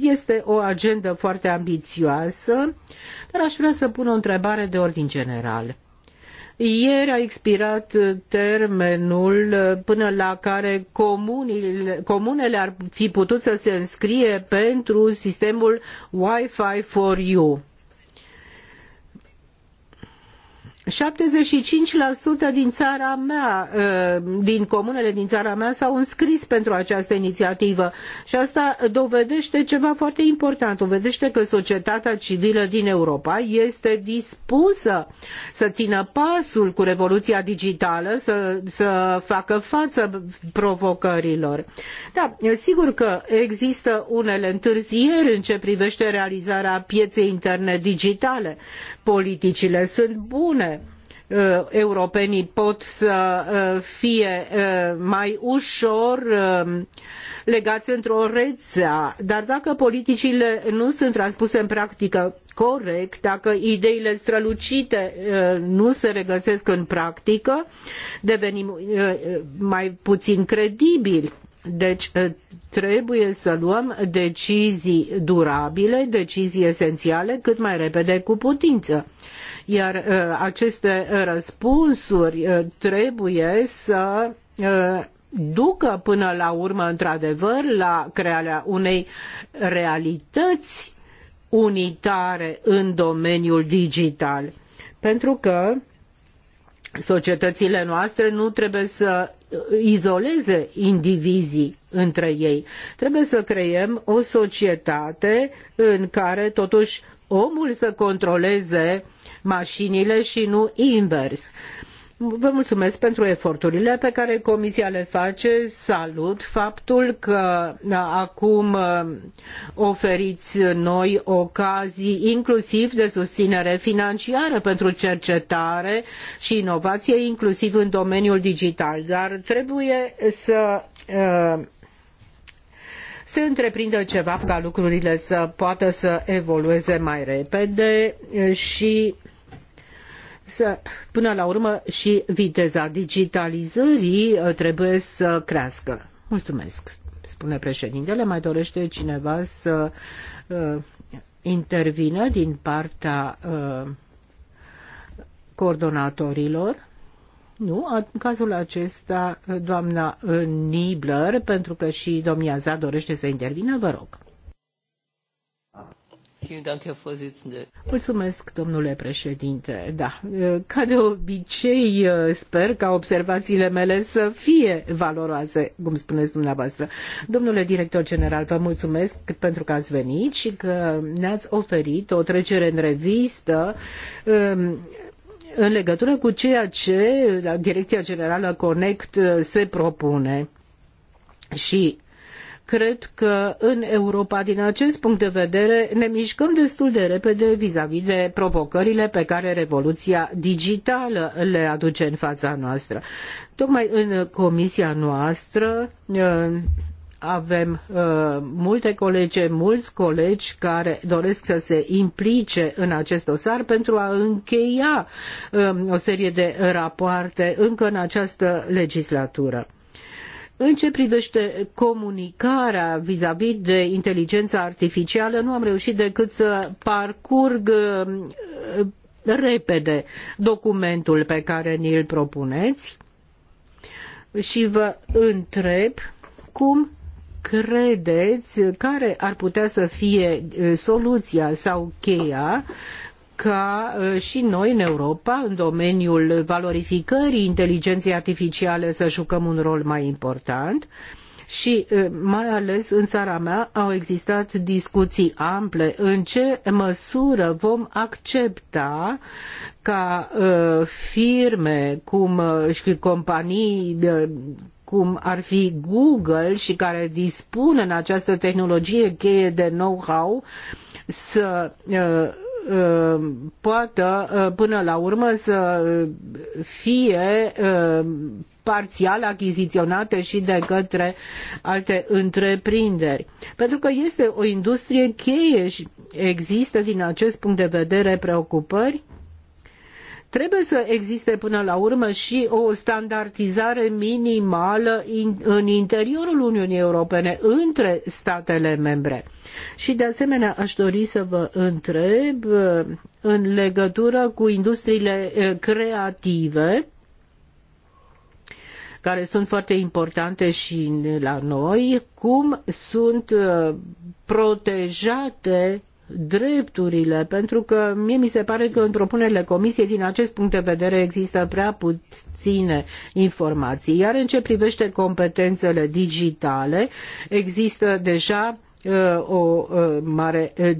este o agendă foarte ambițioasă, dar aș vrea să pun o întrebare de ordin general. Ieri a expirat termenul până la care comunile, comunele ar fi putut să se înscrie pentru sistemul Wi-Fi for You. 75% din țara mea, ă, din comunele din țara mea s-au înscris pentru această inițiativă și asta dovedește ceva foarte important, dovedește că societatea civilă din Europa este dispusă să țină pasul cu revoluția digitală, să, să facă față provocărilor. Da, sigur că există unele întârzieri în ce privește realizarea pieței internet digitale, politicile sunt bune uh, europenii pot să uh, fie uh, mai ușor um, legați într-o rețea, dar dacă politicile nu sunt transpuse în practică corect, dacă ideile strălucite nu se regăsesc în practică, devenim mai puțin credibili deci eh, trebuie să luăm decizii durabile, decizii esențiale cât mai repede cu putință. Iar eh, aceste răspunsuri eh, trebuie să ducă până la urmă, într-adevăr, la crearea unei realități unitare în domeniul digital. Pentru că societățile noastre nu trebuie să izoleze indivizii între ei. Trebuie să creăm o societate în care totuși omul să controleze mașinile și nu invers. Uh, Vă mulțumesc pentru eforturile pe care Comisia le face. Salut faptul că da, acum uh, oferiți noi ocazii inclusiv de susținere financiară pentru cercetare și inovație, inclusiv în domeniul digital. Dar trebuie să uh, se întreprindă ceva ca lucrurile să poată să evolueze mai repede și să, până la urmă și viteza digitalizării uh, trebuie să crească. Mulțumesc, spune președintele. Mai dorește cineva să uh, intervină din partea uh, coordonatorilor? Nu, în cazul acesta, uh, doamna uh, Nibler, pentru că și domnia Za dorește să intervină, vă rog. Mulțumesc, domnule președinte. Da, ca de obicei, sper ca observațiile mele să fie valoroase, cum spuneți dumneavoastră. Domnule director general, vă mulțumesc pentru că ați venit și că ne-ați oferit o trecere în revistă um, în legătură cu ceea ce la Direcția Generală Connect se propune. Și cred că în Europa, din acest punct de vedere, ne mișcăm destul de repede vizavi de provocările pe care revoluția digitală le aduce în fața noastră. Tocmai în comisia noastră uh, avem uh, multe colege, mulți colegi care doresc să se implice în acest dosar pentru a încheia um, o serie de rapoarte încă în această legislatură. În ce privește comunicarea vis-a-vis de inteligența artificială, nu am reușit decât să parcurg uh, repede documentul pe care ni-l propuneți și vă întreb cum credeți care ar putea să fie uh, soluția sau cheia ca ă, și noi în Europa, în domeniul valorificării inteligenței artificiale, să jucăm un rol mai important și ă, mai ales în țara mea au existat discuții ample în ce măsură vom accepta ca ă, firme cum și companii cum ar fi Google și care dispun în această tehnologie cheie de know-how să Uh, poată uh, până la urmă să uh, fie parțial achiziționate și de către alte întreprinderi. Pentru că este o industrie cheie și există din acest punct de vedere preocupări Trebuie să existe până la urmă și o standardizare minimală în interiorul Uniunii Europene între statele membre. Și de asemenea aș dori să vă întreb uh, în legătură cu industriile uh, creative care sunt foarte importante și la noi, cum sunt uh, protejate drepturile, pentru că mie mi se pare că în propunerile comisiei din acest punct de vedere există prea puține informații. Iar în ce privește competențele digitale, există deja uh, o uh, mare uh,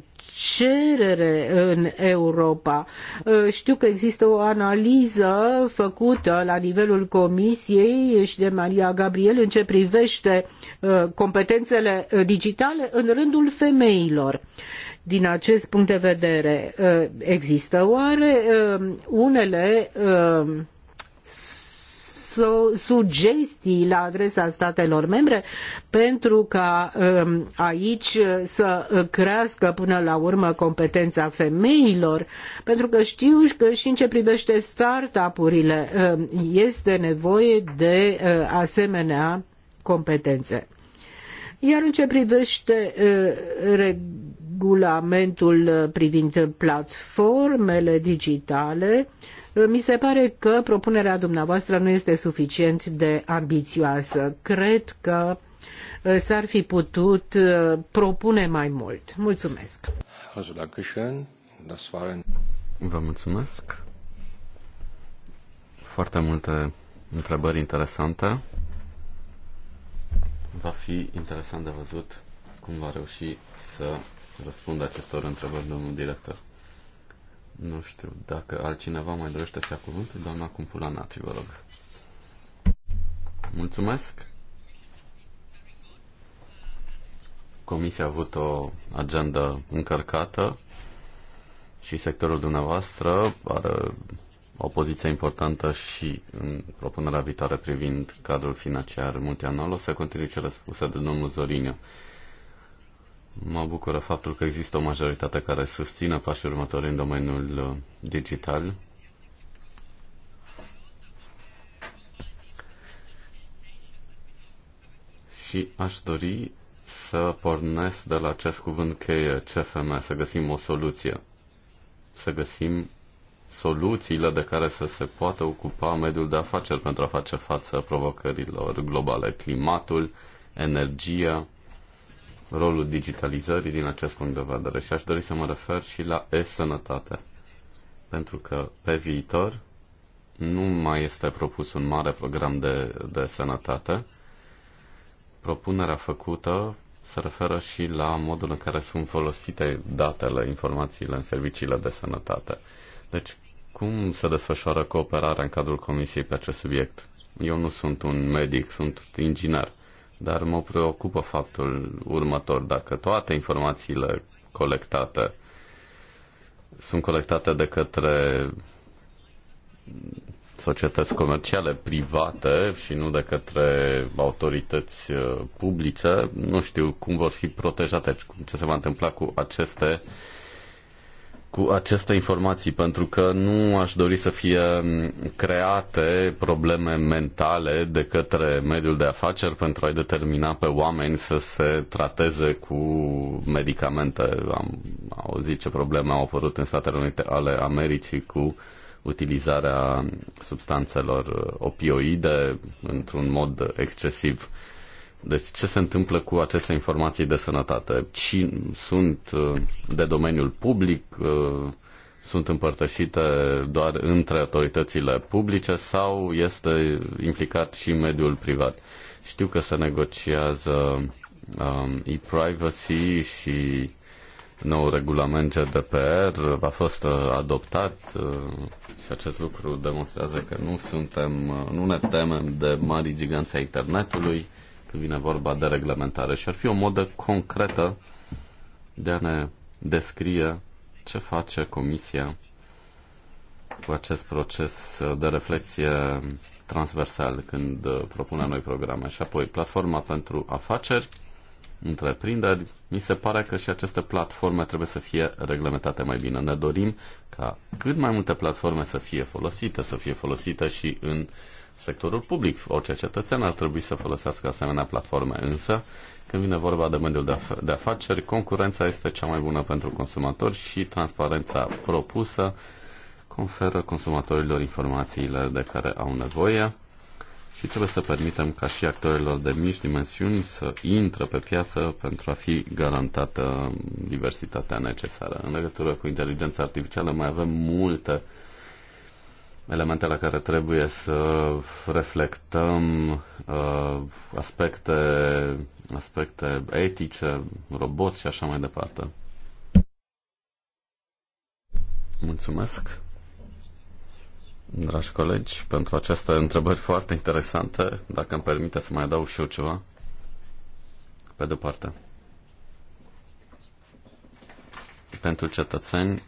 cerere în Europa. Uh, știu că există o analiză făcută la nivelul Comisiei și de Maria Gabriel în ce privește uh, competențele uh, digitale în rândul femeilor din acest punct de vedere, uh, există oare um, unele um, sugestii la adresa statelor membre pentru ca um, aici uh, să crească până la urmă competența femeilor, pentru că știu că și în ce privește startup-urile este nevoie de uh, asemenea competențe. Iar în ce privește regulamentul uh, privind platformele digitale, uh, mi se pare că propunerea dumneavoastră nu este suficient de ambițioasă. Cred că uh, s-ar fi putut propune mai mult. Mulțumesc! Da, Vă mulțumesc! Foarte multe întrebări interesante. Va fi interesant de văzut cum va reuși să răspund acestor întrebări, domnul director. Nu știu dacă altcineva mai dorește să ia cuvântul. Doamna Cumpula Nati, vă rog. Mulțumesc. Comisia a avut o agendă încărcată și sectorul dumneavoastră are o poziție importantă și în propunerea viitoare privind cadrul financiar multianual. O să continui cele spuse de domnul Zorinio. Mă bucură faptul că există o majoritate care susține pașii următori în domeniul uh, digital. Și aș dori să pornesc de la acest cuvânt cheie CFM, să găsim o soluție, să găsim soluțiile de care să se poată ocupa mediul de afaceri pentru a face față provocărilor globale, climatul, energia, rolul digitalizării din acest punct de vedere și aș dori să mă refer și la e-sănătate. Pentru că pe viitor nu mai este propus un mare program de, de sănătate. Propunerea făcută se referă și la modul în care sunt folosite datele, informațiile în serviciile de sănătate. Deci, cum se desfășoară cooperarea în cadrul Comisiei pe acest subiect? Eu nu sunt un medic, sunt inginer dar mă preocupă faptul următor, dacă toate informațiile colectate sunt colectate de către societăți comerciale private și nu de către autorități uh, publice, nu știu cum vor fi protejate, ce se va întâmpla cu aceste uh, cu aceste informații, pentru că nu aș dori să fie create probleme mentale de către mediul de afaceri pentru a-i determina pe oameni să se trateze cu medicamente. Am auzit ce probleme au apărut în Statele Unite ale Americii cu utilizarea substanțelor opioide într-un mod excesiv deci ce se întâmplă cu aceste informații de sănătate? Cine, sunt uh, de domeniul public, uh, sunt împărtășite doar între autoritățile publice sau este implicat și mediul privat? Știu că se negociază um, e-privacy și nou regulament GDPR a fost uh, adoptat și acest lucru demonstrează că nu suntem, nu ne temem de mari giganți ai internetului când vine vorba de reglementare și ar fi o modă concretă de a ne descrie ce face Comisia cu acest proces de reflexie transversal când propune noi programe. Și apoi platforma pentru afaceri, întreprinderi, mi se pare că și aceste platforme trebuie să fie reglementate mai bine. Ne dorim ca cât mai multe platforme să fie folosite, să fie folosite și în uh, sectorul public. Orice cetățean ar trebui să folosească asemenea platforme, însă când vine vorba de mediul de, af- de afaceri, concurența este cea mai bună pentru consumatori și transparența propusă conferă consumatorilor informațiile de care au nevoie și trebuie să permitem ca și actorilor de mici dimensiuni să intre pe piață pentru a fi garantată diversitatea necesară. În legătură cu inteligența artificială mai avem multe uh, elemente la care trebuie să reflectăm uh, aspecte, aspecte etice, roboți și așa mai departe. Mulțumesc, dragi colegi, pentru aceste întrebări foarte interesante. Dacă îmi permite să mai adaug și eu ceva, pe departe. Pentru cetățeni,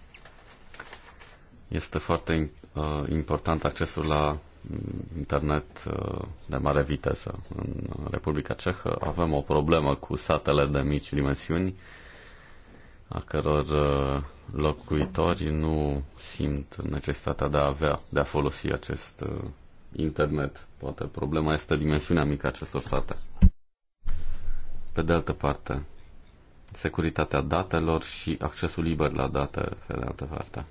este foarte uh, important accesul la mm, internet uh, de mare viteză. În Republica Cehă avem o problemă cu satele de mici dimensiuni, a căror uh, locuitori nu simt necesitatea de a avea, de a folosi acest uh, internet. Poate problema este dimensiunea mică a acestor sate. Pe de altă parte, securitatea datelor și accesul liber la date, pe de altă parte.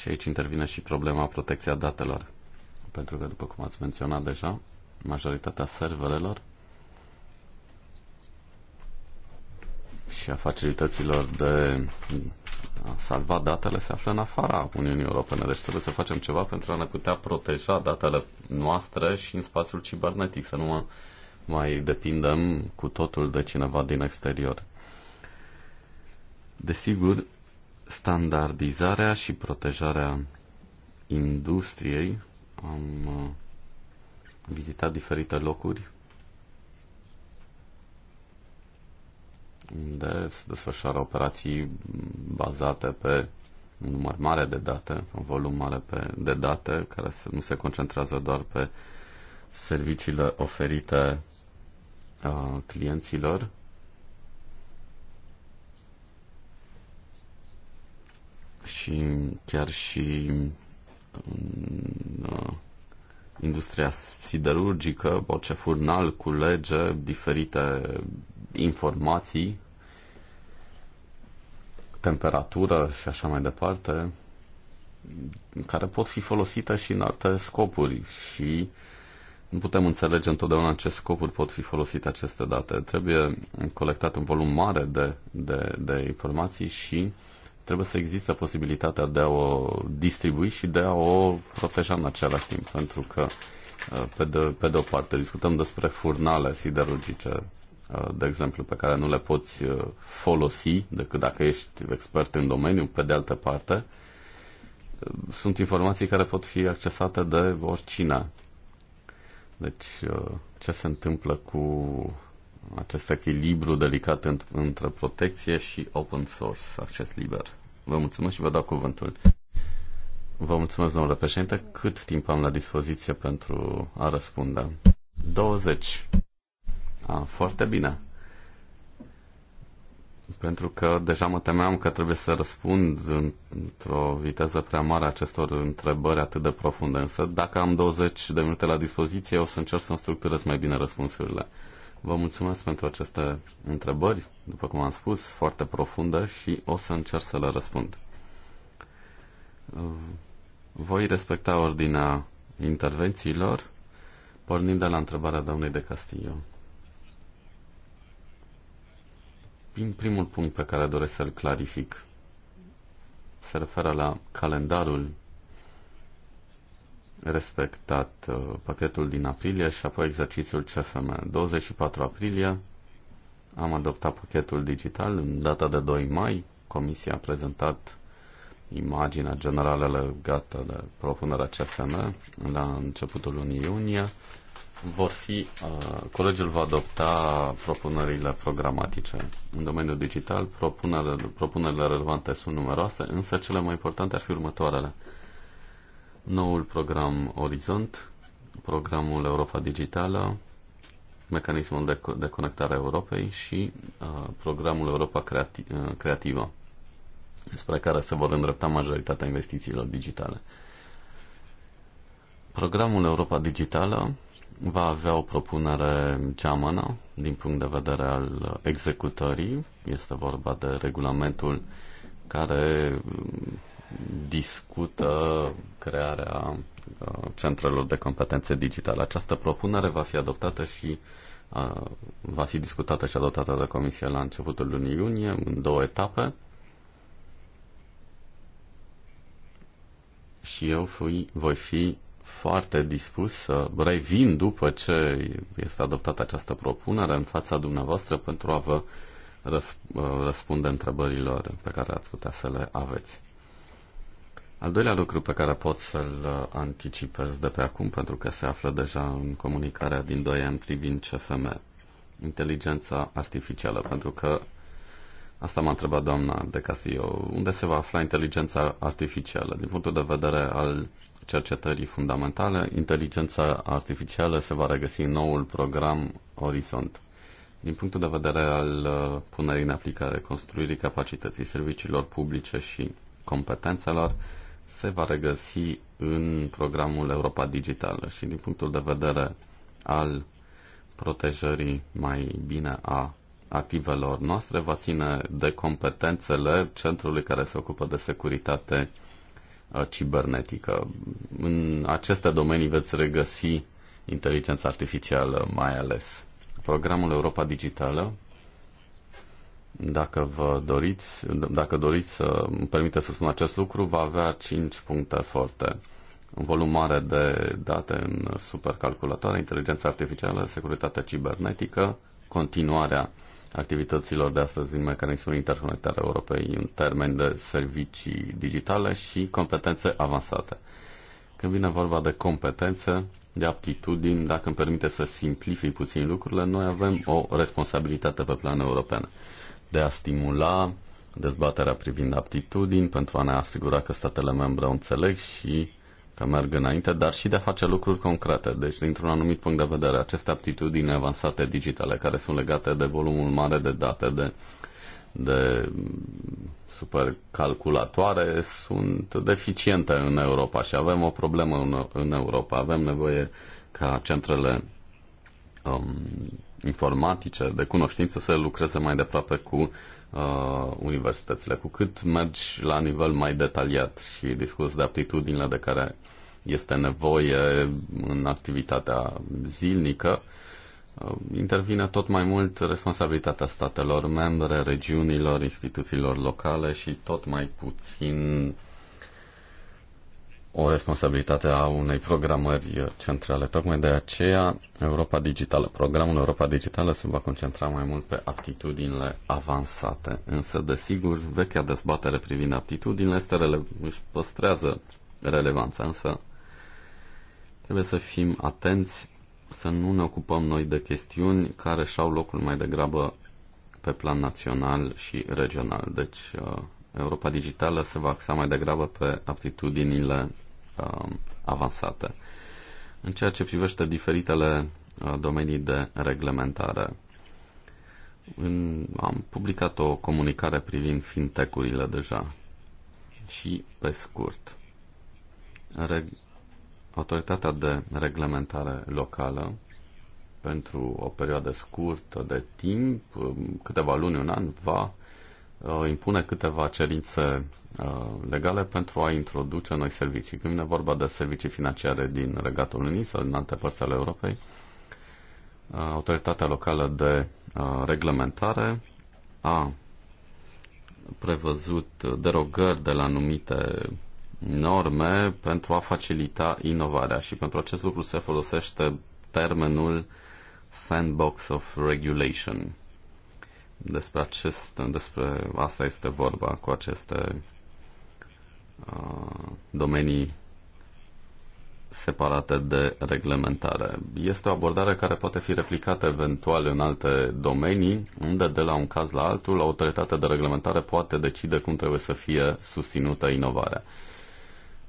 Și aici intervine și problema protecția datelor. Pentru că, după cum ați menționat deja, majoritatea serverelor și a facilităților de a salva datele se află în afara Uniunii Europene. Deci trebuie să facem ceva pentru a ne putea proteja datele noastre și în spațiul cibernetic, să nu mă mai depindem cu totul de cineva din exterior. Desigur, standardizarea și protejarea industriei. Am uh, vizitat diferite locuri unde se desfășoară operații bazate pe un număr mare de date, un volum mare pe, de date, care se, nu se concentrează doar pe serviciile oferite uh, clienților, și chiar și în uh, industria siderurgică, orice furnal culege diferite informații, temperatură și așa mai departe, care pot fi folosite și în alte scopuri și nu putem înțelege întotdeauna în ce scopuri pot fi folosite aceste date. Trebuie colectat un volum mare de, de, de informații și uh, trebuie să există posibilitatea de a o distribui și de a o proteja în același timp, pentru că uh, pe de, pe de o parte discutăm despre furnale siderurgice, uh, de exemplu, pe care nu le poți uh, folosi decât dacă ești expert în domeniu, pe de altă parte sunt informații care pot fi accesate de oricine. Deci, ce se întâmplă cu acest echilibru delicat între protecție și open source, acces liber. Vă mulțumesc și vă dau cuvântul. Vă mulțumesc, domnule președinte. Cât timp am la dispoziție pentru a răspunde? 20. A, foarte bine. Pentru că deja mă temeam că trebuie să răspund într-o viteză prea mare acestor întrebări atât de profunde, însă dacă am 20 de minute la dispoziție, o să încerc să-mi structurez mai bine răspunsurile. Vă mulțumesc pentru aceste întrebări, după cum am spus, foarte profunde și o să încerc să le răspund. Voi respecta ordinea intervențiilor, pornind de la întrebarea doamnei de Castillo. Din primul punct pe care doresc să-l clarific, se referă la calendarul respectat uh, pachetul din aprilie și apoi exercițiul CFM. 24 aprilie am adoptat pachetul digital. În data de 2 mai, Comisia a prezentat imaginea generală legată de propunerea CFM la începutul lunii iunie. Vor fi, uh, colegiul va adopta propunerile programatice. În domeniul digital, propunerile, propunerile relevante sunt numeroase, însă cele mai importante ar fi următoarele noul program Orizont, programul Europa Digitală, mecanismul de, co- de conectare a Europei și uh, programul Europa Creati- uh, Creativă, spre care se vor îndrepta majoritatea investițiilor digitale. Programul Europa Digitală va avea o propunere geamănă din punct de vedere al executării. Este vorba de regulamentul care discută crearea uh, centrelor de competențe digitale. Această propunere va fi adoptată și uh, va fi discutată și adoptată de Comisie la începutul lunii iunie, în două etape. Și eu fui, voi fi foarte dispus să revin după ce este adoptată această propunere în fața dumneavoastră pentru a vă uh, răspunde întrebărilor pe care ați putea să le aveți. Al doilea lucru pe care pot să-l uh, anticipez de pe acum, pentru că se află deja în comunicarea din 2 ani privind CFM, inteligența artificială, pentru că asta m-a întrebat doamna de Castillo, unde se va afla inteligența artificială? Din punctul de vedere al cercetării fundamentale, inteligența artificială se va regăsi în noul program Orizont. Din punctul de vedere al uh, punerii în aplicare, construirii capacității serviciilor publice și competențelor, se va regăsi în programul Europa Digitală și din punctul de vedere al protejării mai bine a activelor noastre va ține de competențele centrului care se ocupă de securitate uh, cibernetică. În aceste domenii veți regăsi inteligența artificială mai ales. Programul Europa Digitală dacă vă doriți, dacă doriți să îmi permite să spun acest lucru, va avea 5 puncte forte. Un volum mare de date în supercalculatoare, inteligența artificială, securitatea cibernetică, continuarea activităților de astăzi din mecanismul interconectare Europei în termen de servicii digitale și competențe avansate. Când vine vorba de competențe, de aptitudini, dacă îmi permite să simplific puțin lucrurile, noi avem o responsabilitate pe plan european de a stimula dezbaterea privind aptitudini, pentru a ne asigura că statele membre o înțeleg și că merg înainte, dar și de a face lucruri concrete. Deci, dintr-un anumit punct de vedere, aceste aptitudini avansate digitale, care sunt legate de volumul mare de date, de, de supercalculatoare, sunt deficiente în Europa și avem o problemă în, în Europa. Avem nevoie ca centrele um, informatice, de cunoștință, să lucreze mai de aproape cu uh, universitățile. Cu cât mergi la nivel mai detaliat și discuți de aptitudinile de care este nevoie în activitatea zilnică, uh, intervine tot mai mult responsabilitatea statelor membre, regiunilor, instituțiilor locale și tot mai puțin o responsabilitate a unei programări centrale. Tocmai de aceea, Europa Digitală, programul Europa Digitală se va concentra mai mult pe aptitudinile avansate. Însă, desigur, vechea dezbatere privind aptitudinile este rele- își păstrează relevanța, însă trebuie să fim atenți să nu ne ocupăm noi de chestiuni care și-au locul mai degrabă pe plan național și regional. Deci, uh, Europa Digitală se va axa mai degrabă pe aptitudinile Um, avansate. În ceea ce privește diferitele uh, domenii de reglementare, în, am publicat o comunicare privind fintecurile deja și pe scurt. Re, autoritatea de reglementare locală pentru o perioadă scurtă de timp, um, câteva luni, un an, va uh, impune câteva cerințe Uh, legale pentru a introduce noi servicii. Când ne vorba de servicii financiare din Regatul Unit sau din alte părți ale Europei, uh, autoritatea locală de uh, reglementare a prevăzut derogări de la anumite norme pentru a facilita inovarea și pentru acest lucru se folosește termenul sandbox of regulation. Despre, acest, despre asta este vorba cu aceste Uh, domenii separate de reglementare. Este o abordare care poate fi replicată eventual în alte domenii, unde de la un caz la altul autoritatea de reglementare poate decide cum trebuie să fie susținută inovarea.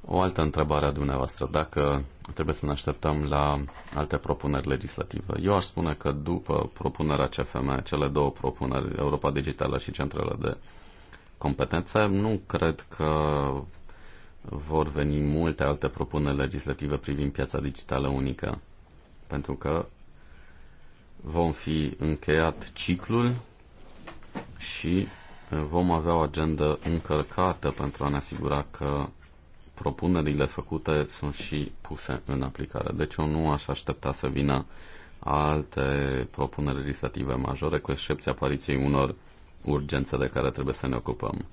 O altă întrebare a dumneavoastră, dacă trebuie să ne așteptăm la alte propuneri legislative. Eu aș spune că după propunerea CFM, cele două propuneri, Europa Digitală și Centrele de Competențe, nu cred că vor veni multe alte propuneri legislative privind piața digitală unică, pentru că vom fi încheiat ciclul și vom avea o agendă încărcată pentru a ne asigura că propunerile făcute sunt și puse în aplicare. Deci eu nu aș aștepta să vină alte propuneri legislative majore, cu excepția apariției unor urgențe de care trebuie să ne ocupăm.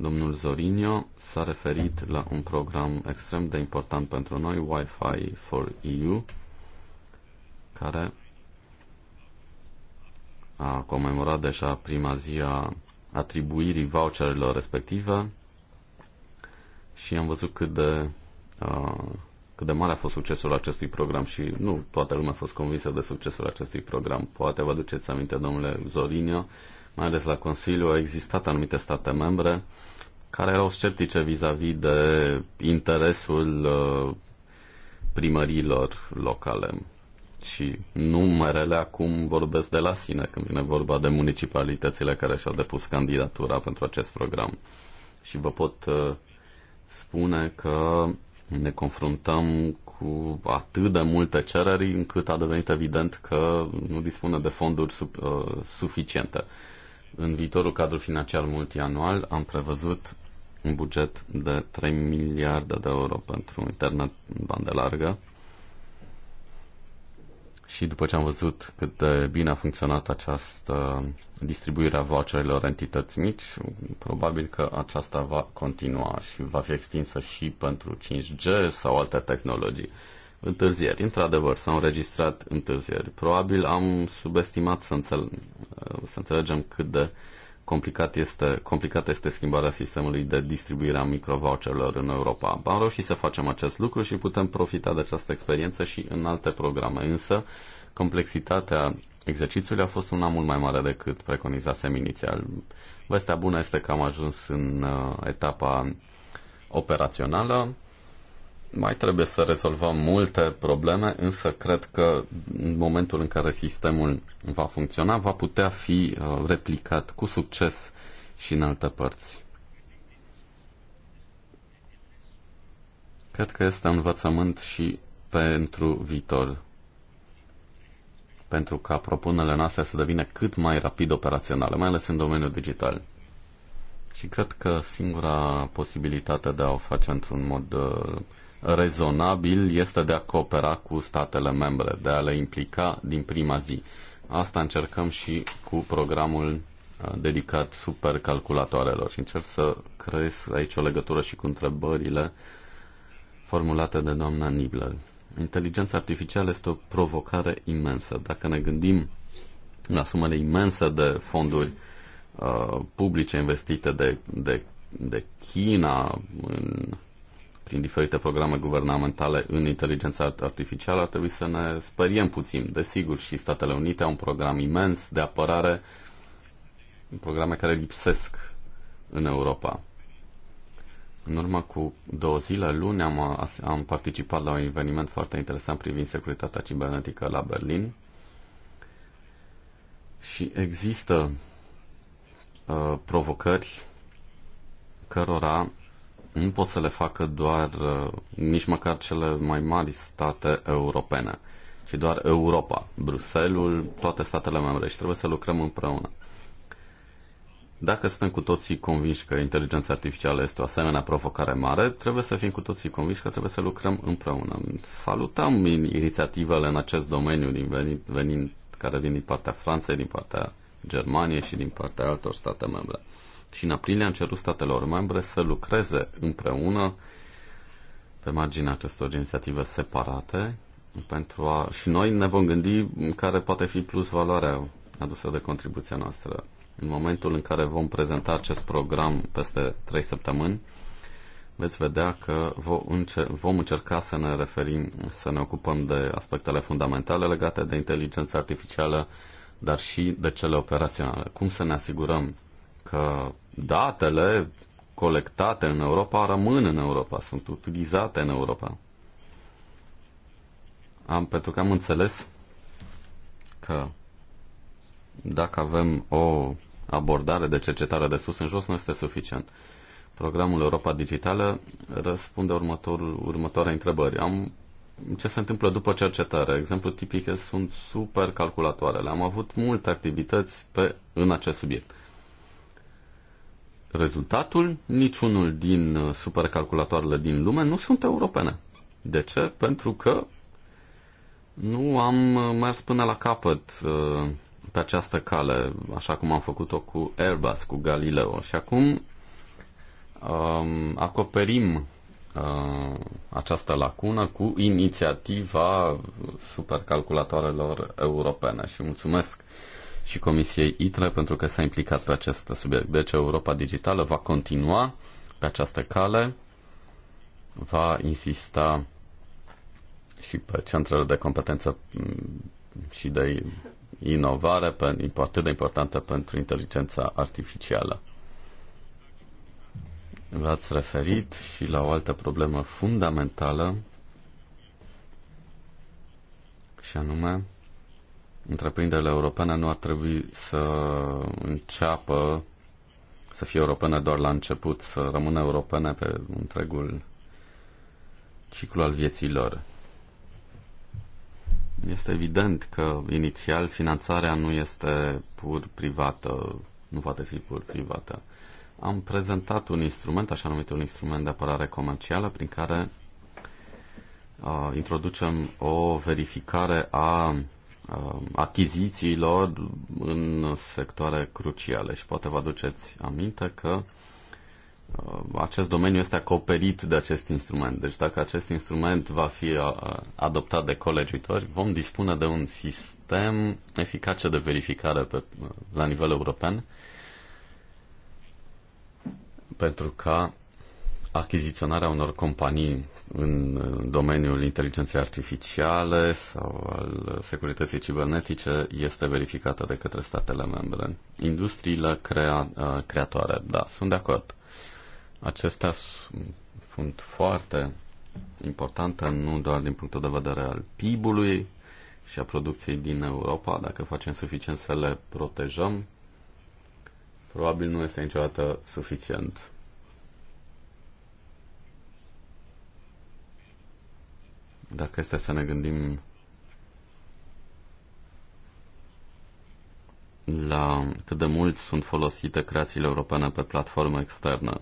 Domnul Zorinio s-a referit la un program extrem de important pentru noi, Wi-Fi for EU, care a comemorat deja prima zi a atribuirii voucherelor respective și am văzut cât de, uh, cât de mare a fost succesul acestui program și nu toată lumea a fost convinsă de succesul acestui program. Poate vă aduceți aminte, domnule Zorinio, uh, mai ales la Consiliu, au existat anumite state membre care erau sceptice vis-a-vis -vis de interesul uh, primărilor locale. Și numerele acum vorbesc de la sine când vine vorba de municipalitățile care și-au depus candidatura pentru acest program. Și vă pot uh, spune că ne confruntăm cu atât de multe cereri încât a devenit evident că nu dispune de fonduri sub, uh, suficiente. În viitorul cadru financiar multianual am prevăzut un buget de 3 miliarde de euro pentru internet în bandă largă. Și după ce am văzut cât de bine a funcționat această distribuire a voucherelor entități mici, probabil că aceasta va continua și va fi extinsă și pentru 5G sau alte tehnologii întârzieri. Într-adevăr, s-au înregistrat întârzieri. Probabil am subestimat să, înțel- să înțelegem cât de complicat este, complicată este schimbarea sistemului de distribuire a microvoucherelor în Europa. Am reușit să facem acest lucru și putem profita de această experiență și în alte programe, însă complexitatea exercițiului a fost una mult mai mare decât preconizasem inițial. Vestea bună este că am ajuns în uh, etapa operațională, mai trebuie să rezolvăm multe probleme, însă cred că în momentul în care sistemul va funcționa, va putea fi uh, replicat cu succes și în alte părți. Cred că este un învățământ și pentru viitor, pentru ca propunerile noastre să devină cât mai rapid operaționale, mai ales în domeniul digital. Și cred că singura posibilitate de a o face într-un mod uh, rezonabil este de a coopera cu statele membre, de a le implica din prima zi. Asta încercăm și cu programul uh, dedicat supercalculatoarelor și încerc să creez aici o legătură și cu întrebările formulate de doamna Nibler. Inteligența artificială este o provocare imensă. Dacă ne gândim la sumele imense de fonduri uh, publice investite de, de, de China în prin diferite programe guvernamentale în inteligența artificială, ar trebui să ne speriem puțin. Desigur, și Statele Unite au un program imens de apărare, programe care lipsesc în Europa. În urmă cu două zile, luni, am, am participat la un eveniment foarte interesant privind securitatea cibernetică la Berlin. Și există uh, provocări cărora nu pot să le facă doar uh, nici măcar cele mai mari state europene, ci doar Europa, Bruselul, toate statele membre și trebuie să lucrăm împreună. Dacă suntem cu toții convinși că inteligența artificială este o asemenea provocare mare, trebuie să fim cu toții convinși că trebuie să lucrăm împreună. Salutăm inițiativele în acest domeniu din venit, venind, care vin din partea Franței, din partea Germaniei și din partea altor state membre și în aprilie am cerut statelor membre să lucreze împreună pe marginea acestor inițiative separate pentru a... și noi ne vom gândi care poate fi plus valoarea adusă de contribuția noastră. În momentul în care vom prezenta acest program peste trei săptămâni, veți vedea că vom încerca să ne referim, să ne ocupăm de aspectele fundamentale legate de inteligența artificială, dar și de cele operaționale. Cum să ne asigurăm că datele colectate în Europa rămân în Europa, sunt utilizate în Europa. Am, pentru că am înțeles că dacă avem o abordare de cercetare de sus în jos, nu este suficient. Programul Europa Digitală răspunde următorul, următoarea întrebări. Am, ce se întâmplă după cercetare? Exemplu tipic sunt supercalculatoarele. Am avut multe activități pe, în acest subiect. Rezultatul, niciunul din uh, supercalculatoarele din lume nu sunt europene. De ce? Pentru că nu am uh, mers până la capăt uh, pe această cale, așa cum am făcut-o cu Airbus, cu Galileo. Și acum um, acoperim această lacună cu inițiativa supercalculatoarelor europene. Și mulțumesc uh, și Comisiei ITRE pentru că s-a implicat pe acest subiect. Deci Europa Digitală va continua pe această cale, va insista și pe centrele de competență mm, și de inovare atât de importantă pentru inteligența artificială. V-ați referit și la o altă problemă fundamentală și anume întreprinderile europene nu ar trebui să înceapă să fie europene doar la început, să rămână europene pe întregul ciclu al vieții lor. Este evident că inițial finanțarea nu este pur privată, nu poate fi pur privată. Am prezentat un instrument, așa numit un instrument de apărare comercială, prin care uh, introducem o verificare a Um, achizițiilor în sectoare cruciale și poate vă aduceți aminte că uh, acest domeniu este acoperit de acest instrument. Deci dacă acest instrument va fi uh, adoptat de colegiuitori, vom dispune de un sistem eficace de verificare pe, uh, la nivel european pentru ca achiziționarea unor companii în domeniul inteligenței artificiale sau al securității cibernetice este verificată de către statele membre. Industriile crea, uh, creatoare, da, sunt de acord. Acestea sunt foarte importante nu doar din punctul de vedere al PIB-ului și a producției din Europa, dacă facem suficient să le protejăm, probabil nu este niciodată suficient Dacă este să ne gândim la cât de mult sunt folosite creațiile europene pe platformă externă,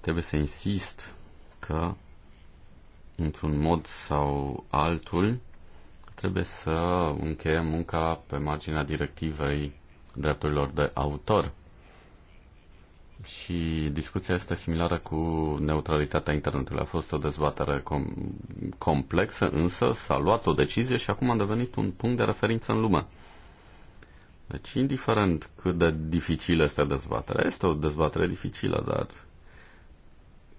trebuie să insist că într-un mod sau altul, trebuie să încheiem munca pe marginea directivei drepturilor de autor și discuția este similară cu neutralitatea internetului. A fost o dezbatere com- complexă, însă s-a luat o decizie și acum a devenit un punct de referință în lume. Deci, indiferent cât de dificilă este dezbaterea, este o dezbatere dificilă, dar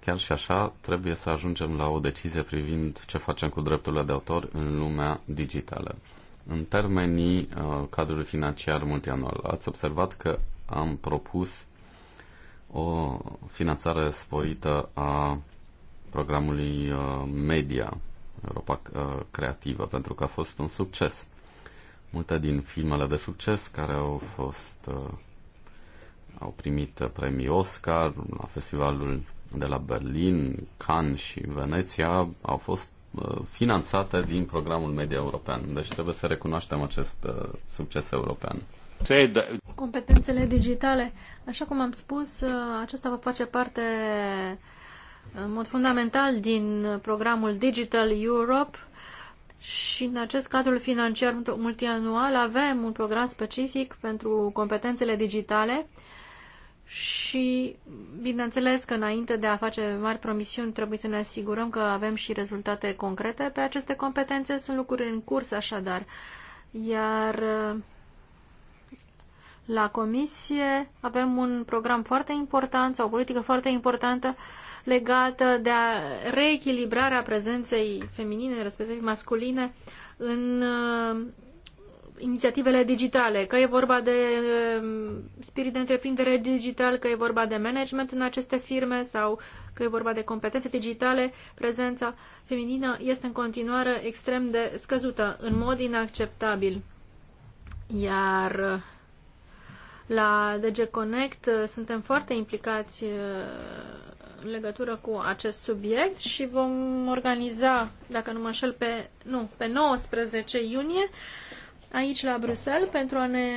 chiar și așa trebuie să ajungem la o decizie privind ce facem cu drepturile de autor în lumea digitală. În termenii uh, cadrului financiar multianual, ați observat că am propus o finanțare sporită a programului uh, media Europa uh, Creativă, pentru că a fost un succes. Multe din filmele de succes care au fost uh, au primit premii Oscar la festivalul de la Berlin, Cannes și Veneția au fost finanțate din programul media european. Deci trebuie să recunoaștem acest succes european. Da. Competențele digitale. Așa cum am spus, uh, aceasta va face parte uh, în mod fundamental din programul Digital Europe și în acest cadru financiar multianual avem un program specific pentru competențele digitale și, bineînțeles, că înainte de a face mari promisiuni trebuie să ne asigurăm că avem și rezultate concrete pe aceste competențe. Sunt lucruri în curs, așadar. Iar uh, la comisie avem un program foarte important sau o politică foarte importantă legată de a reechilibrarea prezenței feminine, respectiv masculine, în uh, inițiativele digitale, că e vorba de uh, spirit de întreprindere digital, că e vorba de management în aceste firme sau că e vorba de competențe digitale, prezența feminină este în continuare extrem de scăzută, în mod inacceptabil. Iar uh, la DG Connect uh, suntem foarte implicați uh, în legătură cu acest subiect și vom organiza, dacă nu mă înșel, pe, nu, pe 19 iunie aici la Bruxelles pentru a ne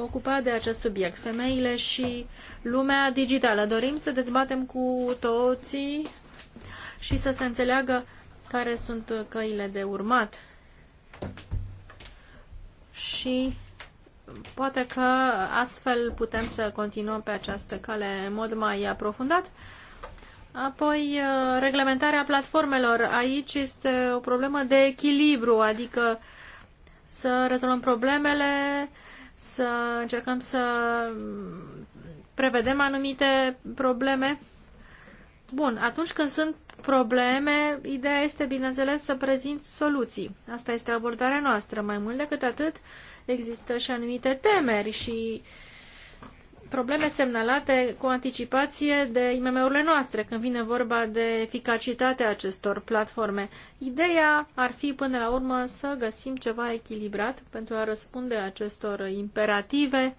ocupa de acest subiect, femeile și lumea digitală. Dorim să dezbatem cu toții și să se înțeleagă care sunt căile de urmat. Și Poate că astfel putem să continuăm pe această cale în mod mai aprofundat. Apoi, uh, reglementarea platformelor. Aici este o problemă de echilibru, adică să rezolvăm problemele, să încercăm să prevedem anumite probleme. Bun, atunci când sunt probleme, ideea este, bineînțeles, să prezint soluții. Asta este abordarea noastră. Mai mult decât atât, uh, există și anumite temeri și probleme semnalate cu anticipație de IMM-urile noastre când vine vorba de eficacitatea acestor platforme. Ideea ar fi până la urmă să găsim ceva echilibrat pentru a răspunde acestor imperative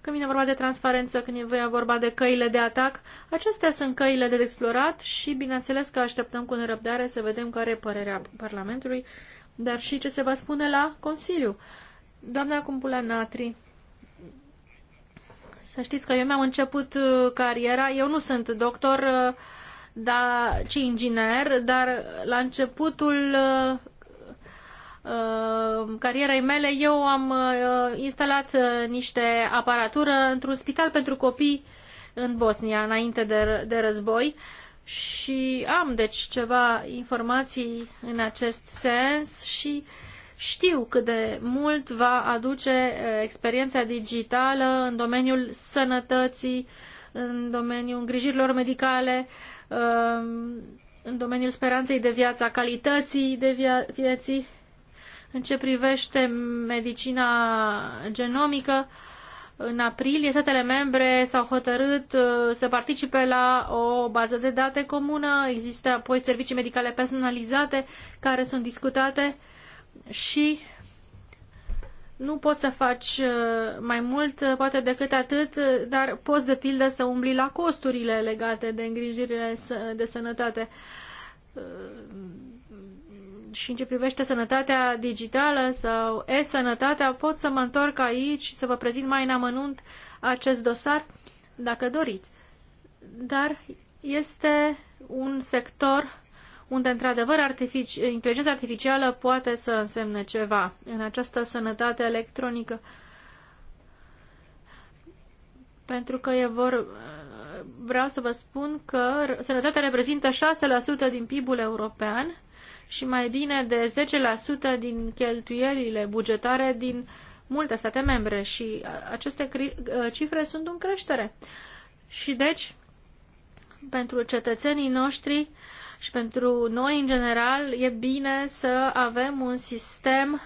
când vine vorba de transparență, când vine vorba de căile de atac. Acestea sunt căile de explorat și bineînțeles că așteptăm cu nerăbdare să vedem care e părerea Parlamentului, dar și ce se va spune la Consiliu. Doamna Cumpula Natri, să știți că eu mi-am început uh, cariera, eu nu sunt doctor, da, ci inginer, dar la începutul uh, carierei mele, eu am instalat niște aparatură într-un spital pentru copii în Bosnia, înainte de, de război și am, deci, ceva informații în acest sens și uh, știu cât de mult va aduce eh, experiența digitală în domeniul sănătății, în domeniul îngrijirilor medicale, ehm, în domeniul speranței de viață, a calității de via- vieții, în ce privește medicina genomică. În aprilie, statele membre s-au hotărât eh, să participe la o bază de date comună. Există apoi servicii medicale personalizate care sunt discutate și nu poți să faci uh, mai mult, uh, poate decât atât, uh, dar poți de pildă să umbli la costurile legate de îngrijirile de sănătate. Și în ce privește sănătatea digitală sau e-sănătatea, pot să mă întorc aici și să vă prezint mai în amănunt acest dosar, dacă doriți. Dar este un sector unde, într-adevăr, artifici, inteligența artificială poate să însemne ceva în această sănătate electronică. Pentru că e vor... vreau să vă spun că sănătatea reprezintă 6% din PIB-ul european și mai bine de 10% din cheltuielile bugetare din multe state membre și aceste cifre sunt în creștere. Și deci, pentru cetățenii noștri, uh, și pentru noi, în general, e bine să avem un sistem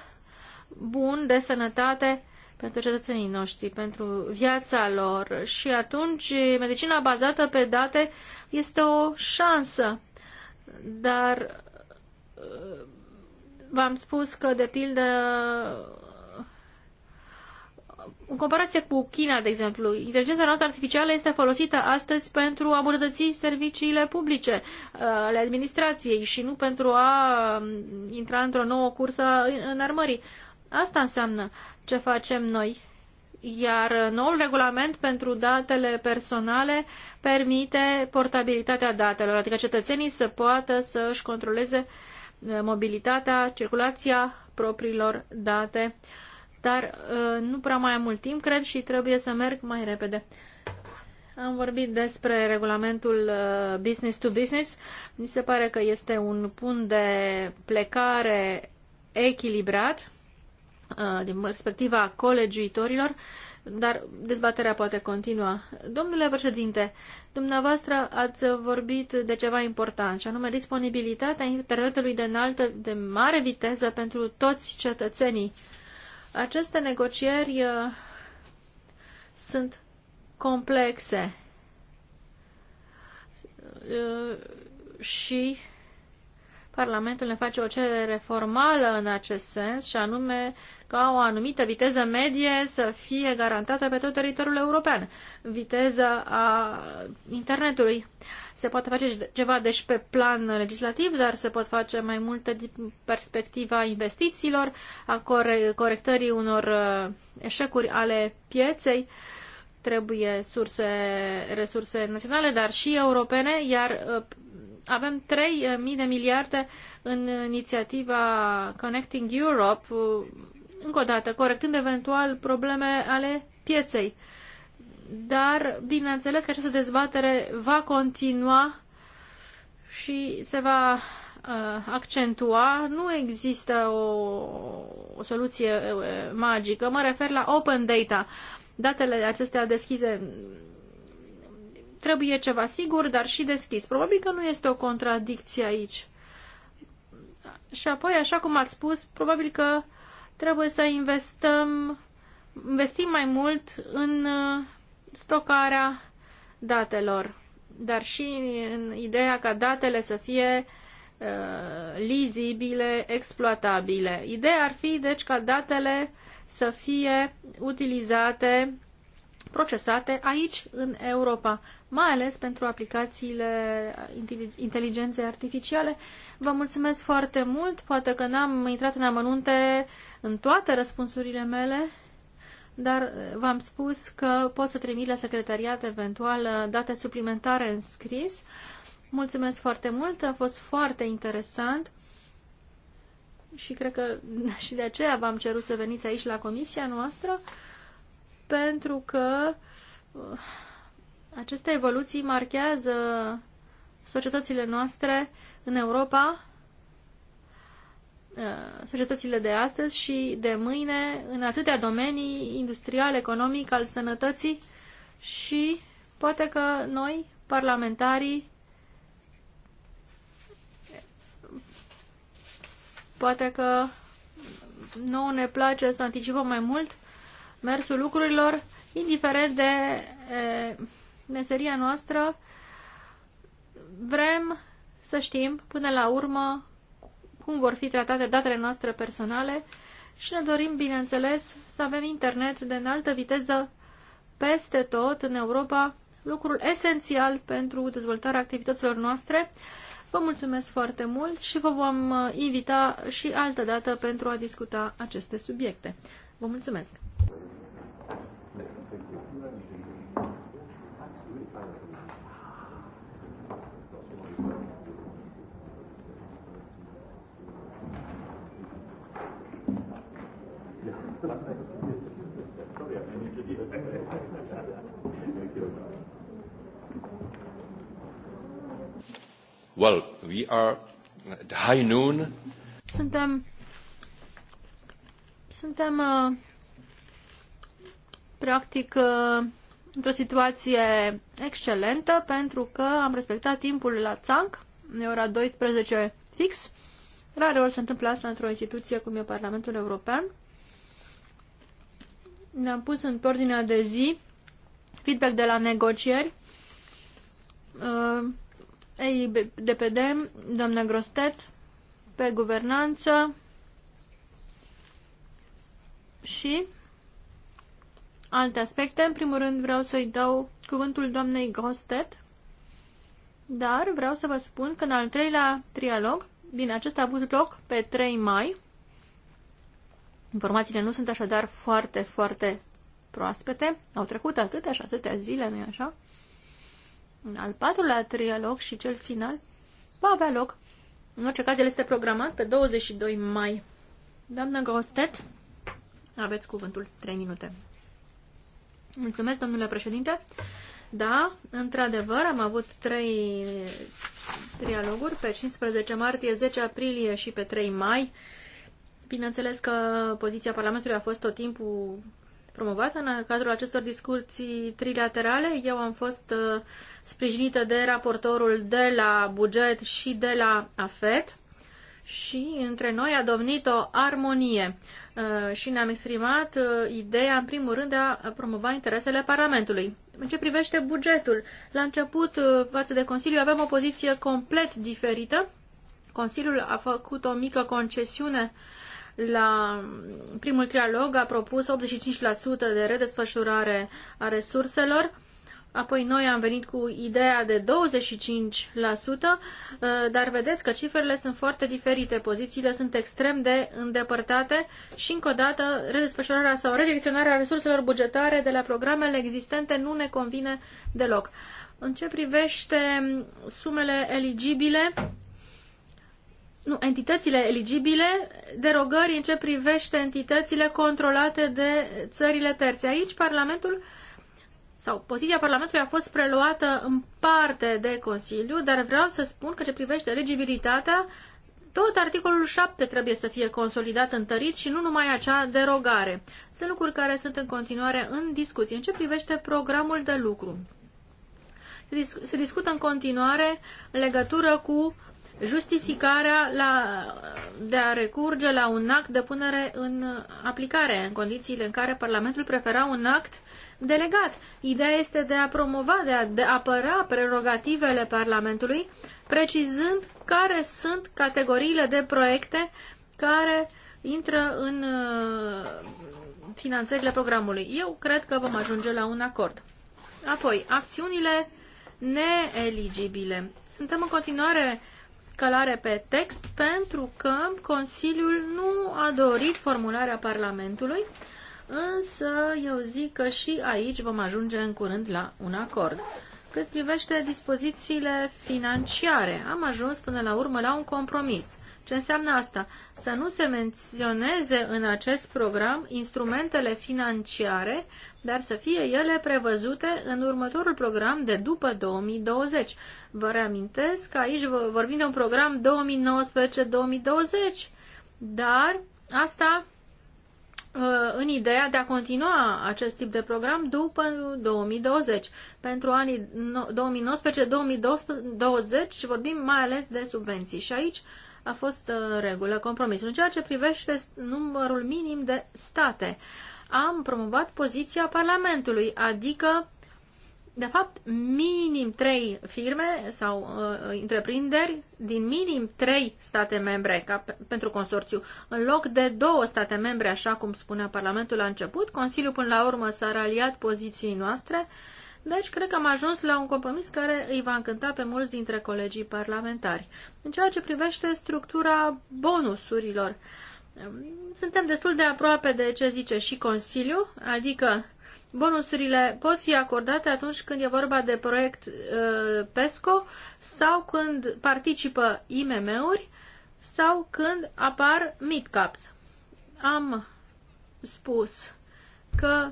bun de sănătate pentru cetățenii noștri, pentru viața lor și atunci medicina bazată pe date este o șansă. Dar v-am spus că, de pildă, în comparație cu China, de exemplu, inteligența noastră artificială este folosită astăzi pentru a îmbunătăți serviciile publice uh, ale administrației și nu pentru a um, intra într-o nouă cursă în armării. Asta înseamnă ce facem noi. Iar noul regulament pentru datele personale permite portabilitatea datelor, adică cetățenii să poată să-și controleze uh, mobilitatea, circulația propriilor date dar uh, nu prea mai am mult timp, cred, și trebuie să merg mai repede. Am vorbit despre regulamentul uh, business to business. Mi se pare că este un punct de plecare echilibrat uh, din perspectiva colegiuitorilor, dar dezbaterea poate continua. Domnule președinte, dumneavoastră ați vorbit de ceva important, și anume disponibilitatea internetului de înaltă, de mare viteză pentru toți cetățenii. Uh, aceste negocieri uh, sunt complexe uh, și Parlamentul ne face o cerere formală în acest sens și anume ca o anumită viteză medie să fie garantată pe tot teritoriul european, viteza a internetului. Se poate face ceva deci pe plan legislativ, dar se pot face mai multe din perspectiva investițiilor, a corectării unor uh, eșecuri ale pieței trebuie surse, resurse naționale, dar și europene, iar uh, avem 3.000 de miliarde în inițiativa Connecting Europe, uh, încă o dată, corectând eventual probleme ale pieței. Dar, bineînțeles că această dezbatere va continua și se va uh, accentua. Nu există o, o soluție uh, magică. Mă refer la open data. Datele acestea deschise trebuie ceva sigur, dar și deschis. Probabil că nu este o contradicție aici. Și apoi, așa cum ați spus, probabil că uh, Trebuie să investăm, investim mai mult în uh, stocarea datelor, dar și în ideea ca datele să fie uh, lizibile, exploatabile. Ideea ar fi, deci, ca datele să fie utilizate, procesate aici, în Europa, mai ales pentru aplicațiile inteligenței artificiale. Vă mulțumesc foarte mult, poate că n-am intrat în amănunte în toate răspunsurile mele, dar eh, v-am spus că pot să trimit la secretariat eventual eh, date suplimentare în scris. Mulțumesc foarte mult, a fost foarte interesant și cred că și de aceea v-am cerut să veniți aici la comisia noastră, pentru că eh, aceste evoluții marchează societățile noastre în Europa Uh, societățile de astăzi și de mâine în atâtea domenii industrial, economic, al sănătății și poate că noi, parlamentarii, poate că nouă ne place să anticipăm mai mult mersul lucrurilor, indiferent de e, eh, meseria noastră, vrem să știm până la urmă cum vor fi tratate datele noastre personale și ne dorim, bineînțeles, să avem internet de înaltă viteză peste tot în Europa, lucrul esențial pentru dezvoltarea activităților noastre. Vă mulțumesc foarte mult și vă vom uh, invita și altă dată pentru a discuta aceste subiecte. Vă mulțumesc! Well, we are at high noon. Suntem suntem uh, practic uh, într-o situație excelentă pentru că am respectat timpul la țanc, e ora 12 fix. Rare ori se întâmplă asta într-o instituție cum e Parlamentul European ne-am pus în ordinea de zi feedback de la negocieri. Uh, ei, de PD, doamna Grostet, pe guvernanță și alte aspecte. În primul rând vreau să-i dau cuvântul doamnei Grostet, dar vreau să vă spun că în al treilea trialog, din acesta a avut loc pe 3 mai, Informațiile nu sunt așadar foarte, foarte proaspete. Au trecut atâtea și atâtea zile, nu-i așa? În al patrulea trialog și cel final va avea loc. În orice caz, el este programat pe 22 mai. Doamna Gostet, aveți cuvântul 3 minute. Mulțumesc, domnule președinte. Da, într-adevăr, am avut trei trialoguri pe 15 martie, 10 aprilie și pe 3 mai. Bineînțeles că poziția Parlamentului a fost tot timpul promovată în cadrul acestor discuții trilaterale. Eu am fost uh, sprijinită de raportorul de la buget și de la AFET și între noi a domnit o armonie uh, și ne-am exprimat uh, ideea, în primul rând, de a promova interesele Parlamentului. În ce privește bugetul, la început, față de Consiliu, aveam o poziție complet diferită. Consiliul a făcut o mică concesiune uh, la primul trialog a propus 85% de redesfășurare a resurselor. Apoi noi am venit cu ideea de 25%, eh, dar vedeți că cifrele sunt foarte diferite, pozițiile sunt extrem de îndepărtate și încă o dată redesfășurarea sau redirecționarea resurselor bugetare de la programele existente nu ne convine deloc. În ce privește sumele eligibile, nu, entitățile eligibile, derogări în ce privește entitățile controlate de țările terțe. Aici Parlamentul sau poziția Parlamentului a fost preluată în parte de Consiliu, dar vreau să spun că ce privește eligibilitatea tot articolul 7 trebuie să fie consolidat, întărit și nu numai acea derogare. Sunt lucruri care sunt în continuare în discuție. În ce privește programul de lucru? Se, discută în continuare în legătură cu justificarea la, de a recurge la un act de punere în aplicare, în condițiile în care Parlamentul prefera un act delegat. Ideea este de a promova, de a de apăra prerogativele Parlamentului, precizând care sunt categoriile de proiecte care intră în uh, finanțările programului. Eu cred că vom ajunge la un acord. Apoi, acțiunile neeligibile. Suntem în continuare scalare pe text pentru că Consiliul nu a dorit formularea Parlamentului, însă eu zic că și aici vom ajunge în curând la un acord. Cât privește dispozițiile financiare, am ajuns până la urmă la un compromis. Ce înseamnă asta? Să nu se menționeze în acest program instrumentele financiare dar să fie ele prevăzute în următorul program de după 2020. Vă reamintesc că aici vorbim de un program 2019-2020, dar asta ă, în ideea de a continua acest tip de program după 2020. Pentru anii 2019-2020 vorbim mai ales de subvenții și aici a fost ă, regulă compromisul. În ceea ce privește numărul minim de state, am promovat poziția Parlamentului, adică, de fapt, minim trei firme sau uh, întreprinderi din minim trei state membre ca pe, pentru consorțiu. În loc de două state membre, așa cum spunea Parlamentul la început, Consiliul până la urmă s-a raliat poziției noastre, deci cred că am ajuns la un compromis care îi va încânta pe mulți dintre colegii parlamentari. În ceea ce privește structura bonusurilor, uh, suntem destul de aproape de ce zice și Consiliu, adică bonusurile pot fi acordate atunci când e vorba de proiect uh, PESCO sau când participă IMM-uri sau când apar mid-caps. Am spus că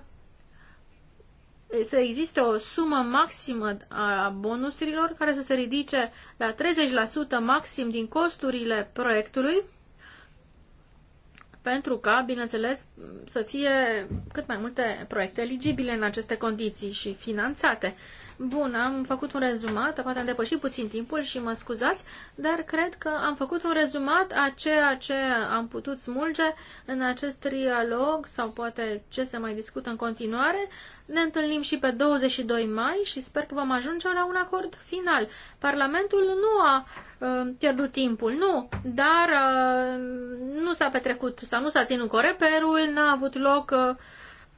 să existe o sumă maximă a bonusurilor care să se ridice la 30% maxim din costurile proiectului pentru ca, bineînțeles, să fie cât mai multe proiecte eligibile în aceste condiții și finanțate. Bun, am făcut un rezumat, poate am depășit puțin timpul și mă scuzați, dar cred că am făcut un rezumat a ceea ce am putut smulge în acest trialog sau poate ce se mai discută în continuare. Ne întâlnim și pe 22 mai și sper că vom ajunge la un acord final. Parlamentul nu a Uh, pierdut timpul. Nu, dar uh, nu s-a petrecut sau nu s-a ținut coreperul, n-a avut loc uh,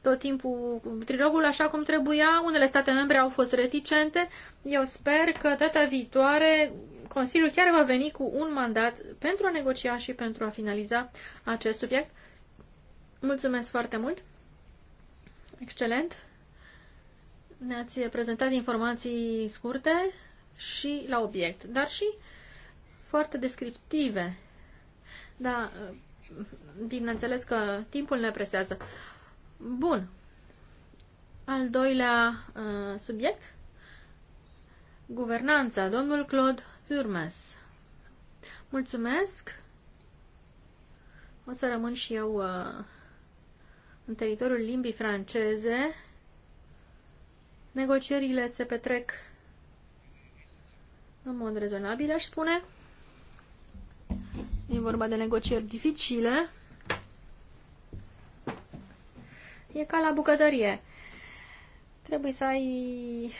tot timpul trilogul așa cum trebuia. Unele state membre au fost reticente. Eu sper că data viitoare Consiliul chiar va veni cu un mandat pentru a negocia și pentru a finaliza acest subiect. Mulțumesc foarte mult! Excelent! Ne-ați prezentat informații scurte și la obiect, dar și foarte descriptive. Da, bineînțeles că timpul ne presează. Bun. Al doilea uh, subiect. Guvernanța. Domnul Claude Hurmes. Mulțumesc. O să rămân și eu uh, în teritoriul limbii franceze. Negocierile se petrec în mod rezonabil, aș spune. E vorba de negocieri dificile. E ca la bucătărie. Trebuie să ai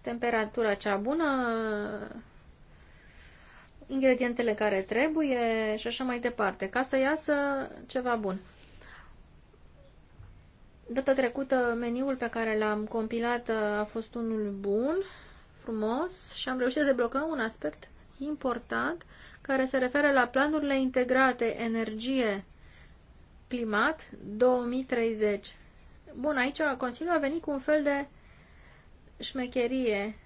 temperatura cea bună, ingredientele care trebuie și așa mai departe, ca să iasă ceva bun. Data trecută, meniul pe care l-am compilat uh, a fost unul bun, frumos și am reușit să deblocăm un aspect important care se referă la planurile integrate energie-climat 2030. Bun, aici Consiliul a venit cu un fel de șmecherie,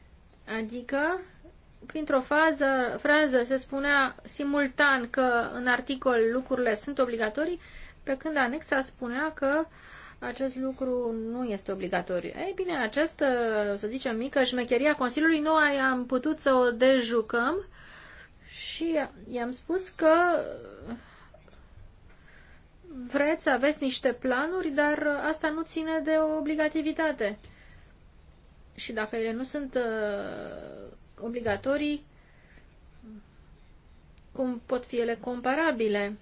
adică printr-o fază, frază se spunea simultan că în articol lucrurile sunt obligatorii, pe când anexa spunea că acest lucru nu este obligatoriu. Ei bine, această, să zicem, mică șmecherie a Consiliului, noi am putut să o dejucăm și i-am spus că vreți să aveți niște planuri, dar asta nu ține de o obligativitate. Și dacă ele nu sunt uh, obligatorii, cum pot fi ele comparabile?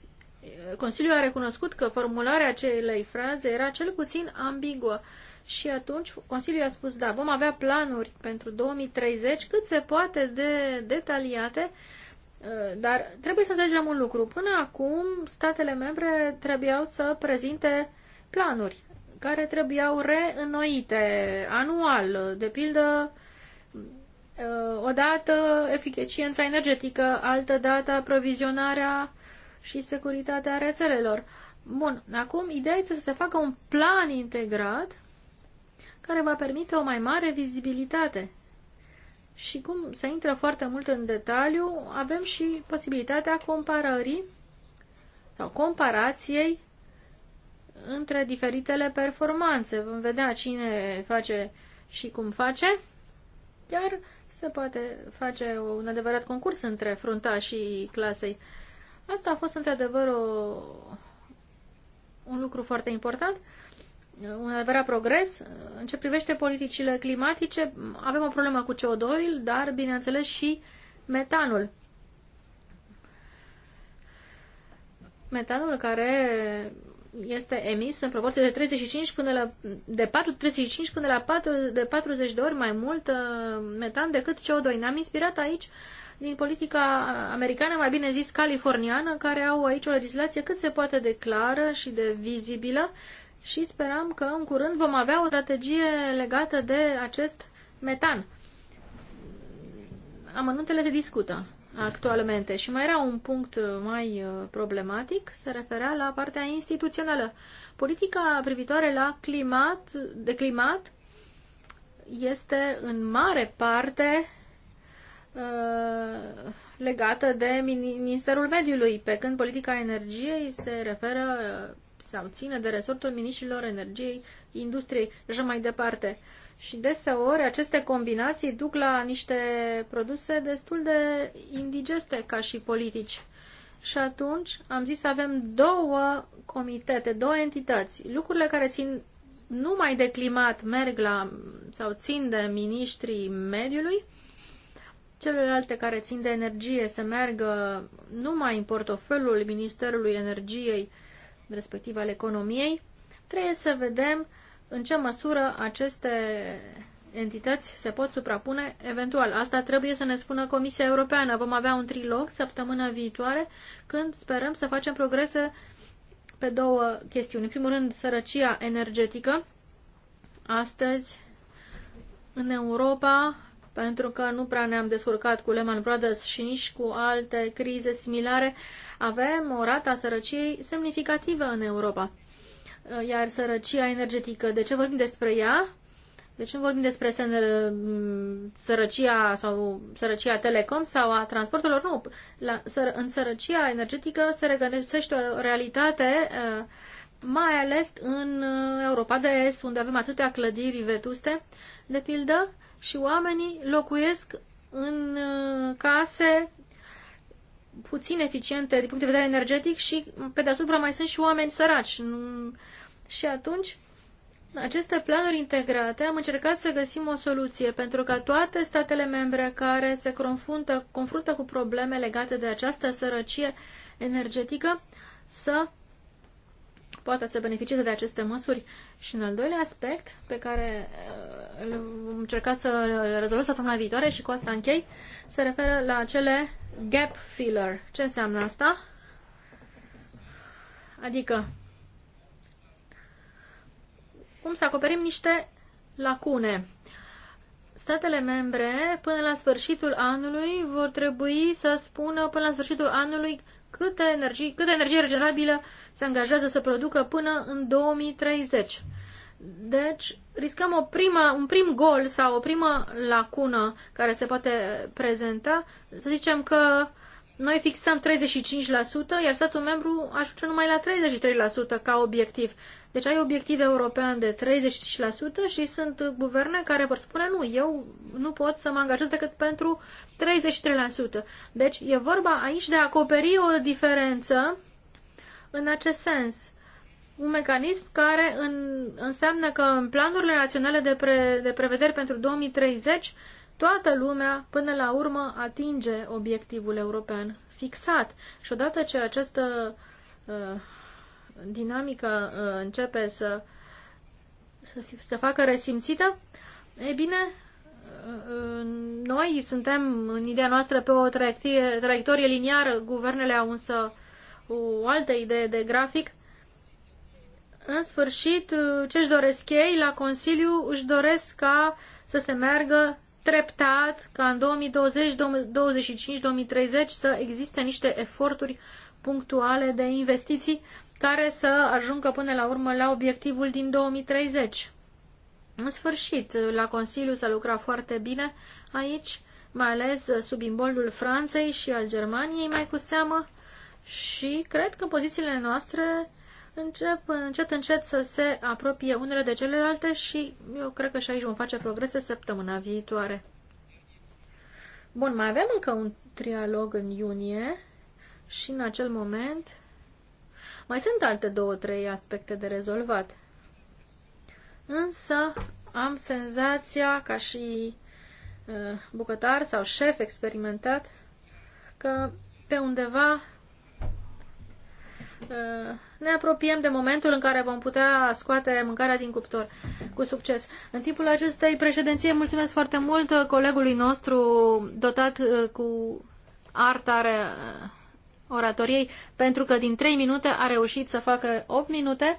Consiliul a recunoscut că formularea acelei fraze era cel puțin ambiguă și atunci Consiliul a spus, da, vom avea planuri pentru 2030 cât se poate de detaliate Eh, dar trebuie să înțelegem un lucru. Până acum, statele membre trebuiau să prezinte planuri care trebuiau reînnoite anual, de pildă eh, odată eficiența energetică, altă dată aprovizionarea și securitatea rețelelor. Bun, acum ideea este să se facă un plan integrat care va permite o mai mare vizibilitate și cum se intră foarte mult în detaliu, avem și posibilitatea comparării sau comparației între diferitele performanțe. Vom vedea cine face și cum face. Chiar se poate face un adevărat concurs între frunta și clasei. Asta a fost într-adevăr o... un lucru foarte important un adevărat progres. În ce privește politicile climatice, avem o problemă cu CO2, dar, bineînțeles, și metanul. Metanul care este emis în proporție de 35 până la, de 4, 35 până la 4, de 40 de ori mai mult uh, metan decât CO2. Ne-am inspirat aici din politica americană, mai bine zis californiană, care au aici o legislație cât se poate de clară și de vizibilă și sperăm că în curând vom avea o strategie legată de acest metan. Amănuntele se discută actualmente și mai era un punct mai uh, problematic, se referea la partea instituțională. Politica privitoare la climat, de climat este în mare parte uh, legată de Ministerul Mediului, pe când politica energiei se referă uh, sau ține de resortul ministrilor energiei, industriei și așa mai departe. Și deseori aceste combinații duc la niște produse destul de indigeste ca și politici. Și atunci am zis să avem două comitete, două entități. Lucrurile care țin numai de climat merg la sau țin de ministrii mediului, celelalte care țin de energie se meargă numai în portofelul Ministerului Energiei uh, respectiv al economiei, trebuie să vedem în ce măsură aceste entități se pot suprapune eventual. Asta trebuie să ne spună Comisia Europeană. Vom avea un trilog săptămâna viitoare când sperăm să facem progrese pe două chestiuni. În primul rând, sărăcia energetică. Astăzi, în Europa, pentru că nu prea ne-am descurcat cu Lehman Brothers și nici cu alte crize similare, avem o rată a sărăciei semnificativă în Europa. Uh, iar sărăcia energetică, de ce vorbim despre ea? ce nu vorbim despre uh, sărăcia sau sărăcia telecom sau a transportelor, nu. La, săr, în sărăcia energetică se regăsește o realitate, uh, mai ales în Europa de Est, unde avem atâtea clădiri vetuste, de pildă, și oamenii locuiesc în uh, case puțin eficiente din punct de vedere energetic și pe deasupra mai sunt și oameni săraci. Și atunci, în aceste planuri integrate, am încercat să găsim o soluție pentru ca toate statele membre care se confruntă, confruntă cu probleme legate de această sărăcie energetică să poată să beneficieze de aceste măsuri. Și un al doilea aspect pe care uh, îl vom încerca să rezolvăm săptămâna viitoare și cu asta închei, se referă la acele gap filler. Ce înseamnă asta? Adică cum să acoperim niște lacune. Statele membre, până la sfârșitul anului, vor trebui să spună până la sfârșitul anului câte energie, câte energie regenerabilă se angajează să producă până în 2030. Deci, riscăm o primă, un prim gol sau o primă lacună care se poate prezenta. Să zicem că noi fixăm 35%, iar statul membru ajunge numai la 33% ca obiectiv. Deci ai obiective european de 30 și sunt guverne care vor spune nu, eu nu pot să mă angajez decât pentru 33%. Deci e vorba aici de a acoperi o diferență în acest sens. Un mecanism care în, înseamnă că în planurile naționale de, pre, de prevederi pentru 2030 toată lumea până la urmă atinge obiectivul european fixat. Și odată ce această uh, dinamică uh, începe să, să, să facă resimțită, e bine, uh, uh, noi suntem în ideea noastră pe o traiectorie, traiectorie liniară, guvernele au însă o altă idee de grafic. În sfârșit, ce își doresc ei la Consiliu, își doresc ca să se meargă treptat, ca în 2020, 2025, 2030 să existe niște eforturi punctuale de investiții care să ajungă până la urmă la obiectivul din 2030. În sfârșit, la Consiliu s-a lucrat foarte bine aici, mai ales sub imboldul Franței și al Germaniei, mai cu seamă, și cred că pozițiile noastre încep încet, încet să se apropie unele de celelalte și eu cred că și aici vom face progrese săptămâna viitoare. Bun, mai avem încă un trialog în iunie și în acel moment mai sunt alte două, trei aspecte de rezolvat. Însă am senzația, ca și uh, bucătar sau șef experimentat, că pe undeva uh, ne apropiem de momentul în care vom putea scoate mâncarea din cuptor cu succes. În timpul acestei președinție mulțumesc foarte mult colegului nostru dotat uh, cu arta oratoriei, pentru că din 3 minute a reușit să facă 8 minute,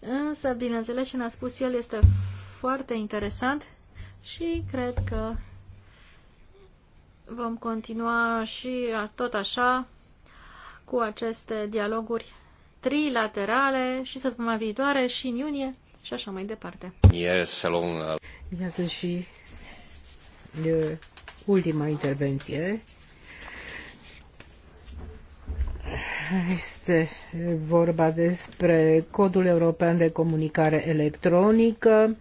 însă, bineînțeles, ce ne-a spus el este foarte interesant și cred că vom continua și tot așa cu aceste dialoguri trilaterale și săptămâna viitoare și în iunie și așa mai departe. Yes, uh, Iată și uh, ultima intervenție Este vorba despre Codul European de Comunicare Electronică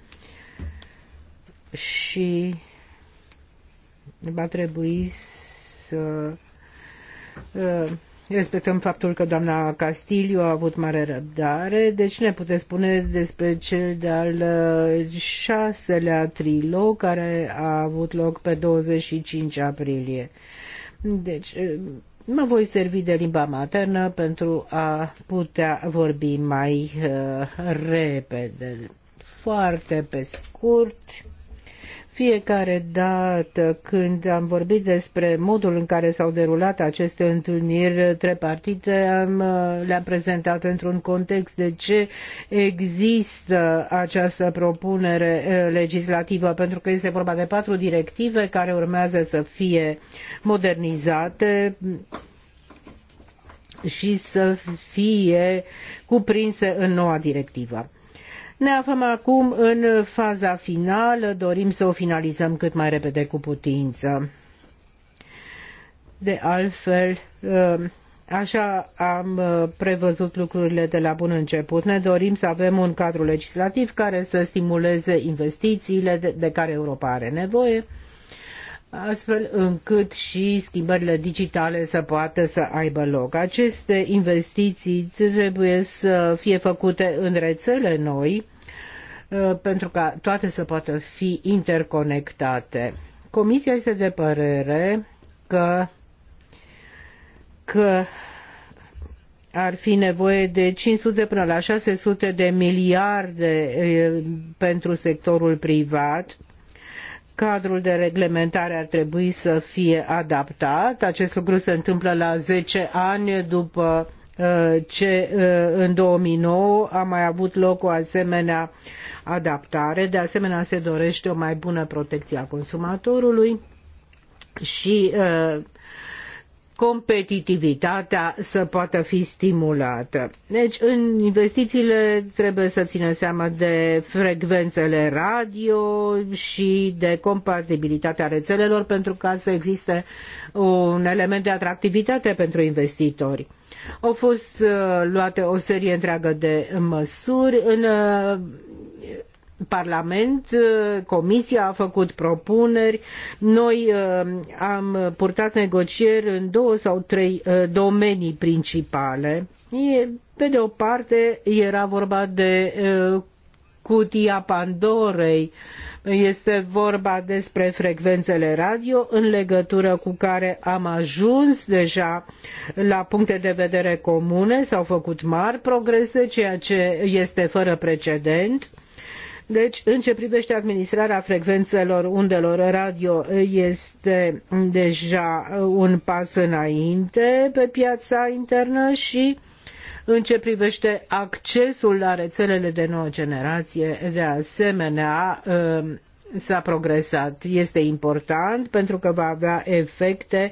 și va trebui să uh, respectăm faptul că doamna Castilio a avut mare răbdare. Deci ne puteți spune despre cel de-al uh, șaselea trilog care a avut loc pe 25 aprilie. Deci uh, Mă voi servi de limba maternă pentru a putea vorbi mai uh, repede. Foarte pe scurt fiecare dată când am vorbit despre modul în care s-au derulat aceste întâlniri tripartite, am, uh, le-am prezentat într-un context de ce există această propunere uh, legislativă, pentru că este vorba de patru directive care urmează să fie modernizate și să fie cuprinse în noua directivă. Ne aflăm acum în faza finală, dorim să o finalizăm cât mai repede cu putință. De altfel, uh, Așa am uh, prevăzut lucrurile de la bun început. Ne dorim să avem un cadru legislativ care să stimuleze investițiile de, care Europa are nevoie astfel încât și schimbările digitale să poată să aibă loc. Aceste investiții trebuie să fie făcute în rețele noi uh, pentru ca toate să poată fi interconectate. Comisia este de părere că, că ar fi nevoie de 500 până la 600 de miliarde uh, pentru sectorul privat cadrul de reglementare ar trebui să fie adaptat. Acest lucru se întâmplă la 10 ani după uh, ce uh, în 2009 a mai avut loc o asemenea adaptare. De asemenea, se dorește o mai bună protecție a consumatorului și uh, competitivitatea să poată fi stimulată. Deci, în investițiile trebuie să țină seama de frecvențele radio și de compatibilitatea rețelelor pentru ca să existe un element de atractivitate pentru investitori. Au fost uh, luate o serie întreagă de măsuri în uh, Parlament, uh, Comisia a făcut propuneri, noi uh, am purtat negocieri în două sau trei uh, domenii principale. Pe de o parte era vorba de cutia Pandorei. Este vorba despre frecvențele radio în legătură cu care am ajuns deja la puncte de vedere comune, s-au făcut mari progrese, ceea ce este fără precedent. Deci, în ce privește administrarea frecvențelor undelor radio, este deja un pas înainte pe piața internă și în ce privește accesul la rețelele de nouă generație, de asemenea, um, s-a progresat. Este important pentru că va avea efecte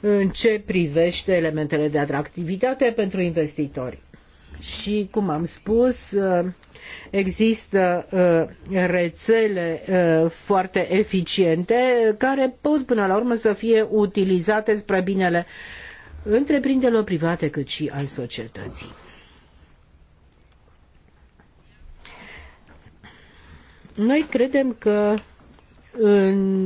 în ce privește elementele de atractivitate pentru investitori. Și, cum am spus, uh, Există uh, rețele uh, foarte eficiente uh, care pot până la urmă să fie utilizate spre binele întreprinderilor private cât și al societății. Noi credem că în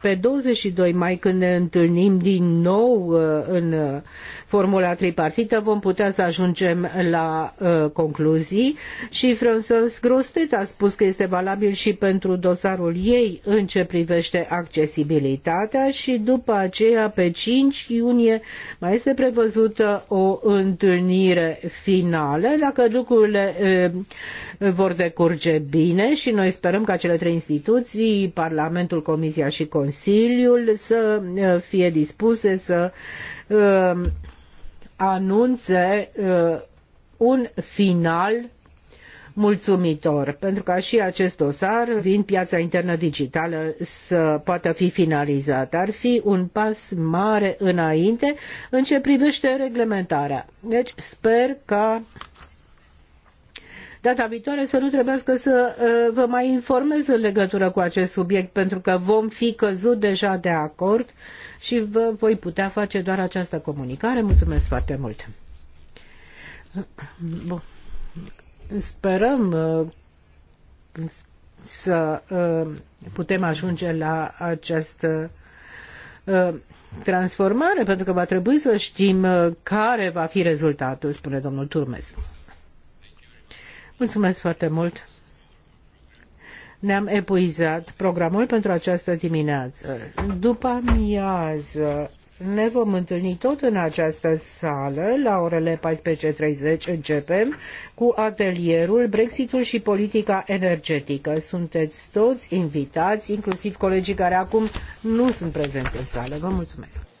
pe 22 mai, când ne întâlnim din nou uh, în uh, formula tripartită, vom putea să ajungem la uh, concluzii și François Grostet a spus că este valabil și pentru dosarul ei în ce privește accesibilitatea și după aceea, pe 5 iunie, mai este prevăzută o întâlnire finală. Dacă lucrurile vor decurge bine și noi sperăm ca cele trei instituții, Parlamentul, Comisia și Consiliul, să uh, fie dispuse să uh, anunțe uh, un final mulțumitor, pentru ca și acest dosar, vin piața internă digitală, să poată fi finalizat. Ar fi un pas mare înainte în ce privește reglementarea. Deci sper ca data viitoare să nu trebuiască să uh, vă mai informez în legătură cu acest subiect, pentru că vom fi căzut deja de acord și vă voi putea face doar această comunicare. Mulțumesc foarte mult! Bun. Sperăm uh, să uh, putem ajunge la această transformare, pentru că va trebui să știm care va fi rezultatul, spune domnul Turmes. Mulțumesc foarte mult! Ne-am epuizat programul pentru această dimineață. După amiază ne vom întâlni tot în această sală, la orele 14.30 începem cu atelierul Brexitul și politica energetică. Sunteți toți invitați, inclusiv colegii care acum nu sunt prezenți în sală. Vă mulțumesc!